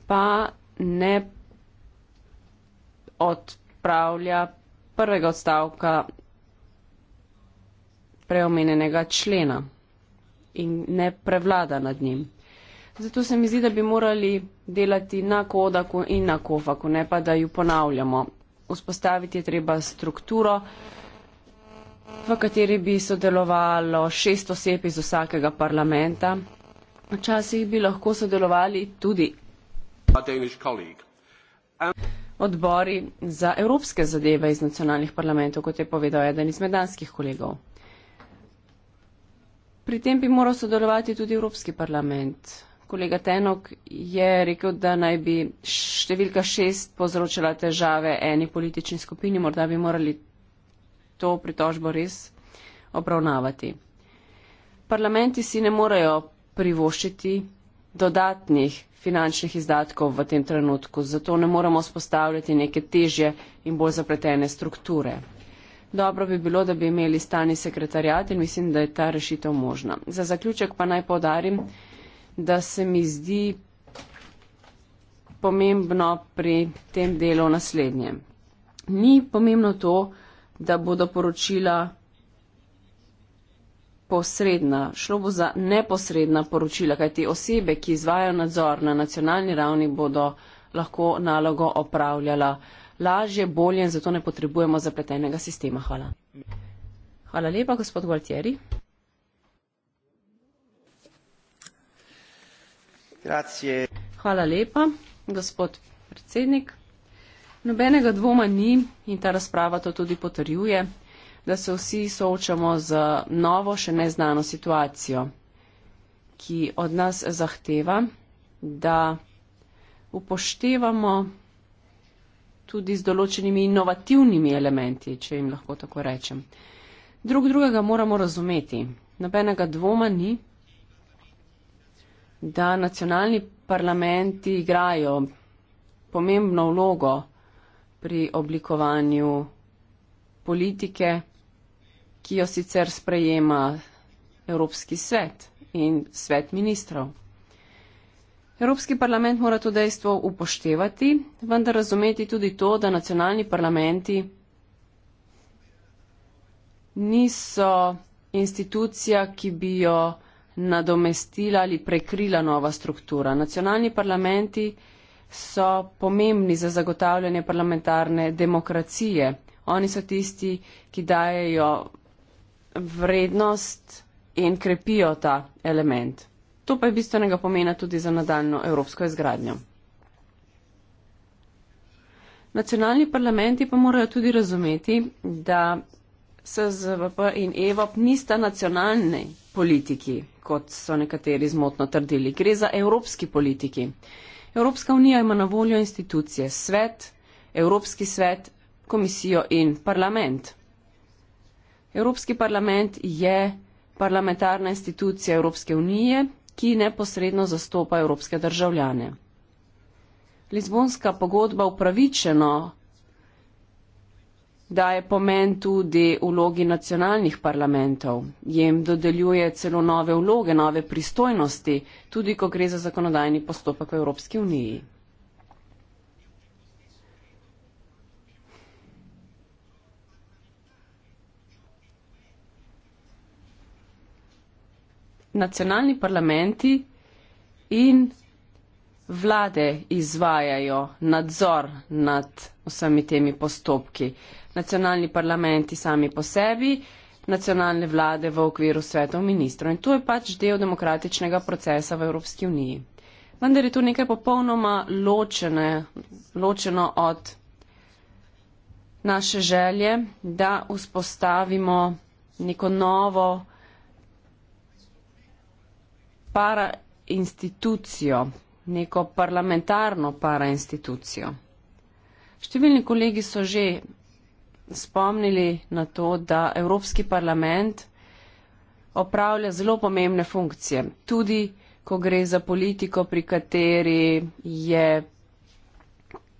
pa ne odpravlja prvega odstavka preomenjenega člena in ne prevlada nad njim. Zato se mi zdi, da bi morali delati na kodaku in na kofaku, ne pa da ju ponavljamo. Vzpostaviti je treba strukturo, v kateri bi sodelovalo šest oseb iz vsakega parlamenta. Včasih bi lahko sodelovali tudi odbori za evropske zadeve iz nacionalnih parlamentov, kot je povedal eden izmed danskih kolegov. Pri tem bi moral sodelovati tudi Evropski parlament kolega Tenok, je rekel, da naj bi številka šest povzročala težave eni politični skupini, morda bi morali to pritožbo res obravnavati. Parlamenti si ne morejo privoščiti dodatnih finančnih izdatkov v tem trenutku, zato ne moremo spostavljati neke težje in bolj zapletene strukture. Dobro bi bilo, da bi imeli stani sekretarjat in mislim, da je ta rešitev možna. Za zaključek pa naj podarim, da se mi zdi pomembno pri tem delu naslednje. Ni pomembno to, da bodo poročila posredna, šlo bo za neposredna poročila, kajti osebe, ki izvajo nadzor na nacionalni ravni, bodo lahko nalogo opravljala lažje, bolje in zato ne potrebujemo zapletenega sistema. Hvala. Hvala lepa, gospod Gualtieri. Nobenega dvoma ni in ta razprava to tudi potrjuje, da se vsi soočamo z novo, še neznano situacijo, ki od nas zahteva, da upoštevamo tudi z določenimi inovativnimi elementi, če jim lahko tako rečem. Drug drugega moramo razumeti. Nobenega dvoma ni, da nacionalni parlamenti igrajo pomembno vlogo pri oblikovanju politike, ki jo sicer sprejema Evropski svet in svet ministrov. Evropski parlament mora to dejstvo upoštevati, vendar razumeti tudi to, da nacionalni parlamenti niso institucija, ki bi jo nadomestila ali prekrila nova struktura. Nacionalni parlamenti so pomembni za zagotavljanje parlamentarne demokracije. Oni so tisti, ki dajejo vrednost in krepijo ta element. To pa je bistvenega pomena tudi za nadaljno evropsko izgradnjo. Nacionalni parlamenti pa morajo tudi razumeti, da SZVP in EVOP nista nacionalni politiki kot so nekateri zmotno trdili. Gre za evropski politiki. Evropska unija ima na voljo institucije svet, Evropski svet, komisijo in parlament. Evropski parlament je parlamentarna institucija Evropske unije, ki neposredno zastopa evropske državljane. Lizbonska pogodba upravičeno daje pomen tudi vlogi nacionalnih parlamentov, jim dodeljuje celo nove vloge, nove pristojnosti, tudi ko gre za zakonodajni postopek v Evropski uniji. Nacionalni parlamenti in vlade izvajajo nadzor nad vsemi temi postopki nacionalni parlamenti sami po sebi, nacionalne vlade v okviru svetov ministrov. In to je pač del demokratičnega procesa v Evropski uniji. Vendar je to nekaj popolnoma ločene, ločeno od naše želje, da vzpostavimo neko novo parainstitucijo, neko parlamentarno parainstitucijo. Številni kolegi so že spomnili na to, da Evropski parlament opravlja zelo pomembne funkcije. Tudi, ko gre za politiko, pri kateri je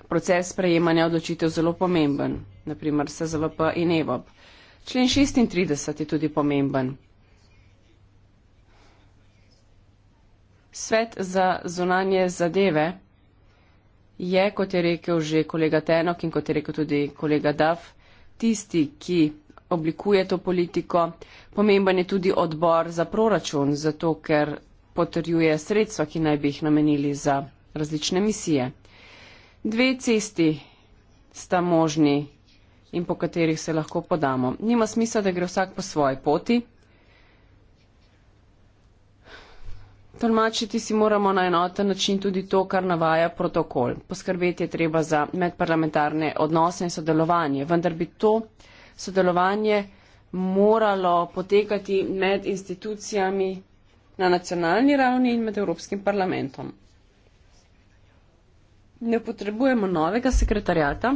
proces sprejemanja odločitev zelo pomemben, naprimer SZVP in EVOP. Člen 36 je tudi pomemben. Svet za zunanje zadeve je, kot je rekel že kolega Tenok in kot je rekel tudi kolega Duff, tisti, ki oblikuje to politiko. Pomemben je tudi odbor za proračun, zato ker potrjuje sredstva, ki naj bi jih namenili za različne misije. Dve cesti sta možni in po katerih se lahko podamo. Nima smisla, da gre vsak po svoji poti. Tolmačiti si moramo na enoten način tudi to, kar navaja protokol. Poskrbeti je treba za medparlamentarne odnose in sodelovanje, vendar bi to sodelovanje moralo potekati med institucijami na nacionalni ravni in med Evropskim parlamentom. Ne potrebujemo novega sekretarjata,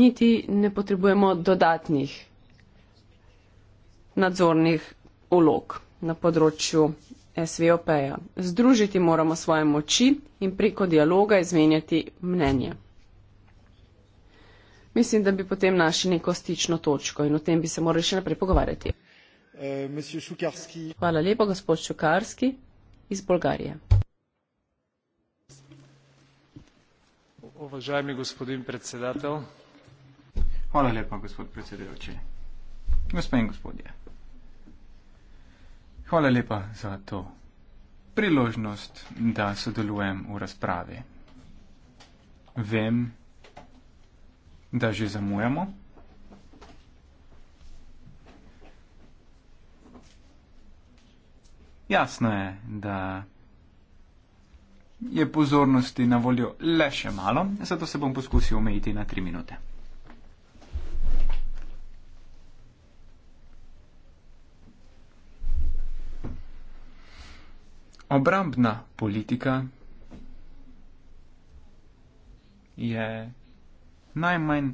niti ne potrebujemo dodatnih nadzornih ulog na področju SVOP-ja. Združiti moramo svoje moči in preko dialoga izmenjati mnenje. Mislim, da bi potem našli neko stično točko in o tem bi se morali še naprej pogovarjati. Eh, Hvala lepa, gospod Šukarski iz Bolgarije. Uvažajmi gospodin predsedatelj. Hvala lepa, gospod predsedujoči. Gospod in gospodje. Hvala lepa za to priložnost, da sodelujem v razpravi. Vem, da že zamujamo. Jasno je, da je pozornosti na voljo le še malo, zato se bom poskusil omejiti na tri minute. Obrambna politika je najmanj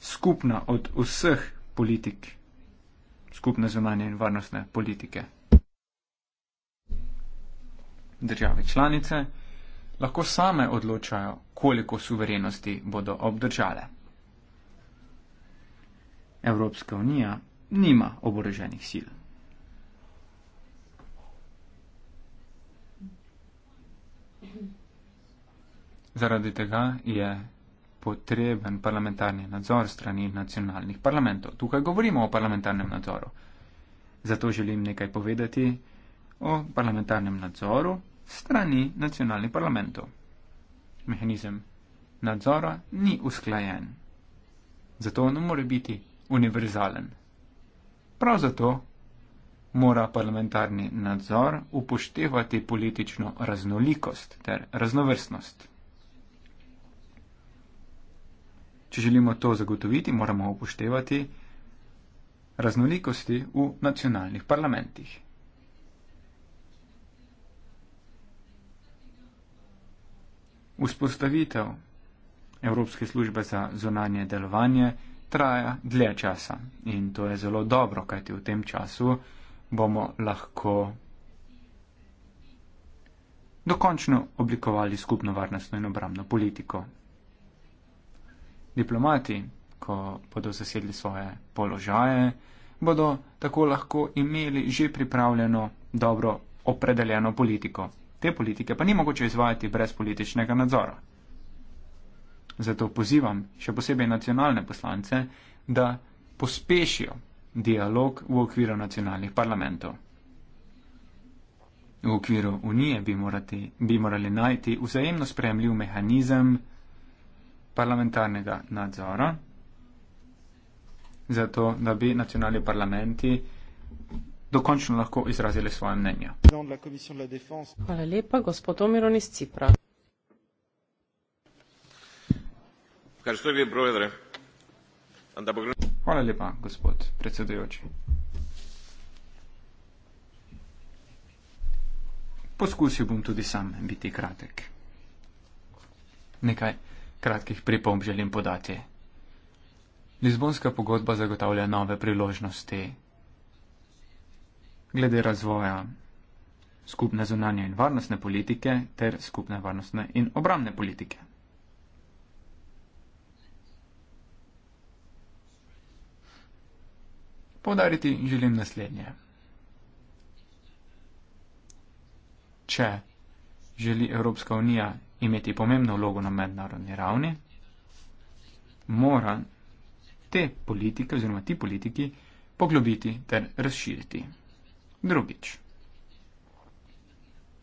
skupna od vseh politik, skupne zunanje in varnostne politike. Države članice lahko same odločajo, koliko suverenosti bodo obdržale. Evropska unija nima oboroženih sil. Zaradi tega je potreben parlamentarni nadzor strani nacionalnih parlamentov. Tukaj govorimo o parlamentarnem nadzoru. Zato želim nekaj povedati o parlamentarnem nadzoru strani nacionalnih parlamentov. Mehanizem nadzora ni usklajen. Zato ne more biti univerzalen. Prav zato mora parlamentarni nadzor upoštevati politično raznolikost ter raznovrstnost. Če želimo to zagotoviti, moramo upoštevati raznolikosti v nacionalnih parlamentih. Vzpostavitev Evropske službe za zonanje delovanje traja dlje časa in to je zelo dobro, kajti v tem času bomo lahko dokončno oblikovali skupno varnostno in obramno politiko Diplomati, ko bodo zasedli svoje položaje, bodo tako lahko imeli že pripravljeno, dobro opredeljeno politiko. Te politike pa ni mogoče izvajati brez političnega nadzora. Zato pozivam še posebej nacionalne poslance, da pospešijo dialog v okviru nacionalnih parlamentov. V okviru unije bi morali, bi morali najti vzajemno spremljiv mehanizem, parlamentarnega nadzora, zato da bi nacionalni parlamenti dokončno lahko izrazili svoje mnenje. Hvala lepa, gospod Omiron iz Cipra. Hvala lepa, gospod predsedujoči. Poskusil bom tudi sam biti kratek. Nekaj kratkih pripomb želim podati. Lizbonska pogodba zagotavlja nove priložnosti. Glede razvoja skupne zunanje in varnostne politike ter skupne varnostne in obramne politike. Povdariti želim naslednje. Če želi Evropska unija imeti pomembno vlogo na mednarodni ravni, mora te politike oziroma ti politiki poglobiti ter razširiti. Drugič,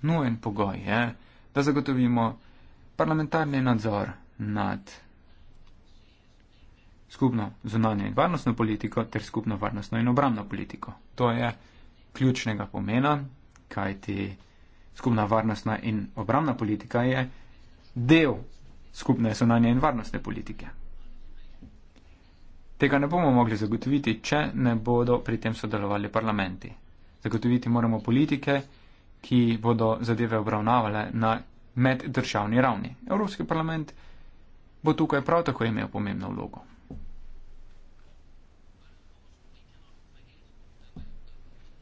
nujen pogoj je, da zagotovimo parlamentarni nadzor nad skupno zunanje in varnostno politiko ter skupno varnostno in obramno politiko. To je ključnega pomena, kajti skupna varnostna in obramna politika je del skupne sonanje in varnostne politike. Tega ne bomo mogli zagotoviti, če ne bodo pri tem sodelovali parlamenti. Zagotoviti moramo politike, ki bodo zadeve obravnavale na meddržavni ravni. Evropski parlament bo tukaj prav tako imel pomembno vlogo.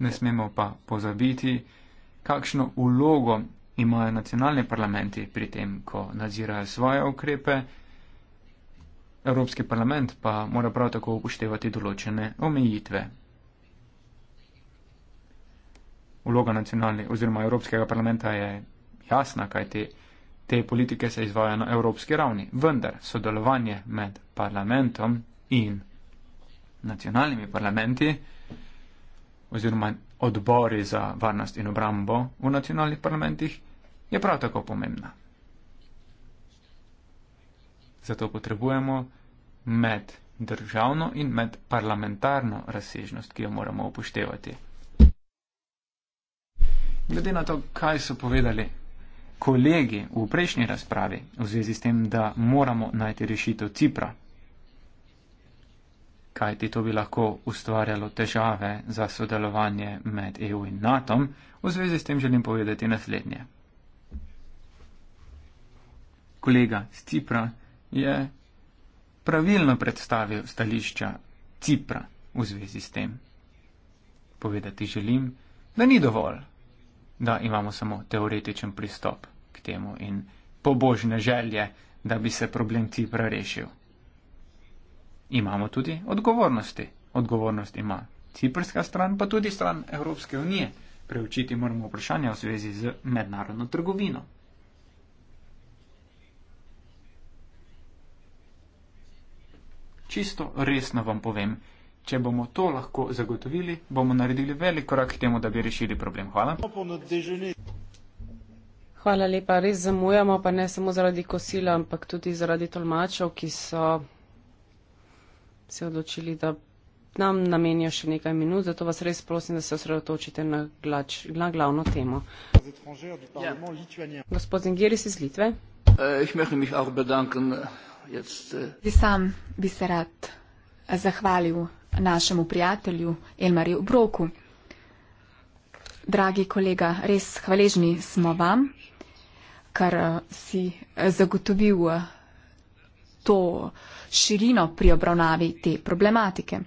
Ne smemo pa pozabiti, kakšno vlogo imajo nacionalni parlamenti pri tem, ko nadzirajo svoje ukrepe, Evropski parlament pa mora prav tako upoštevati določene omejitve. Vloga nacionalnega oziroma Evropskega parlamenta je jasna, kaj te, te politike se izvaja na evropski ravni, vendar sodelovanje med parlamentom in nacionalnimi parlamenti oziroma odbori za varnost in obrambo v nacionalnih parlamentih, je prav tako pomembna. Zato potrebujemo med državno in med parlamentarno razsežnost, ki jo moramo upoštevati. Glede na to, kaj so povedali kolegi v prejšnji razpravi v zvezi s tem, da moramo najti rešitev Cipra kajti to bi lahko ustvarjalo težave za sodelovanje med EU in NATO. V zvezi s tem želim povedati naslednje. Kolega Cipra je pravilno predstavil stališča Cipra v zvezi s tem. Povedati želim, da ni dovolj, da imamo samo teoretičen pristop k temu in pobožne želje, da bi se problem Cipra rešil imamo tudi odgovornosti. Odgovornost ima ciprska stran, pa tudi stran Evropske unije. Preučiti moramo vprašanja v zvezi z mednarodno trgovino. Čisto resno vam povem, če bomo to lahko zagotovili, bomo naredili velik korak k temu, da bi rešili problem. Hvala. Hvala lepa. Res zamujamo, pa ne samo zaradi kosila, ampak tudi zaradi tolmačev, ki so se odločili, da nam namenijo še nekaj minut, zato vas res prosim, da se osredotočite na, glač, na glavno temo. Yeah. Ja. Gospod Zengiris iz Litve. Eh, Jaz eh, sam bi se rad zahvalil našemu prijatelju Elmarju Broku. Dragi kolega, res hvaležni smo vam, kar eh, si zagotovil to širino pri obravnavi te problematike.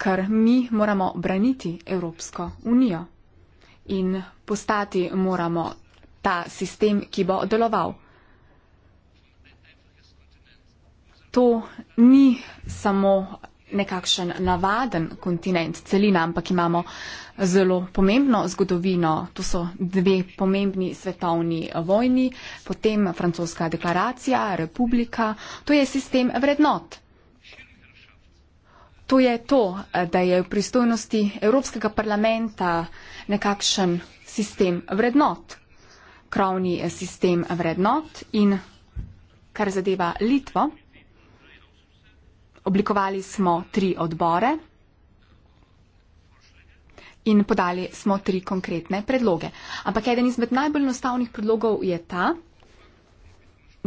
Ker mi moramo braniti Evropsko unijo in postati moramo ta sistem, ki bo deloval. To ni samo nekakšen navaden kontinent, celina, ampak imamo zelo pomembno zgodovino. To so dve pomembni svetovni vojni, potem francoska deklaracija, republika. To je sistem vrednot. To je to, da je v pristojnosti Evropskega parlamenta nekakšen sistem vrednot, krovni sistem vrednot in kar zadeva Litvo. Oblikovali smo tri odbore in podali smo tri konkretne predloge. Ampak eden izmed najbolj enostavnih predlogov je ta,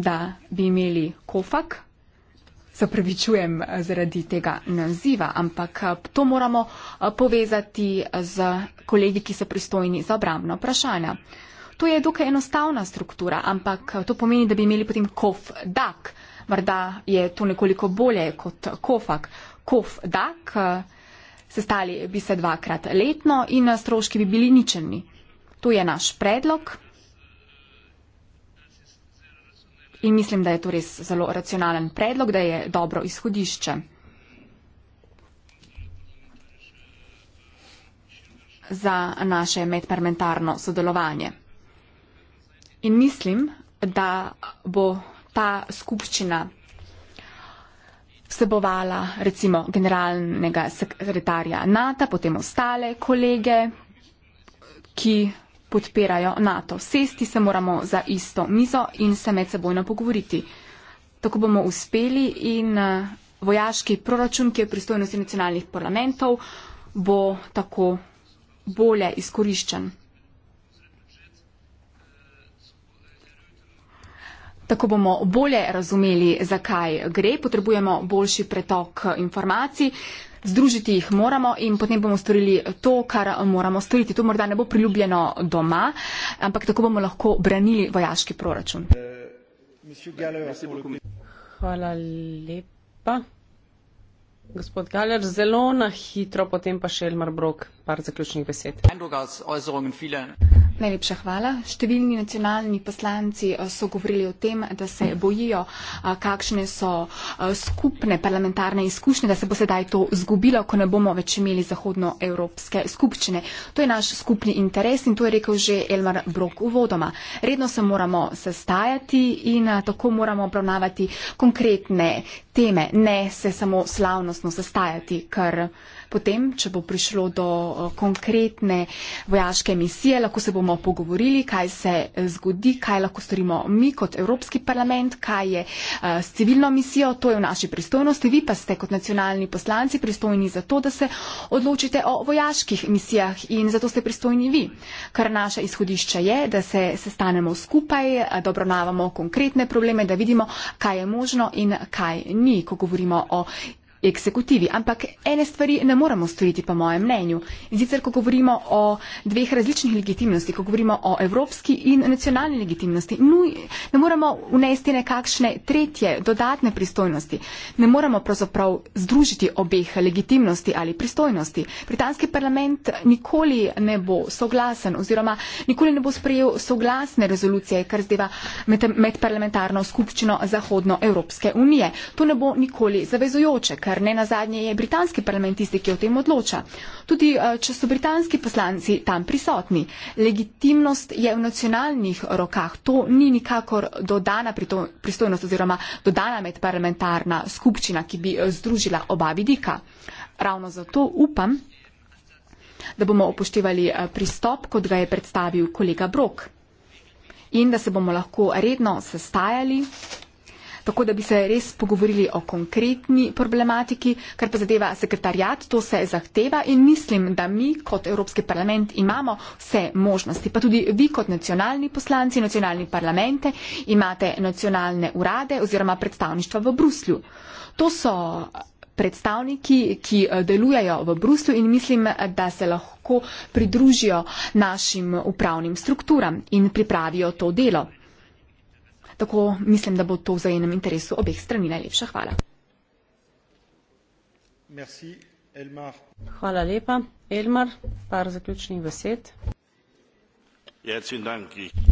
da bi imeli kofak. Se pravičujem zaradi tega naziva, ampak to moramo povezati z kolegi, ki so pristojni za obramno vprašanje. To je dokaj enostavna struktura, ampak to pomeni, da bi imeli potem kof dak morda je to nekoliko bolje kot kofak, kofdak, sestali bi se dvakrat letno in stroški bi bili ničelni. To je naš predlog in mislim, da je to res zelo racionalen predlog, da je dobro izhodišče. za naše medparlamentarno sodelovanje. In mislim, da bo ta skupščina vsebovala recimo generalnega sekretarja NATO, potem ostale kolege, ki podpirajo NATO. Sesti se moramo za isto mizo in se med sebojno pogovoriti. Tako bomo uspeli in eh, vojaški proračun, ki je pristojnosti nacionalnih parlamentov, bo tako bolje izkoriščen. Tako bomo bolje razumeli, zakaj gre, potrebujemo boljši pretok informacij, združiti jih moramo in potem bomo storili to, kar moramo storiti. To morda ne bo priljubljeno doma, ampak tako bomo lahko branili vojaški proračun. Hvala lepa. Gospod Galer, zelo na hitro, potem pa še Elmar Brok, par zaključnih besed. Najlepša hvala. Številni nacionalni poslanci eh, so govorili o tem, da se bojijo, eh, kakšne so eh, skupne parlamentarne izkušnje, da se bo sedaj to zgubilo, ko ne bomo več imeli zahodnoevropske skupščine. To je naš skupni interes in to je rekel že Elmar Brok uvodoma. Redno se moramo sestajati in tako moramo obravnavati konkretne teme, ne se samo slavnostno sestajati, ker potem, če bo prišlo do eh, konkretne vojaške misije, lahko se bomo pogovorili, kaj se eh, zgodi, kaj lahko storimo mi kot Evropski parlament, kaj je eh, s civilno misijo, to je v naši pristojnosti, vi pa ste kot nacionalni poslanci pristojni za to, da se odločite o vojaških misijah in zato ste pristojni vi. Kar naše izhodišče je, da se sestanemo skupaj, da obravnavamo konkretne probleme, da vidimo, kaj je možno in kaj ni, ko govorimo o eksekutivi. Ampak ene stvari ne moramo storiti, po mojem mnenju. In sicer, ko govorimo o dveh različnih legitimnosti, ko govorimo o evropski in nacionalni legitimnosti, nuj, ne moramo unesti nekakšne tretje, dodatne pristojnosti. Ne moramo pravzaprav združiti obeh legitimnosti ali pristojnosti. Britanski parlament nikoli ne bo soglasen oziroma nikoli ne bo sprejel soglasne rezolucije, kar zdeva medparlamentarno med skupščino Zahodnoevropske unije. To ne bo nikoli zavezujoče, ker ne nazadnje je britanski parlament tisti, ki o tem odloča. Tudi eh, če so britanski poslanci tam prisotni, legitimnost je v nacionalnih rokah. To ni nikakor dodana pristojnost oziroma dodana medparlamentarna skupščina, ki bi eh, združila oba vidika. Ravno zato upam, da bomo upoštevali eh, pristop, kot ga je predstavil kolega Brok in da se bomo lahko redno sestajali tako da bi se res pogovorili o konkretni problematiki, kar pa zadeva sekretarjat, to se zahteva in mislim, da mi kot Evropski parlament imamo vse možnosti, pa tudi vi kot nacionalni poslanci, nacionalni parlamente imate nacionalne urade oziroma predstavništva v Bruslju. To so predstavniki, ki eh, delujejo v Bruslju in mislim, da se lahko pridružijo našim upravnim strukturam in pripravijo to delo. Tako mislim, da bo to v zajenem interesu obeh strani. Najlepša hvala. Merci, Elmar. Hvala lepa. Elmar, par zaključnih besed. Ja,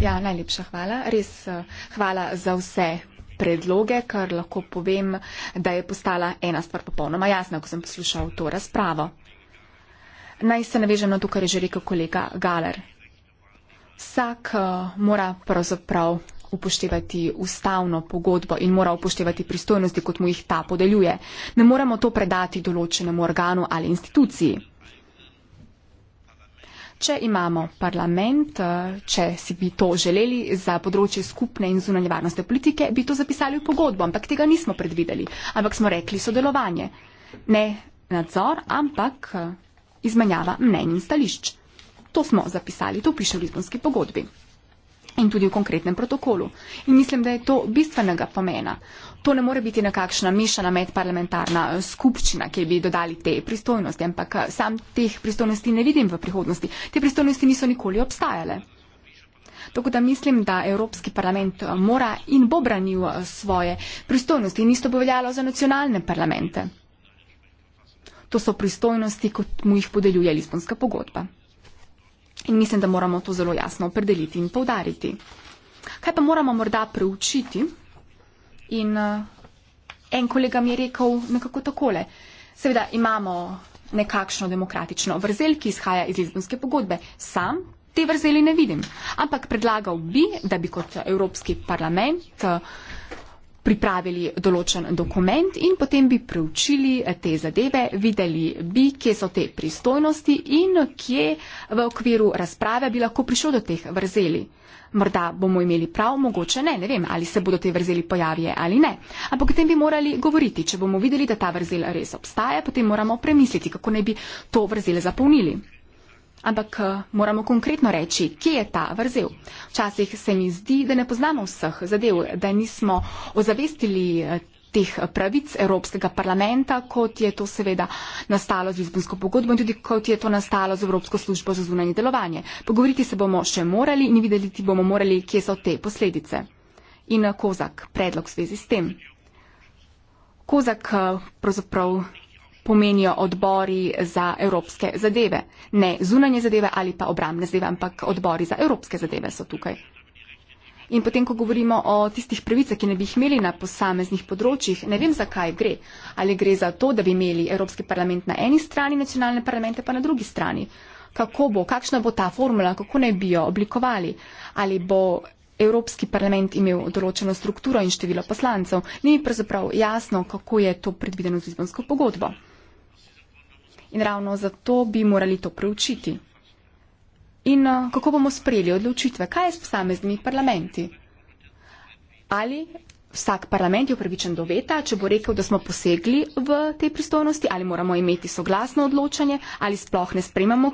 ja najlepša hvala. Res eh, hvala za vse predloge, kar lahko povem, da je postala ena stvar popolnoma jasna, ko sem poslušal to razpravo. Naj se navežem na to, kar je že rekel kolega Galer. Vsak eh, mora pravzaprav upoštevati ustavno pogodbo in mora upoštevati pristojnosti, kot mu jih ta podeljuje. Ne moremo to predati določenemu organu ali instituciji. Če imamo parlament, eh, če si bi to želeli za področje skupne in zunanje varnostne politike, bi to zapisali v pogodbo, ampak tega nismo predvideli. Ampak smo rekli sodelovanje. Ne nadzor, ampak eh, izmenjava mnen in stališč. To smo zapisali, to piše v Lizbonski pogodbi in tudi v konkretnem protokolu. In mislim, da je to bistvenega pomena. To ne more biti nekakšna mešana medparlamentarna eh, skupščina, ki bi dodali te pristojnosti, ampak eh, sam teh pristojnosti ne vidim v prihodnosti. Te pristojnosti niso nikoli obstajale. Tako da mislim, da Evropski parlament eh, mora in bo branil svoje pristojnosti in isto bo veljalo za nacionalne parlamente. To so pristojnosti, kot mu jih podeljuje Lisbonska pogodba. In mislim, da moramo to zelo jasno opredeliti in povdariti. Kaj pa moramo morda preučiti? In uh, en kolega mi je rekel nekako takole. Seveda imamo nekakšno demokratično vrzel, ki izhaja iz Lizbonske pogodbe. Sam te vrzeli ne vidim. Ampak predlagal bi, da bi kot Evropski parlament. Uh, pripravili določen dokument in potem bi preučili eh, te zadeve, videli bi, kje so te pristojnosti in kje v okviru razprave bi lahko prišlo do teh vrzeli. Morda bomo imeli prav, mogoče ne, ne vem, ali se bodo te vrzeli pojavile ali ne. Ampak potem bi morali govoriti, če bomo videli, da ta vrzel res obstaja, potem moramo premisliti, kako ne bi to vrzel zapolnili. Ampak eh, moramo konkretno reči, kje je ta vrzel. Včasih se mi zdi, da ne poznamo vseh zadev, da nismo ozavestili eh, teh eh, pravic Evropskega parlamenta, kot je to seveda nastalo z Lizbonsko pogodbo in tudi kot je to nastalo z Evropsko službo za zunanje delovanje. Pogovoriti se bomo še morali in videti bomo morali, kje so te posledice. In Kozak, predlog v zvezi s tem. Kozak pravzaprav pomenijo odbori za evropske zadeve. Ne zunanje zadeve ali pa obramne zadeve, ampak odbori za evropske zadeve so tukaj. In potem, ko govorimo o tistih pravicah, ki ne bi jih imeli na posameznih področjih, ne vem, zakaj gre. Ali gre za to, da bi imeli Evropski parlament na eni strani, nacionalne parlamente pa na drugi strani. Kako bo, kakšna bo ta formula, kako naj bi jo oblikovali? Ali bo Evropski parlament imel določeno strukturo in število poslancev? Ni pravzaprav jasno, kako je to predvideno z izbonsko pogodbo. In ravno zato bi morali to preučiti. In eh, kako bomo sprejeli odločitve? Kaj je s posameznimi parlamenti? Ali vsak parlament je upravičen do veta, če bo rekel, da smo posegli v te pristojnosti, ali moramo imeti soglasno odločanje, ali sploh ne sprejmamo